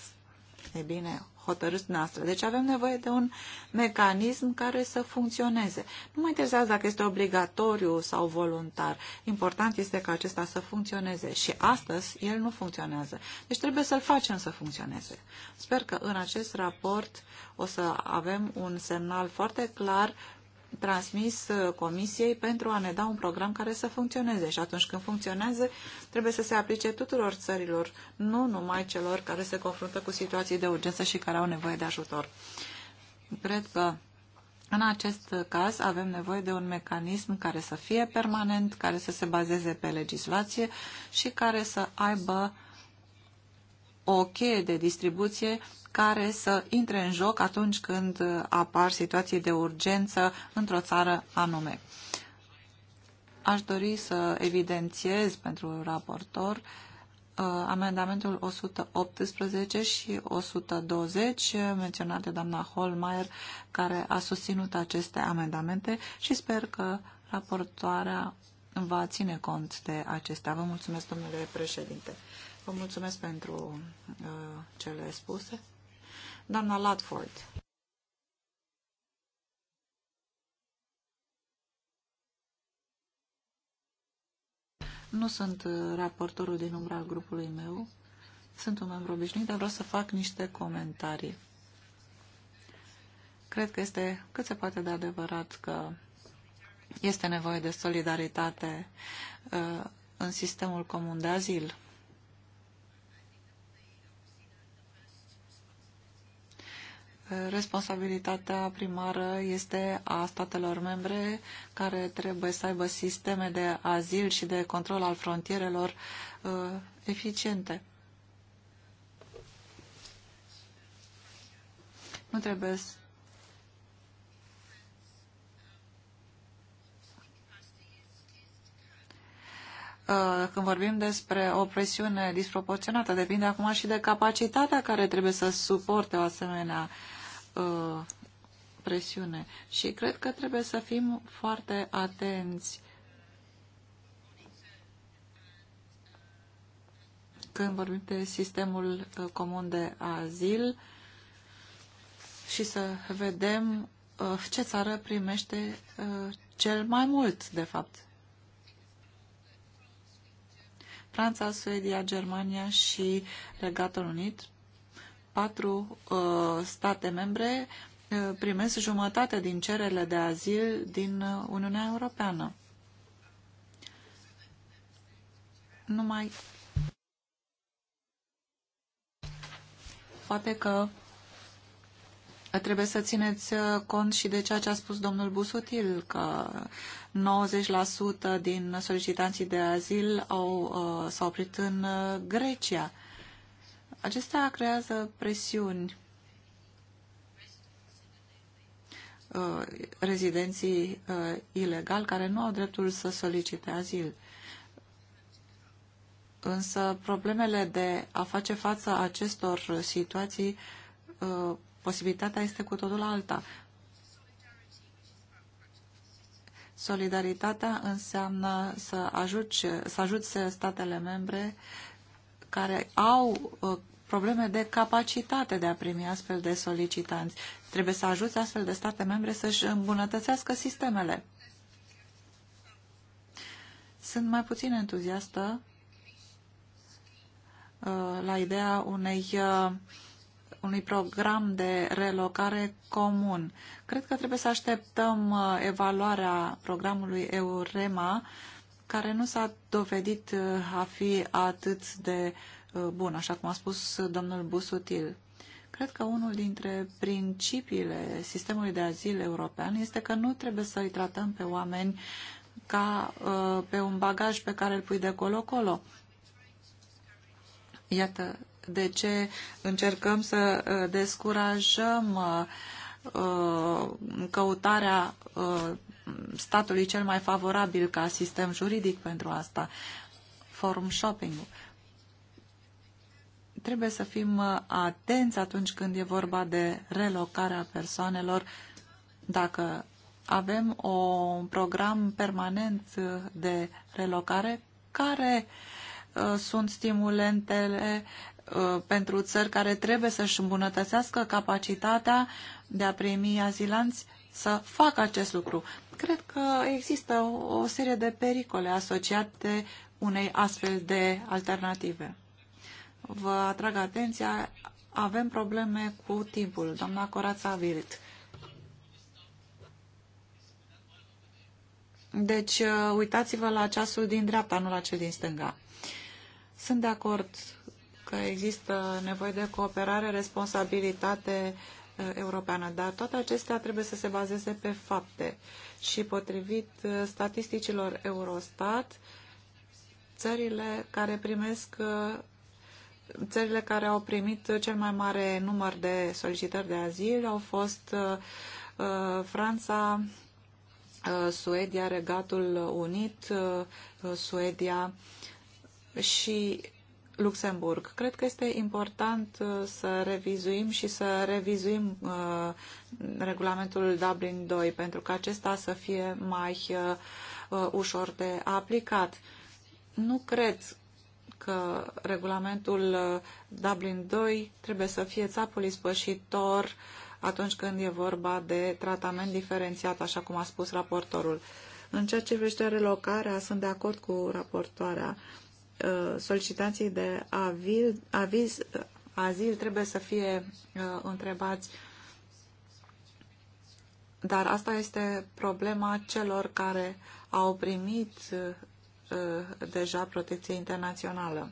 e bine, hotărâți noastră. Deci avem nevoie de un mecanism care să funcționeze. Nu mă interesează dacă este obligatoriu sau voluntar. Important este ca acesta să funcționeze și astăzi el nu funcționează. Deci trebuie să-l facem să funcționeze. Sper că în acest raport o să avem un semnal foarte clar transmis uh, Comisiei pentru a ne da un program care să funcționeze și atunci când funcționează trebuie să se aplice tuturor țărilor, nu numai celor care se confruntă cu situații de urgență și care au nevoie de ajutor. Cred că în acest caz avem nevoie de un mecanism care să fie permanent, care să se bazeze pe legislație și care să aibă uh, o cheie de distribuție care să intre în joc atunci când apar situații de urgență într-o țară anume. Aș dori să evidențiez pentru raportor uh, amendamentul 118 și 120 uh, menționat de doamna Holmeier care a susținut aceste amendamente și sper că raportoarea va ține cont de acestea. Vă mulțumesc, domnule președinte. Vă mulțumesc pentru uh, cele spuse. Doamna Latford. Nu sunt uh, raportorul din umbra grupului meu. Sunt un membru obișnuit, dar vreau să fac niște comentarii. Cred că este cât se poate de adevărat că este nevoie de solidaritate uh, în sistemul comun de azil. responsabilitatea primară este a statelor membre care trebuie să aibă sisteme de azil și de control al frontierelor uh, eficiente. Nu trebuie să uh, când vorbim despre o presiune disproporționată, depinde acum și de capacitatea care trebuie să suporte o asemenea uh, Uh, presiune și cred că trebuie să fim foarte atenți când vorbim de sistemul uh, comun de azil și să vedem uh, ce țară primește cel mai mult, de fapt. Franța, Suedia, Germania și Regatul Unit patru uh, state membre uh, primesc jumătate din cererile de azil din uh, Uniunea Europeană. Numai poate că trebuie să țineți cont și de ceea ce a spus domnul Busutil, că 90% din solicitanții de azil au, s-au oprit în Grecia. Acestea creează presiuni. Uh, rezidenții uh, ilegali care nu au dreptul să solicite azil. Însă problemele de a face față acestor situații, uh, posibilitatea este cu totul alta. Solidaritatea înseamnă să ajuți, să ajuți statele membre care au uh, probleme de capacitate de a primi astfel de solicitanți. Trebuie să ajute astfel de state membre să-și îmbunătățească sistemele. Sunt mai puțin entuziastă uh, la ideea unei, uh, unui program de relocare comun. Cred că trebuie să așteptăm evaluarea programului EUREMA care nu s-a dovedit uh, a fi atât de uh, bun, așa cum a spus domnul Busutil. Cred că unul dintre principiile sistemului de azil european este că nu trebuie să îi tratăm pe oameni ca uh, pe un bagaj pe care îl pui de colo-colo. Iată de ce încercăm să descurajăm căutarea statului cel mai favorabil ca sistem juridic pentru asta, forum shopping-ul. Trebuie să fim uh, atenți atunci când e vorba de relocarea persoanelor, dacă avem un program permanent uh, de relocare, care uh, sunt stimulentele pentru țări care trebuie să-și îmbunătățească capacitatea de a primi azilanți să facă acest lucru. Cred că există o, o serie de pericole asociate unei astfel de alternative. Vă atrag atenția, avem probleme cu timpul. Doamna Corața Virit. Deci, uh, uitați-vă la ceasul din dreapta, nu la cel din stânga. Sunt de acord că există nevoie de cooperare, responsabilitate, uh, Uh, europeană, dar toate acestea trebuie să se bazeze pe fapte. Și potrivit uh, statisticilor Eurostat, țările care primesc uh, țările care au primit cel mai mare număr de solicitări de azil au fost Franța, Suedia, Regatul Unit, Suedia și Luxemburg. Cred că este important uh, să revizuim și să revizuim uh, regulamentul Dublin 2 pentru că acesta să fie mai uh, uh, ușor de aplicat. Nu cred că regulamentul uh, Dublin 2 trebuie să fie țapul ispășitor atunci când e vorba de tratament diferențiat, așa cum a spus raportorul. În ceea ce privește relocarea, sunt de acord cu raportoarea. Uh, Uh, solicitanții de avil, aviz, uh, azil trebuie să fie uh, întrebați dar asta este problema celor care au primit deja protecție internațională.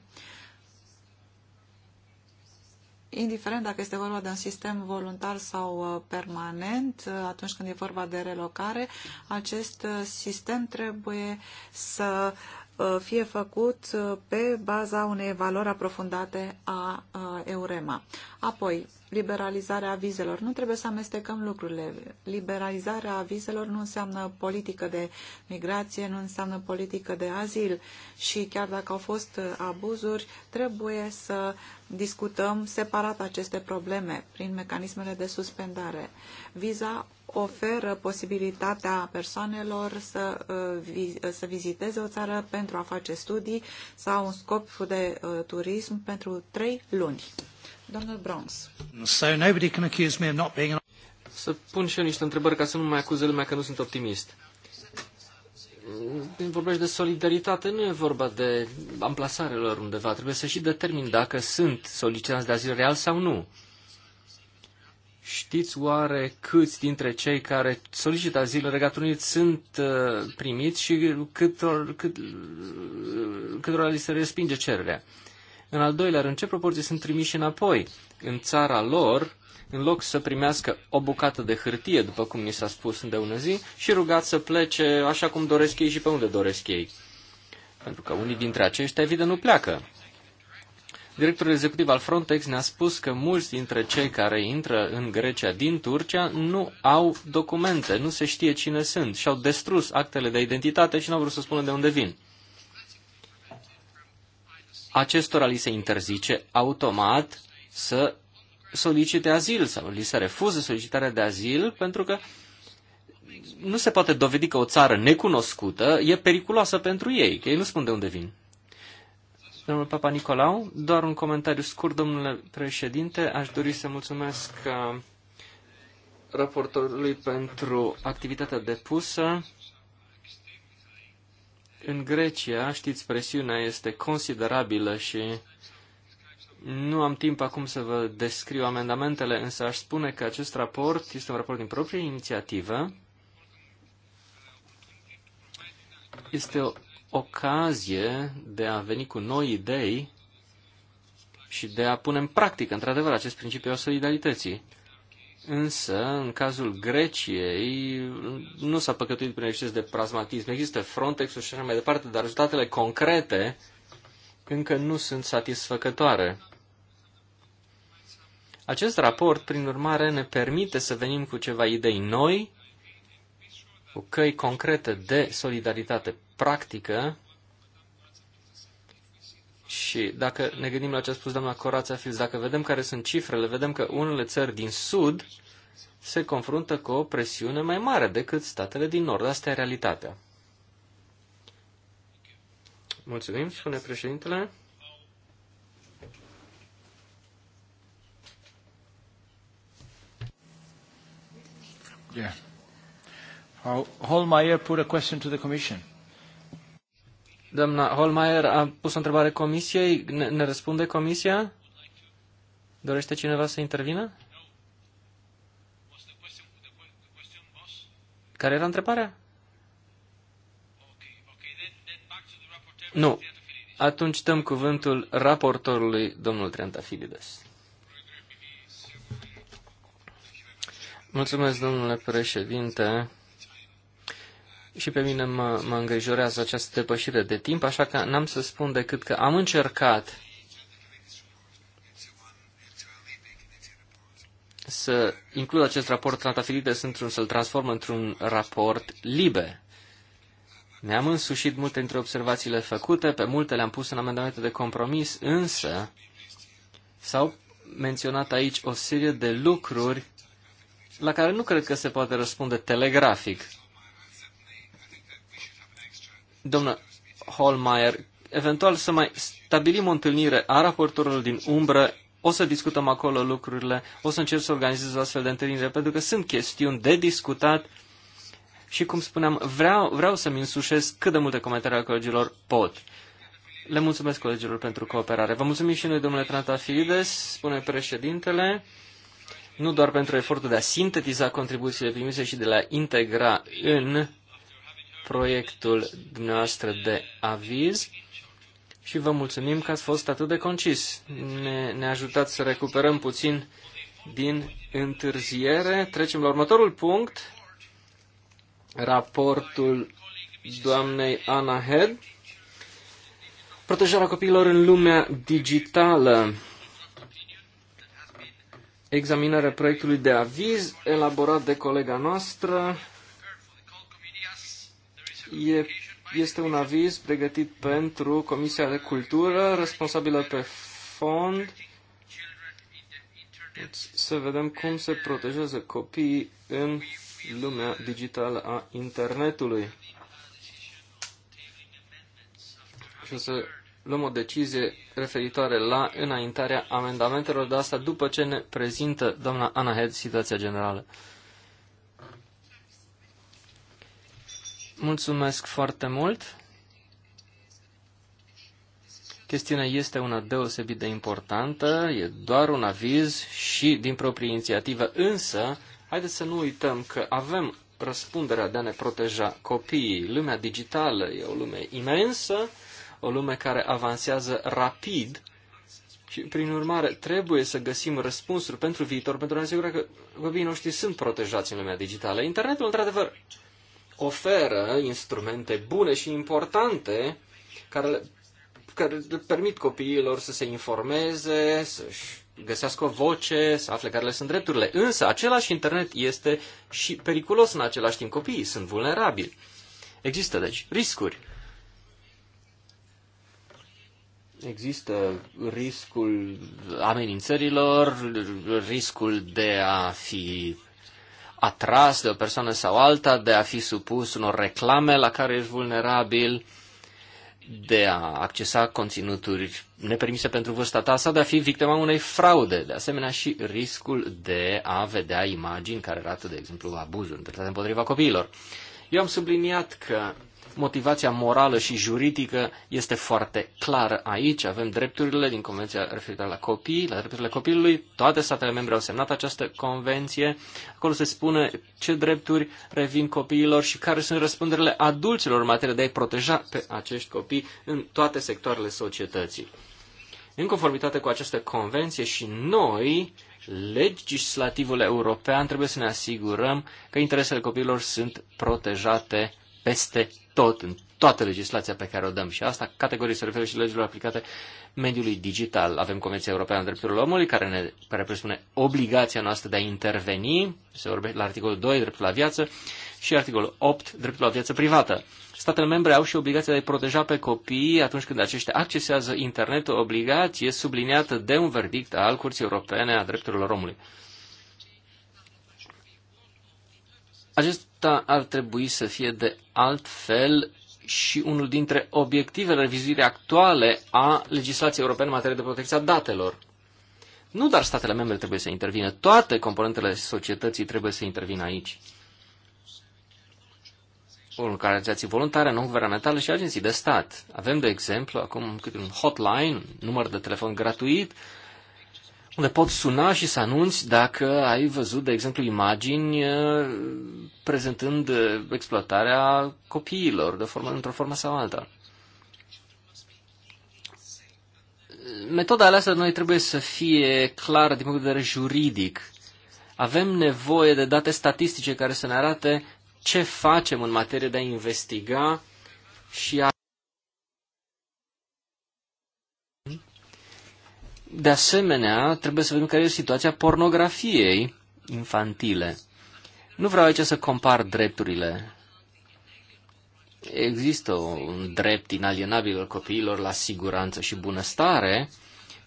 Indiferent dacă este vorba de un sistem voluntar sau permanent, atunci când e vorba de relocare, acest sistem trebuie să Uh, fie făcut uh, pe baza unei evaluări aprofundate a uh, Eurema. Apoi, liberalizarea vizelor. Nu trebuie să amestecăm lucrurile. Liberalizarea vizelor nu înseamnă politică de migrație, nu înseamnă politică de azil și chiar dacă au fost abuzuri, trebuie să discutăm separat aceste probleme prin mecanismele de suspendare. Viza oferă posibilitatea persoanelor să, uh, să viziteze o țară pentru a face studii sau un scop de uh, turism pentru trei luni. Domnul Bronx. So being Să pun și eu niște întrebări ca să nu mai acuze lumea că nu sunt optimist. Când vorbești de solidaritate, nu e vorba de amplasare lor undeva. Trebuie să și determin dacă sunt solicitanți de azil real sau nu. Știți oare câți dintre cei care solicită azil în Regatul Unit sunt uh, primiți și câtor, cât, uh, câtora li se respinge cererea? În al doilea rând, ce proporție sunt trimiși înapoi în țara lor, în loc să primească o bucată de hârtie, după cum ni s-a spus în de zi, și rugat să plece așa cum doresc ei și pe unde doresc ei. Pentru că unii dintre aceștia, evident, nu pleacă. Directorul executiv al Frontex ne-a spus că mulți dintre cei care intră în Grecia din Turcia nu au documente, nu se știe cine sunt și au destrus actele de identitate și nu au vrut să spună de unde vin acestora li se interzice automat să solicite azil sau li se refuză solicitarea de azil pentru că nu se poate dovedi că o țară necunoscută e periculoasă pentru ei, că ei nu spun de unde vin. Domnul Papa Nicolau, doar un comentariu scurt, domnule președinte. Aș dori să mulțumesc uh, raportorului pentru activitatea depusă. În Grecia, știți, presiunea este considerabilă și nu am timp acum să vă descriu amendamentele, însă aș spune că acest raport este un raport din proprie inițiativă. Este o ocazie de a veni cu noi idei și de a pune în practică, într-adevăr, acest principiu al solidarității. Însă, în cazul Greciei, nu s-a păcătuit prin exces de prasmatism. Există Frontex-ul și așa mai departe, dar rezultatele concrete încă nu sunt satisfăcătoare. Acest raport, prin urmare, ne permite să venim cu ceva idei noi, cu căi concrete de solidaritate practică, și dacă ne gândim la ce a spus doamna Corația Fils, dacă vedem care sunt cifrele, vedem că unele țări din sud se confruntă cu o presiune mai mare decât statele din nord. Asta e realitatea. Mulțumim, spune președintele. Yeah. Holmeyer put a question to the Commission. Doamna Holmeier a pus o întrebare comisiei. Ne, ne răspunde comisia? Dorește cineva să intervină? Care era întrebarea? Nu. Atunci dăm cuvântul raportorului, domnul Triantafilides. Mulțumesc, domnule președinte și pe mine mă, mă îngrijorează această depășire de timp, așa că n-am să spun decât că am încercat să includ acest raport trantafilides într-un, să-l transform într-un raport liber. Ne-am însușit multe dintre observațiile făcute, pe multe le-am pus în amendamente de compromis, însă s-au menționat aici o serie de lucruri la care nu cred că se poate răspunde telegrafic. Domnă Holmeier, eventual să mai stabilim o întâlnire a raportorului din umbră, o să discutăm acolo lucrurile, o să încerc să organizez o astfel de întâlnire, pentru că sunt chestiuni de discutat și, cum spuneam, vreau, vreau să-mi însușesc cât de multe comentarii al colegilor pot. Le mulțumesc colegilor pentru cooperare. Vă mulțumim și noi, domnule Trantafilides, spune președintele, nu doar pentru efortul de a sintetiza contribuțiile primise și de a integra în proiectul dumneavoastră de aviz și vă mulțumim că ați fost atât de concis. Ne, ne ajutați să recuperăm puțin din întârziere. Trecem la următorul punct, raportul doamnei Ana Head. Protejarea copiilor în lumea digitală. Examinarea proiectului de aviz elaborat de colega noastră, E, este un aviz pregătit pentru Comisia de Cultură, responsabilă pe fond. Deci, să vedem cum se protejează copiii în lumea digitală a internetului. Și o să luăm o decizie referitoare la înaintarea amendamentelor, de asta după ce ne prezintă doamna Ana Head situația generală. Mulțumesc foarte mult. Chestiunea este una deosebit de importantă, e doar un aviz și din proprie inițiativă, însă haideți să nu uităm că avem răspunderea de a ne proteja copiii. Lumea digitală e o lume imensă, o lume care avansează rapid și, prin urmare, trebuie să găsim răspunsuri pentru viitor, pentru a ne asigura că copiii noștri sunt protejați în lumea digitală. Internetul, într-adevăr, oferă instrumente bune și importante care, care permit copiilor să se informeze, să-și găsească o voce, să afle care le sunt drepturile. Însă, același internet este și periculos în același timp. Copiii sunt vulnerabili. Există, deci, riscuri. Există riscul amenințărilor, riscul de a fi atras de o persoană sau alta, de a fi supus unor reclame la care ești vulnerabil, de a accesa conținuturi nepermise pentru vârsta ta sau de a fi victima unei fraude. De asemenea și riscul de a vedea imagini care arată, de exemplu, abuzuri împotriva copiilor. Eu am subliniat că Motivația morală și juridică este foarte clară aici. Avem drepturile din Convenția referitoare la copii, la drepturile copilului. Toate statele membre au semnat această convenție. Acolo se spune ce drepturi revin copiilor și care sunt răspunderile adulților în materie de a-i proteja pe acești copii în toate sectoarele societății. În conformitate cu această convenție și noi, legislativul european, trebuie să ne asigurăm că interesele copiilor sunt protejate peste tot, în toată legislația pe care o dăm. Și asta categorii se referă și legilor aplicate mediului digital. Avem Convenția Europeană a Drepturilor Omului, care, ne, care presupune obligația noastră de a interveni, se vorbește la articolul 2, dreptul la viață, și articolul 8, dreptul la viață privată. Statele membre au și obligația de a proteja pe copii atunci când aceștia accesează internetul, obligație subliniată de un verdict al Curții Europene a Drepturilor Omului. Acesta ar trebui să fie de altfel și unul dintre obiectivele revizuirii actuale a legislației europene în materie de protecție a datelor. Nu doar statele membre trebuie să intervină, toate componentele societății trebuie să intervină aici. Organizații voluntare, non-guvernamentale și agenții de stat. Avem, de exemplu, acum un hotline, număr de telefon gratuit, unde pot suna și să anunți dacă ai văzut, de exemplu, imagini uh, prezentând uh, exploatarea copiilor, de formă, într-o formă sau alta. Metoda aleasă noi trebuie să fie clară din punct de vedere juridic. Avem nevoie de date statistice care să ne arate ce facem în materie de a investiga și a De asemenea, trebuie să vedem care e situația pornografiei infantile. Nu vreau aici să compar drepturile. Există un drept inalienabil al copiilor la siguranță și bunăstare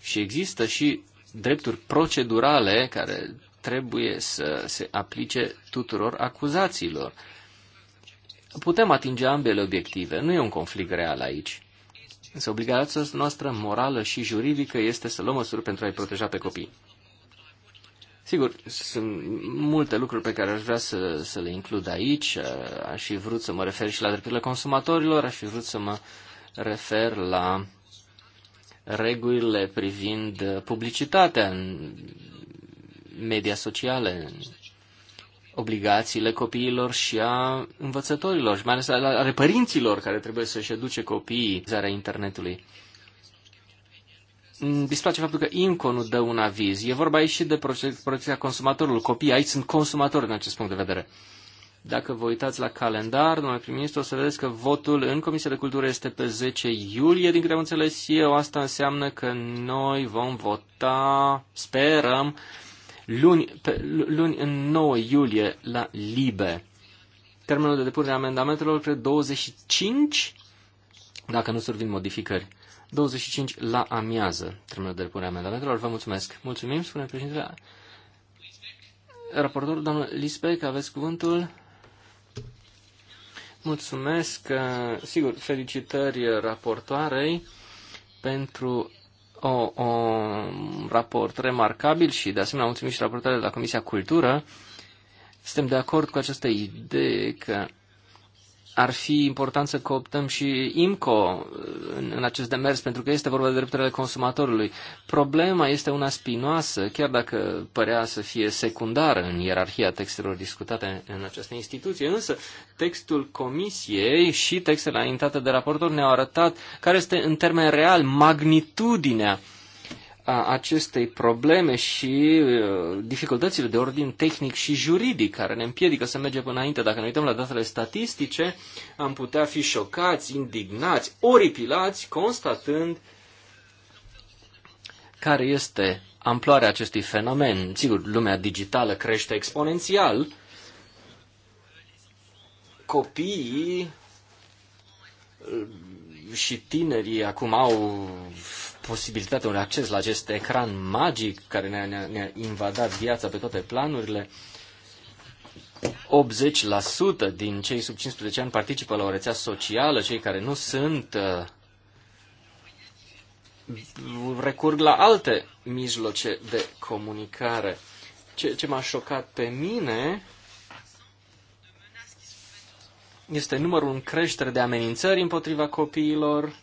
și există și drepturi procedurale care trebuie să se aplice tuturor acuzațiilor. Putem atinge ambele obiective, nu e un conflict real aici. Însă obligația noastră morală și juridică este să luăm măsuri pentru a-i proteja pe copii. Sigur, sunt multe lucruri pe care aș vrea să, să le includ aici. Aș fi vrut să mă refer și la drepturile consumatorilor, aș fi vrut să mă refer la regulile privind publicitatea în media sociale, în obligațiile copiilor și a învățătorilor, și mai ales ale părinților care trebuie să-și educe copiii zarea internetului. Îmi mm, displace faptul că INCO nu dă un aviz. E vorba aici și de protecția consumatorului. Copiii aici sunt consumatori din acest punct de vedere. Dacă vă uitați la calendar, domnule prim-ministru, o să vedeți că votul în Comisia de Cultură este pe 10 iulie, din câte am înțeles eu. Asta înseamnă că noi vom vota, sperăm, luni, pe, luni în 9 iulie la Libe. Termenul de depunere a amendamentelor, cred, 25, dacă nu survin modificări. 25 la amiază, termenul de depunere a amendamentelor. Vă mulțumesc. Mulțumim, spune președintele. Raportorul, domnul Lisbeck, aveți cuvântul. Mulțumesc. Sigur, felicitări raportoarei pentru o, o, un raport remarcabil și de asemenea mulțumim și raportarea de la Comisia Cultură. Suntem de acord cu această idee că ar fi important să cooptăm și IMCO uh, în, în acest demers, pentru că este vorba de drepturile consumatorului. Problema este una spinoasă, chiar dacă părea să fie secundară în ierarhia textelor discutate în această instituție, însă textul comisiei și textele înaintate de raportor ne-au arătat care este în termen real magnitudinea uh, a acestei probleme și uh, dificultățile de ordin tehnic și juridic care ne împiedică să mergem înainte. Dacă ne uităm la datele statistice, am putea fi șocați, indignați, oripilați, constatând care este amploarea acestui fenomen. Sigur, lumea digitală crește exponențial. Copiii uh, și tinerii acum au posibilitatea, un acces la acest ecran magic care ne-a, ne-a, ne invadat viața pe toate planurile. 80% din cei sub 15 ani participă la o rețea socială, cei care nu sunt uh, recurg la alte mijloace de comunicare. Ce, ce m-a șocat pe mine este numărul în creștere de amenințări împotriva copiilor,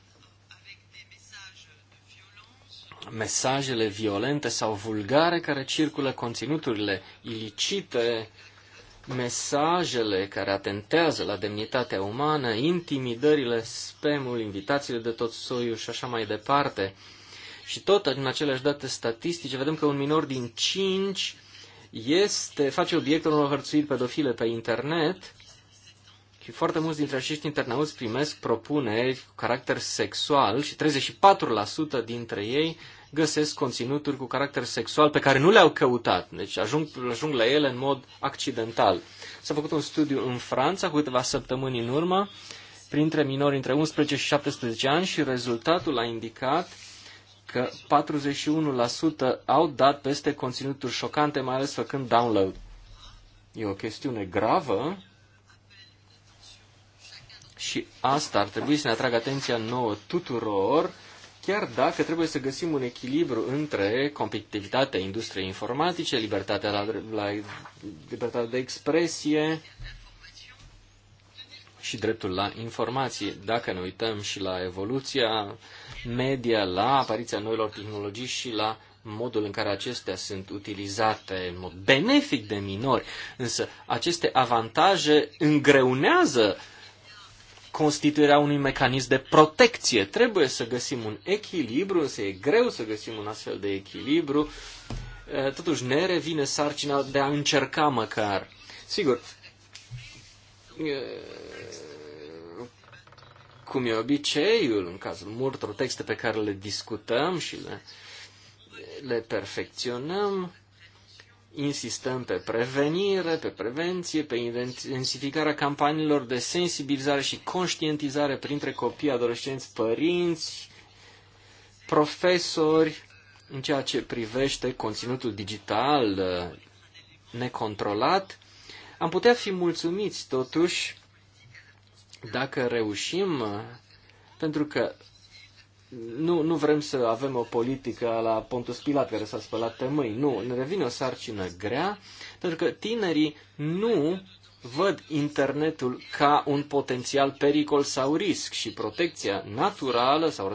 mesajele violente sau vulgare care circulă, conținuturile ilicite, mesajele care atentează la demnitatea umană, intimidările, spemul, invitațiile de tot soiul și așa mai departe. Și tot în aceleași date statistice vedem că un minor din cinci este, face obiectul unor hărțuiri pedofile pe internet și foarte mulți dintre acești internauți primesc propuneri cu caracter sexual și 34% dintre ei găsesc conținuturi cu caracter sexual pe care nu le-au căutat, deci ajung, ajung la ele în mod accidental. S-a făcut un studiu în Franța cu câteva săptămâni în urmă printre minori între 11 și 17 ani și rezultatul a indicat că 41% au dat peste conținuturi șocante, mai ales făcând download. E o chestiune gravă și asta ar trebui să ne atragă atenția nouă tuturor chiar dacă trebuie să găsim un echilibru între competitivitatea industriei informatice, libertatea, la, la, libertatea de expresie și dreptul la informații, Dacă ne uităm și la evoluția media, la apariția noilor tehnologii și la modul în care acestea sunt utilizate în mod benefic de minori, însă aceste avantaje îngreunează uh, constituirea unui mecanism de protecție. Trebuie să găsim un echilibru, însă e greu să găsim un astfel de echilibru. Totuși ne revine sarcina de a încerca măcar. Sigur, cum e obiceiul în cazul multor texte pe care le discutăm și le, le perfecționăm, insistăm pe prevenire, pe prevenție, pe intensificarea campaniilor de sensibilizare și conștientizare printre copii, adolescenți, părinți, profesori, în ceea ce privește conținutul digital uh, necontrolat. Am putea fi mulțumiți, totuși, dacă reușim, uh, pentru că nu, nu vrem să avem o politică la Pontus Pilat care s-a spălat pe mâini. Nu, ne revine o sarcină grea, pentru că tinerii nu văd internetul ca un potențial pericol sau risc și protecția naturală sau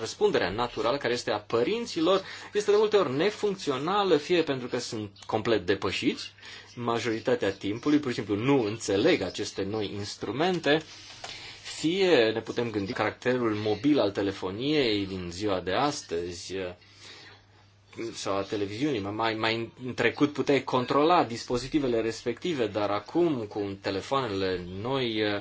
răspunderea naturală care este a părinților este de multe ori nefuncțională, fie pentru că sunt complet depășiți majoritatea timpului, pur și simplu nu înțeleg aceste noi instrumente, fie ne putem gândi caracterul mobil al telefoniei din ziua de astăzi eh, sau a televiziunii. Mai, mai în trecut puteai controla dispozitivele respective, dar acum cu telefoanele noi eh,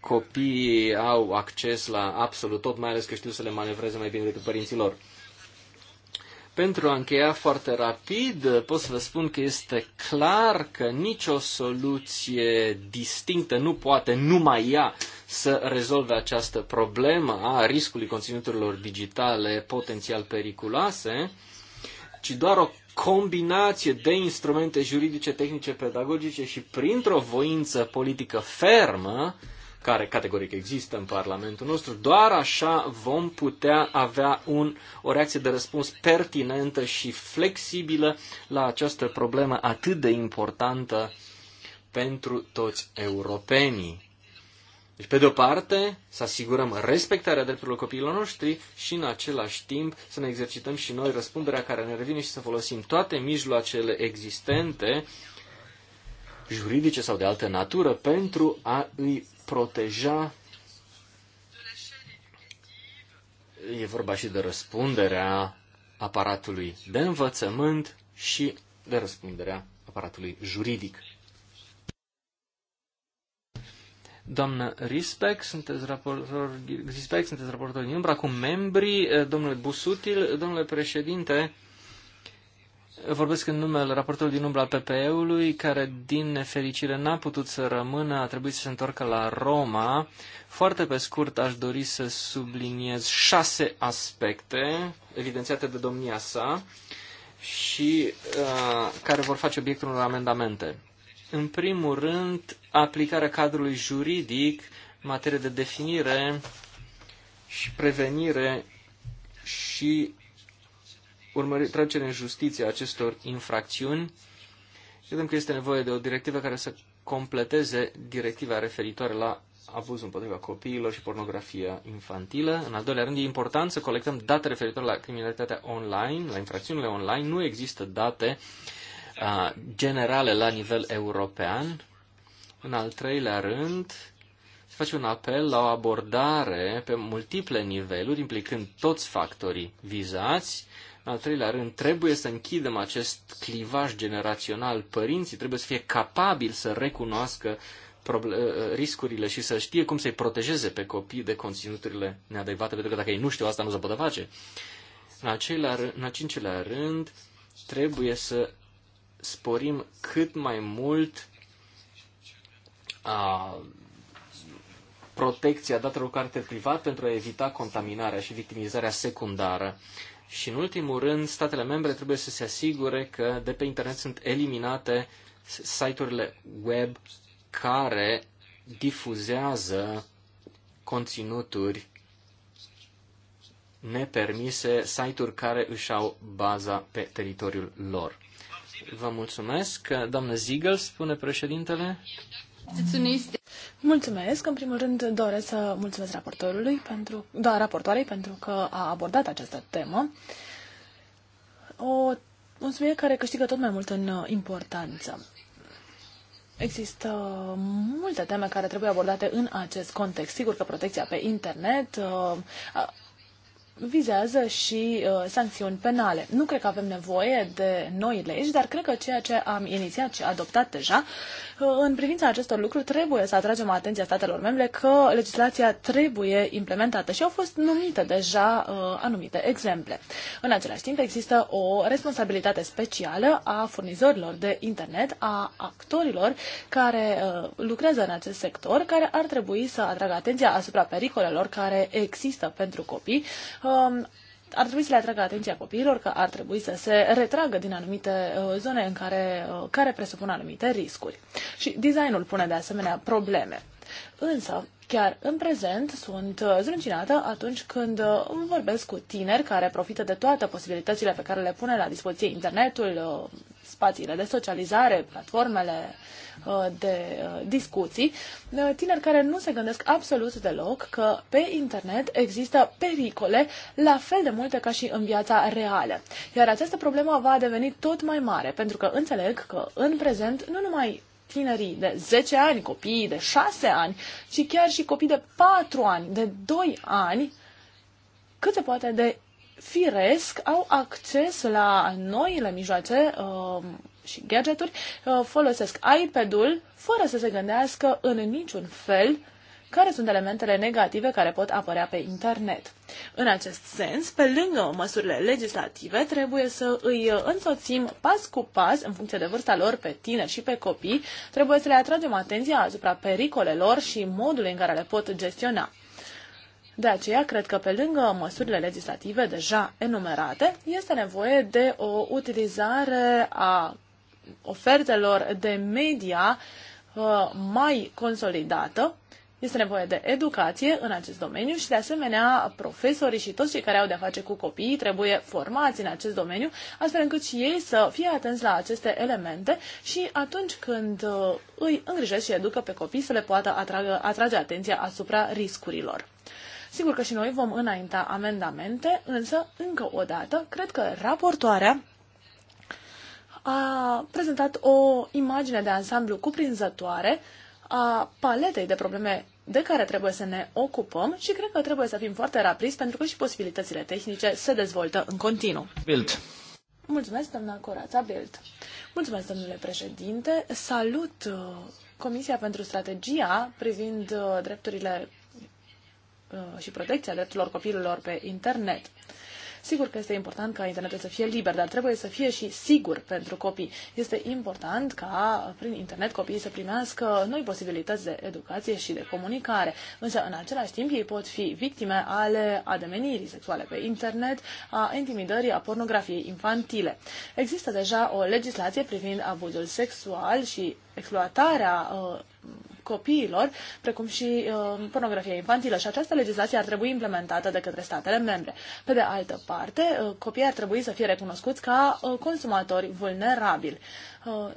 copiii au acces la absolut tot, mai ales că știu să le manevreze mai bine decât părinții lor. Pentru a încheia foarte rapid, eh, pot să vă spun că este clar că nicio soluție distinctă nu poate numai ea să rezolve această problemă a riscului conținuturilor digitale potențial periculoase, ci doar o combinație de instrumente juridice, tehnice, pedagogice și printr-o voință politică fermă, care categoric există în Parlamentul nostru, doar așa vom putea avea un, o reacție de răspuns pertinentă și flexibilă la această problemă atât de importantă pentru toți europenii. Deci, pe de o parte, să asigurăm respectarea drepturilor copiilor noștri și, în același timp, să ne exercităm și noi răspunderea care ne revine și să folosim toate mijloacele existente, juridice sau de altă natură, pentru a îi proteja. E vorba și de răspunderea aparatului de învățământ și de răspunderea aparatului juridic. Doamnă Rispec, sunteți raportor, Rispec, sunteți raportor din umbra cu membrii, eh, domnule Busutil, domnule președinte, vorbesc în numele raportorului din umbra al PPE-ului, care din nefericire n-a putut să rămână, a trebuit să se întoarcă la Roma. Foarte pe scurt aș dori să subliniez șase aspecte evidențiate de domnia sa și uh, care vor face obiectul unor amendamente. În primul rând, aplicarea cadrului juridic în materie de definire și prevenire și trecere în justiție a acestor infracțiuni. Credem că este nevoie de o directivă care să completeze directiva referitoare la abuzul împotriva copiilor și pornografia infantilă. În al doilea rând, e important să colectăm date referitoare la criminalitatea online, la infracțiunile online. Nu există date uh, generale la nivel european. În al treilea rând, se face un apel la o abordare pe multiple niveluri, implicând toți factorii vizați. În al treilea rând, trebuie să închidem acest clivaj generațional. Părinții trebuie să fie capabili să recunoască riscurile și să știe cum să-i protejeze pe copii de conținuturile neadecvate, pentru că dacă ei nu știu asta, nu se poate face. În, acelea, în a cincilea rând, trebuie să sporim cât mai mult a, protecția datelor cu carte privat pentru a evita contaminarea și victimizarea secundară. Și în ultimul rând, statele membre trebuie să se asigure că de pe internet sunt eliminate site-urile web care difuzează conținuturi nepermise, site-uri care își au baza pe teritoriul lor. Vă mulțumesc. Doamnă Ziegel, spune președintele. Mulțumesc. În primul rând doresc să mulțumesc raportorului pentru, da, raportoarei pentru că a abordat această temă. O, un subiect care câștigă tot mai mult în uh, importanță. Există multe teme care trebuie abordate în acest context. Sigur că protecția pe internet, uh, vizează și uh, sancțiuni penale. Nu cred că avem nevoie de noi legi, dar cred că ceea ce am inițiat și adoptat deja, uh, în privința acestor lucruri, trebuie să atragem atenția statelor membre că legislația trebuie implementată și au fost numite deja uh, anumite exemple. În același timp, există o responsabilitate specială a furnizorilor de internet, a actorilor care uh, lucrează în acest sector, care ar trebui să atragă atenția asupra pericolelor care există pentru copii, Um, ar trebui să le atragă atenția copiilor că ar trebui să se retragă din anumite uh, zone în care, uh, care presupun anumite riscuri. Și designul pune de asemenea probleme. Însă, chiar în prezent, sunt uh, zrâncinată atunci când vorbesc cu tineri care profită de toate posibilitățile pe care le pune la dispoziție internetul, spațiile de socializare, platformele uh, de uh, discuții, uh, tineri care nu se gândesc absolut deloc că pe internet există pericole la fel de multe ca și în viața reală. Iar această problemă va deveni tot mai mare, pentru că înțeleg că în prezent nu numai tinerii de 10 ani, copiii de 6 ani, ci chiar și copii de 4 ani, de 2 ani, cât se poate de firesc, au acces la noile mijloace uh, și gadgeturi, uh, folosesc iPad-ul fără să se gândească în niciun fel care sunt elementele negative care pot apărea pe internet. În acest sens, pe lângă măsurile legislative, trebuie să îi însoțim pas cu pas, în funcție de vârsta lor, pe tineri și pe copii, trebuie să le atragem atenția asupra pericolelor și modului în care le pot gestiona. De aceea, cred că pe lângă măsurile legislative deja enumerate, este nevoie de o utilizare a ofertelor de media uh, mai consolidată. Este nevoie de educație în acest domeniu și, de asemenea, profesorii și toți cei care au de-a face cu copiii trebuie formați în acest domeniu, astfel încât și ei să fie atenți la aceste elemente și atunci când uh, îi îngrijesc și educă pe copii să le poată atrage atenția asupra riscurilor. Sigur că și noi vom înainta amendamente, însă, încă o dată, cred că raportoarea a prezentat o imagine de ansamblu cuprinzătoare a paletei de probleme de care trebuie să ne ocupăm și cred că trebuie să fim foarte rapizi pentru că și posibilitățile tehnice se dezvoltă în continuu. Bild. Mulțumesc, doamna Corața Bild. Mulțumesc, domnule președinte. Salut uh, Comisia pentru Strategia privind uh, drepturile Uh, și protecția drepturilor copiilor pe internet. Sigur că este important ca internetul să fie liber, dar trebuie să fie și sigur pentru copii. Este important ca prin internet copiii să primească noi posibilități de educație și de comunicare, însă în același timp ei pot fi victime ale ademenirii sexuale pe internet, a intimidării, a pornografiei infantile. Există deja o legislație privind abuzul sexual și exploatarea uh, copiilor, precum și uh, pornografia infantilă și această legislație ar trebui implementată de către statele membre. Pe de altă parte, uh, copiii ar trebui să fie recunoscuți ca uh, consumatori vulnerabili. Uh,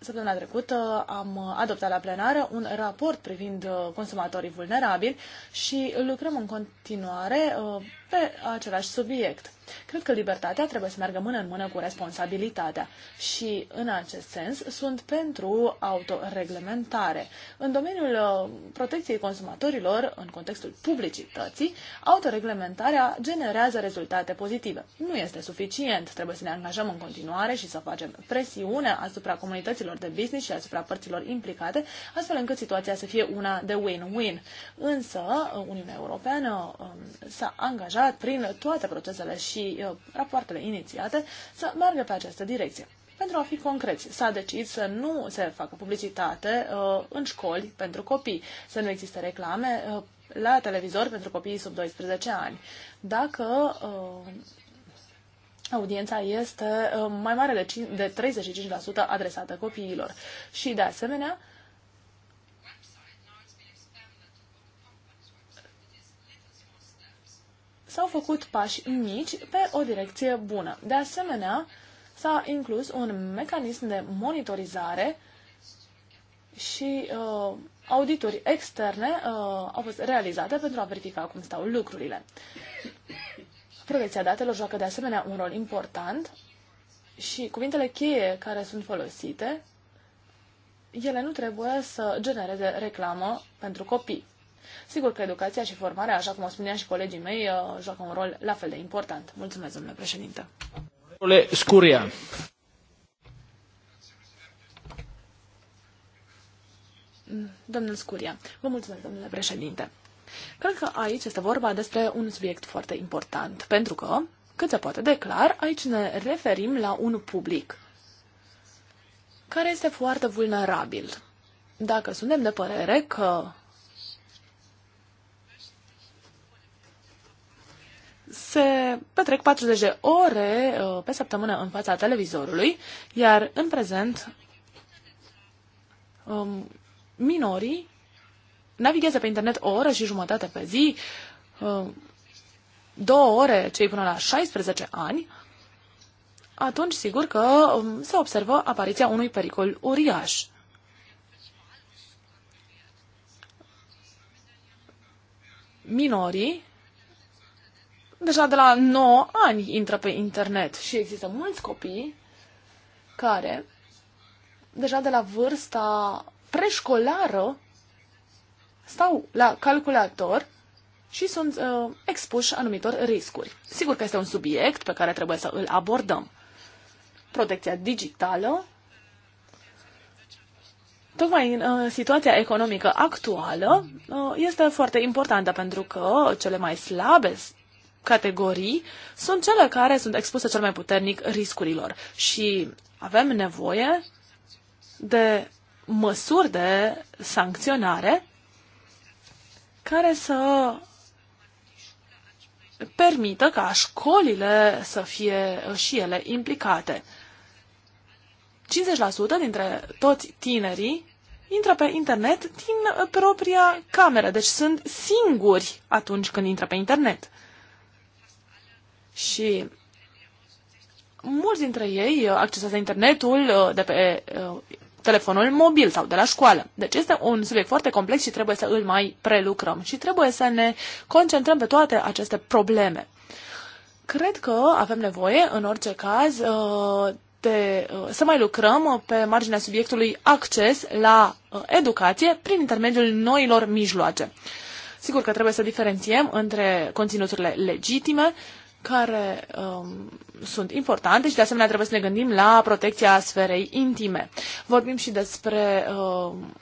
Săptămâna trecută uh, am adoptat la plenară un raport privind uh, consumatorii vulnerabili și lucrăm în continuare uh, pe același subiect. Cred că libertatea trebuie să meargă mână în mână cu responsabilitatea și, în acest sens, sunt pentru autoreglementare. În domeniul uh, protecției consumatorilor, în contextul publicității, autoreglementarea generează rezultate pozitive. Nu este suficient, trebuie să ne angajăm în continuare și să facem presiune asupra comunităților de business și asupra părților implicate, astfel încât situația să fie una de win-win. Însă, uh, Uniunea Europeană um, s-a angajat prin toate procesele și și uh, rapoartele inițiate să meargă pe această direcție. Pentru a fi concreți, s-a decis să nu se facă publicitate uh, în școli pentru copii, să nu existe reclame uh, la televizor pentru copiii sub 12 ani. Dacă uh, audiența este uh, mai mare de, 35% adresată copiilor. Și de asemenea, s-au făcut pași mici pe o direcție bună. De asemenea, s-a inclus un mecanism de monitorizare și uh, audituri externe uh, au fost realizate pentru a verifica cum stau lucrurile. Protecția datelor joacă de asemenea un rol important și cuvintele cheie care sunt folosite, ele nu trebuie să genereze reclamă pentru copii. Sigur că educația și formarea, așa cum o spunea și colegii mei, uh, joacă un rol la fel de important. Mulțumesc, domnule președinte. Domnule Scuria. Domnul Scuria, vă mulțumesc, domnule președinte. Cred că aici este vorba despre un subiect foarte important, pentru că, cât se poate declar, aici ne referim la un public care este foarte vulnerabil. Dacă suntem de părere că se petrec 40 de ore uh, pe săptămână în fața televizorului, iar în prezent um, minorii navighează pe internet o oră și jumătate pe zi, uh, două ore cei până la 16 ani, atunci sigur că um, se observă apariția unui pericol uriaș. Minorii deja de la 9 ani intră pe internet și există mulți copii care deja de la vârsta preșcolară stau la calculator și sunt uh, expuși anumitor riscuri. Sigur că este un subiect pe care trebuie să îl abordăm. Protecția digitală, tocmai în uh, situația economică actuală, uh, este foarte importantă pentru că cele mai slabe categorii sunt cele care sunt expuse cel mai puternic riscurilor și avem nevoie de măsuri de sancționare care să permită ca școlile să fie și ele implicate. 50% dintre toți tinerii intră pe internet din propria cameră, deci sunt singuri atunci când intră pe internet și mulți dintre ei uh, accesează internetul uh, de pe uh, telefonul mobil sau de la școală. Deci este un subiect foarte complex și trebuie să îl mai prelucrăm și trebuie să ne concentrăm pe toate aceste probleme. Cred că avem nevoie, în orice caz, de, să mai lucrăm pe marginea subiectului acces la educație prin intermediul noilor mijloace. Sigur că trebuie să diferențiem între conținuturile legitime uh, care um, sunt importante și de asemenea trebuie să ne gândim la protecția sferei intime. Vorbim și despre um,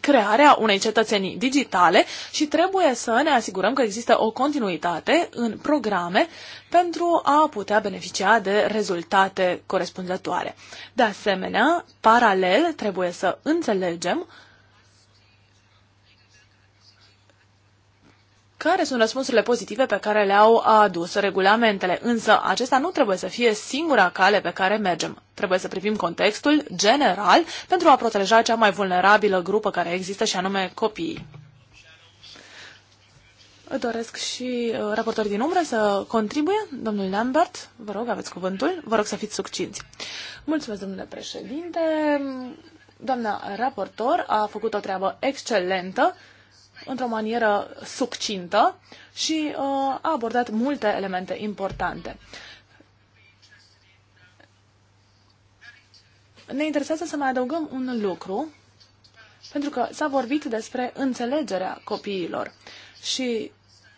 crearea unei cetățenii digitale și trebuie să ne asigurăm că există o continuitate în programe pentru a putea beneficia de rezultate corespunzătoare. De asemenea, paralel trebuie să înțelegem uh, care sunt răspunsurile pozitive pe care le-au adus regulamentele. Însă acesta nu trebuie să fie singura cale pe care mergem. Trebuie să privim contextul general pentru a proteja cea mai vulnerabilă grupă care există și anume copiii. Doresc și uh, raportorii din umbră să contribuie. Domnul Lambert, vă rog, aveți cuvântul. Vă rog să fiți succinți. Mulțumesc, domnule președinte. Doamna raportor a făcut o treabă excelentă într-o manieră succintă și uh, a abordat multe elemente importante. Ne interesează să mai adăugăm un lucru, pentru că s-a vorbit despre înțelegerea copiilor și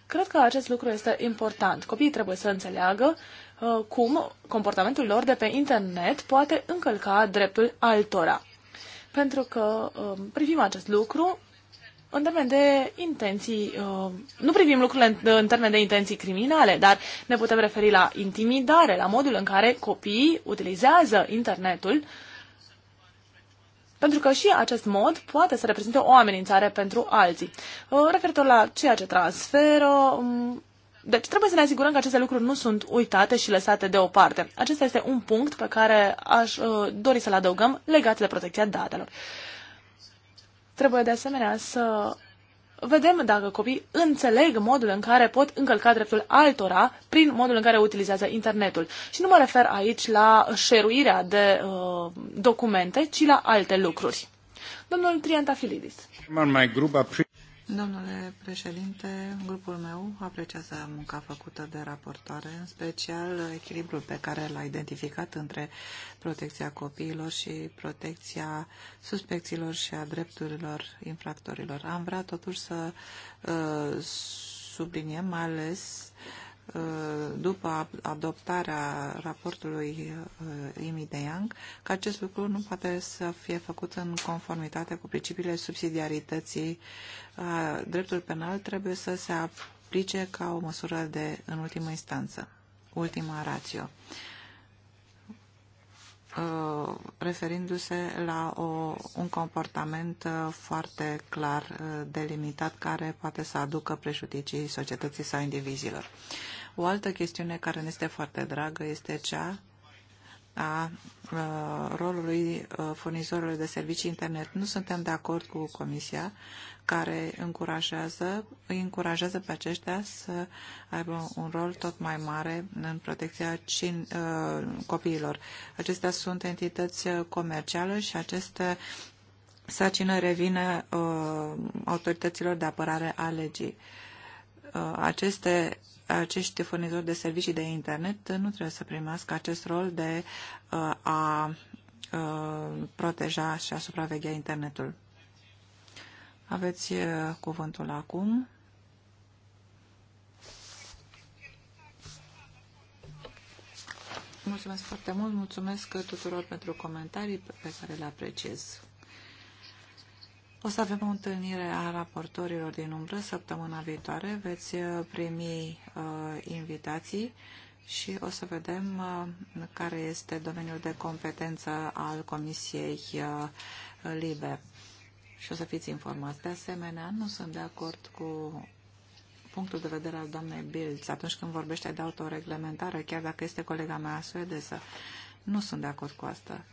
cred că acest lucru este important. Copiii trebuie să înțeleagă uh, cum comportamentul lor de pe internet poate încălca dreptul altora pentru că uh, privim acest lucru în termen de intenții, uh, nu privim lucrurile în termen de intenții criminale, dar ne putem referi la intimidare, la modul în care copiii utilizează internetul, pentru că și acest mod poate să reprezinte o amenințare pentru alții. Uh, referitor la ceea ce transferă, um, deci trebuie să ne asigurăm că aceste lucruri nu sunt uitate și lăsate deoparte. Acesta este un punct pe care aș uh, dori să-l adăugăm legat de protecția datelor. Trebuie de asemenea să vedem dacă copiii înțeleg modul în care pot încălca dreptul altora prin modul în care utilizează internetul. Și nu mă refer aici la șeruirea de uh, documente, ci la alte lucruri. Domnul Triantafilidis. Domnule președinte, grupul meu apreciază munca făcută de raportoare, în special echilibrul pe care l-a identificat între protecția copiilor și protecția suspecților și a drepturilor infractorilor. Am vrea totuși să uh, subliniem mai ales Uh, după adoptarea raportului IMI uh, de Young, că acest lucru nu poate să fie făcut în conformitate cu principiile subsidiarității. Uh, dreptul penal trebuie să se aplice ca o măsură de în ultimă instanță, ultima rațiune. Uh, referindu-se la o, un comportament uh, foarte clar uh, delimitat care poate să aducă prejudicii societății sau indivizilor. O altă chestiune care ne este foarte dragă este cea a rolului furnizorului de servicii internet. Nu suntem de acord cu Comisia care încurajează, îi încurajează pe aceștia să aibă un rol tot mai mare în protecția cin, copiilor. Acestea sunt entități comerciale și aceste sacină revine uh, autorităților de apărare a legii. Uh, aceste acești furnizori de servicii de internet nu trebuie să primească acest rol de uh, a uh, proteja și a supraveghea internetul. Aveți uh, cuvântul acum. Mulțumesc foarte mult, mulțumesc tuturor pentru comentarii pe care le apreciez. O să avem o întâlnire a raportorilor din umbră săptămâna viitoare. Veți uh, primi uh, invitații și o să vedem uh, care este domeniul de competență al Comisiei uh, Libe. Și o să fiți informați. De asemenea, nu sunt de acord cu punctul de vedere al doamnei Bilz atunci când vorbește de autoreglementare, chiar dacă este colega mea suedeză. Nu sunt de acord cu asta.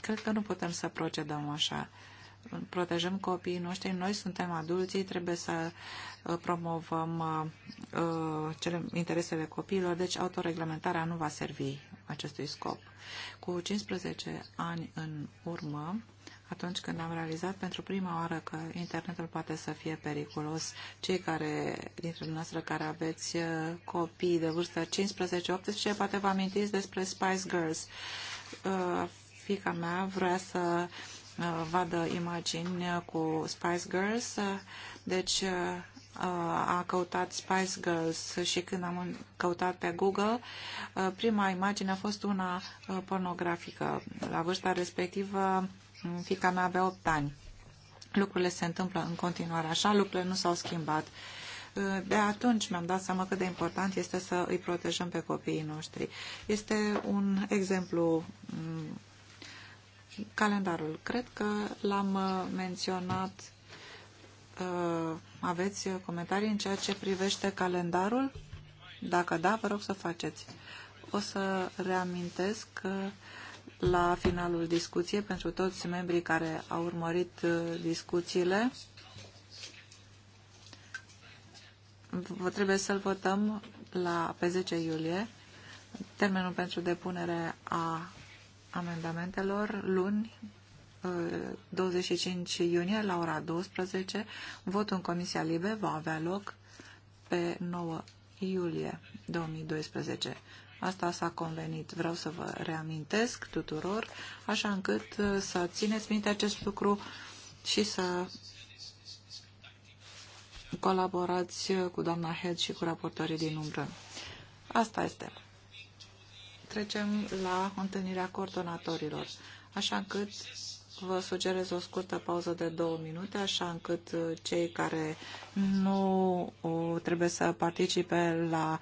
Cred că nu putem să procedăm așa protejăm copiii noștri, noi suntem adulții, trebuie să uh, promovăm uh, uh, cele, interesele copiilor, deci autoreglementarea nu va servi acestui scop. Cu 15 ani în urmă, atunci când am realizat pentru prima oară că internetul poate să fie periculos, cei care, dintre noastre care aveți copii de vârstă 15-18, poate vă amintiți despre Spice Girls. Fica mea vrea să uh, Uh, vadă imagini uh, cu Spice Girls, uh, deci a căutat Spice Girls și când am căutat pe Google, prima imagine a fost una pornografică. La vârsta respectivă, fica mea avea 8 ani. Lucrurile se întâmplă în continuare așa, lucrurile nu s-au schimbat. De atunci mi-am dat seama cât de important este să îi protejăm pe copiii noștri. Este un exemplu Calendarul. Cred că l-am uh, menționat. Uh, aveți uh, comentarii în ceea ce privește calendarul? Dacă da, vă rog să faceți. O să reamintesc că la finalul discuției, pentru toți membrii care au urmărit discuțiile, trebuie să-l votăm la, pe 10 iulie. Termenul pentru depunere a amendamentelor luni 25 uh, iunie la ora 12. Votul în Comisia Libe va avea loc pe 9 iulie 2012. Asta s-a convenit. Vreau să vă reamintesc tuturor, așa încât uh, să țineți minte acest lucru și să colaborați uh, cu doamna Head și cu raportorii din umbră. Asta este trecem la întâlnirea coordonatorilor, așa încât vă sugerez o scurtă pauză de două minute, așa încât uh, cei care nu uh, trebuie să participe la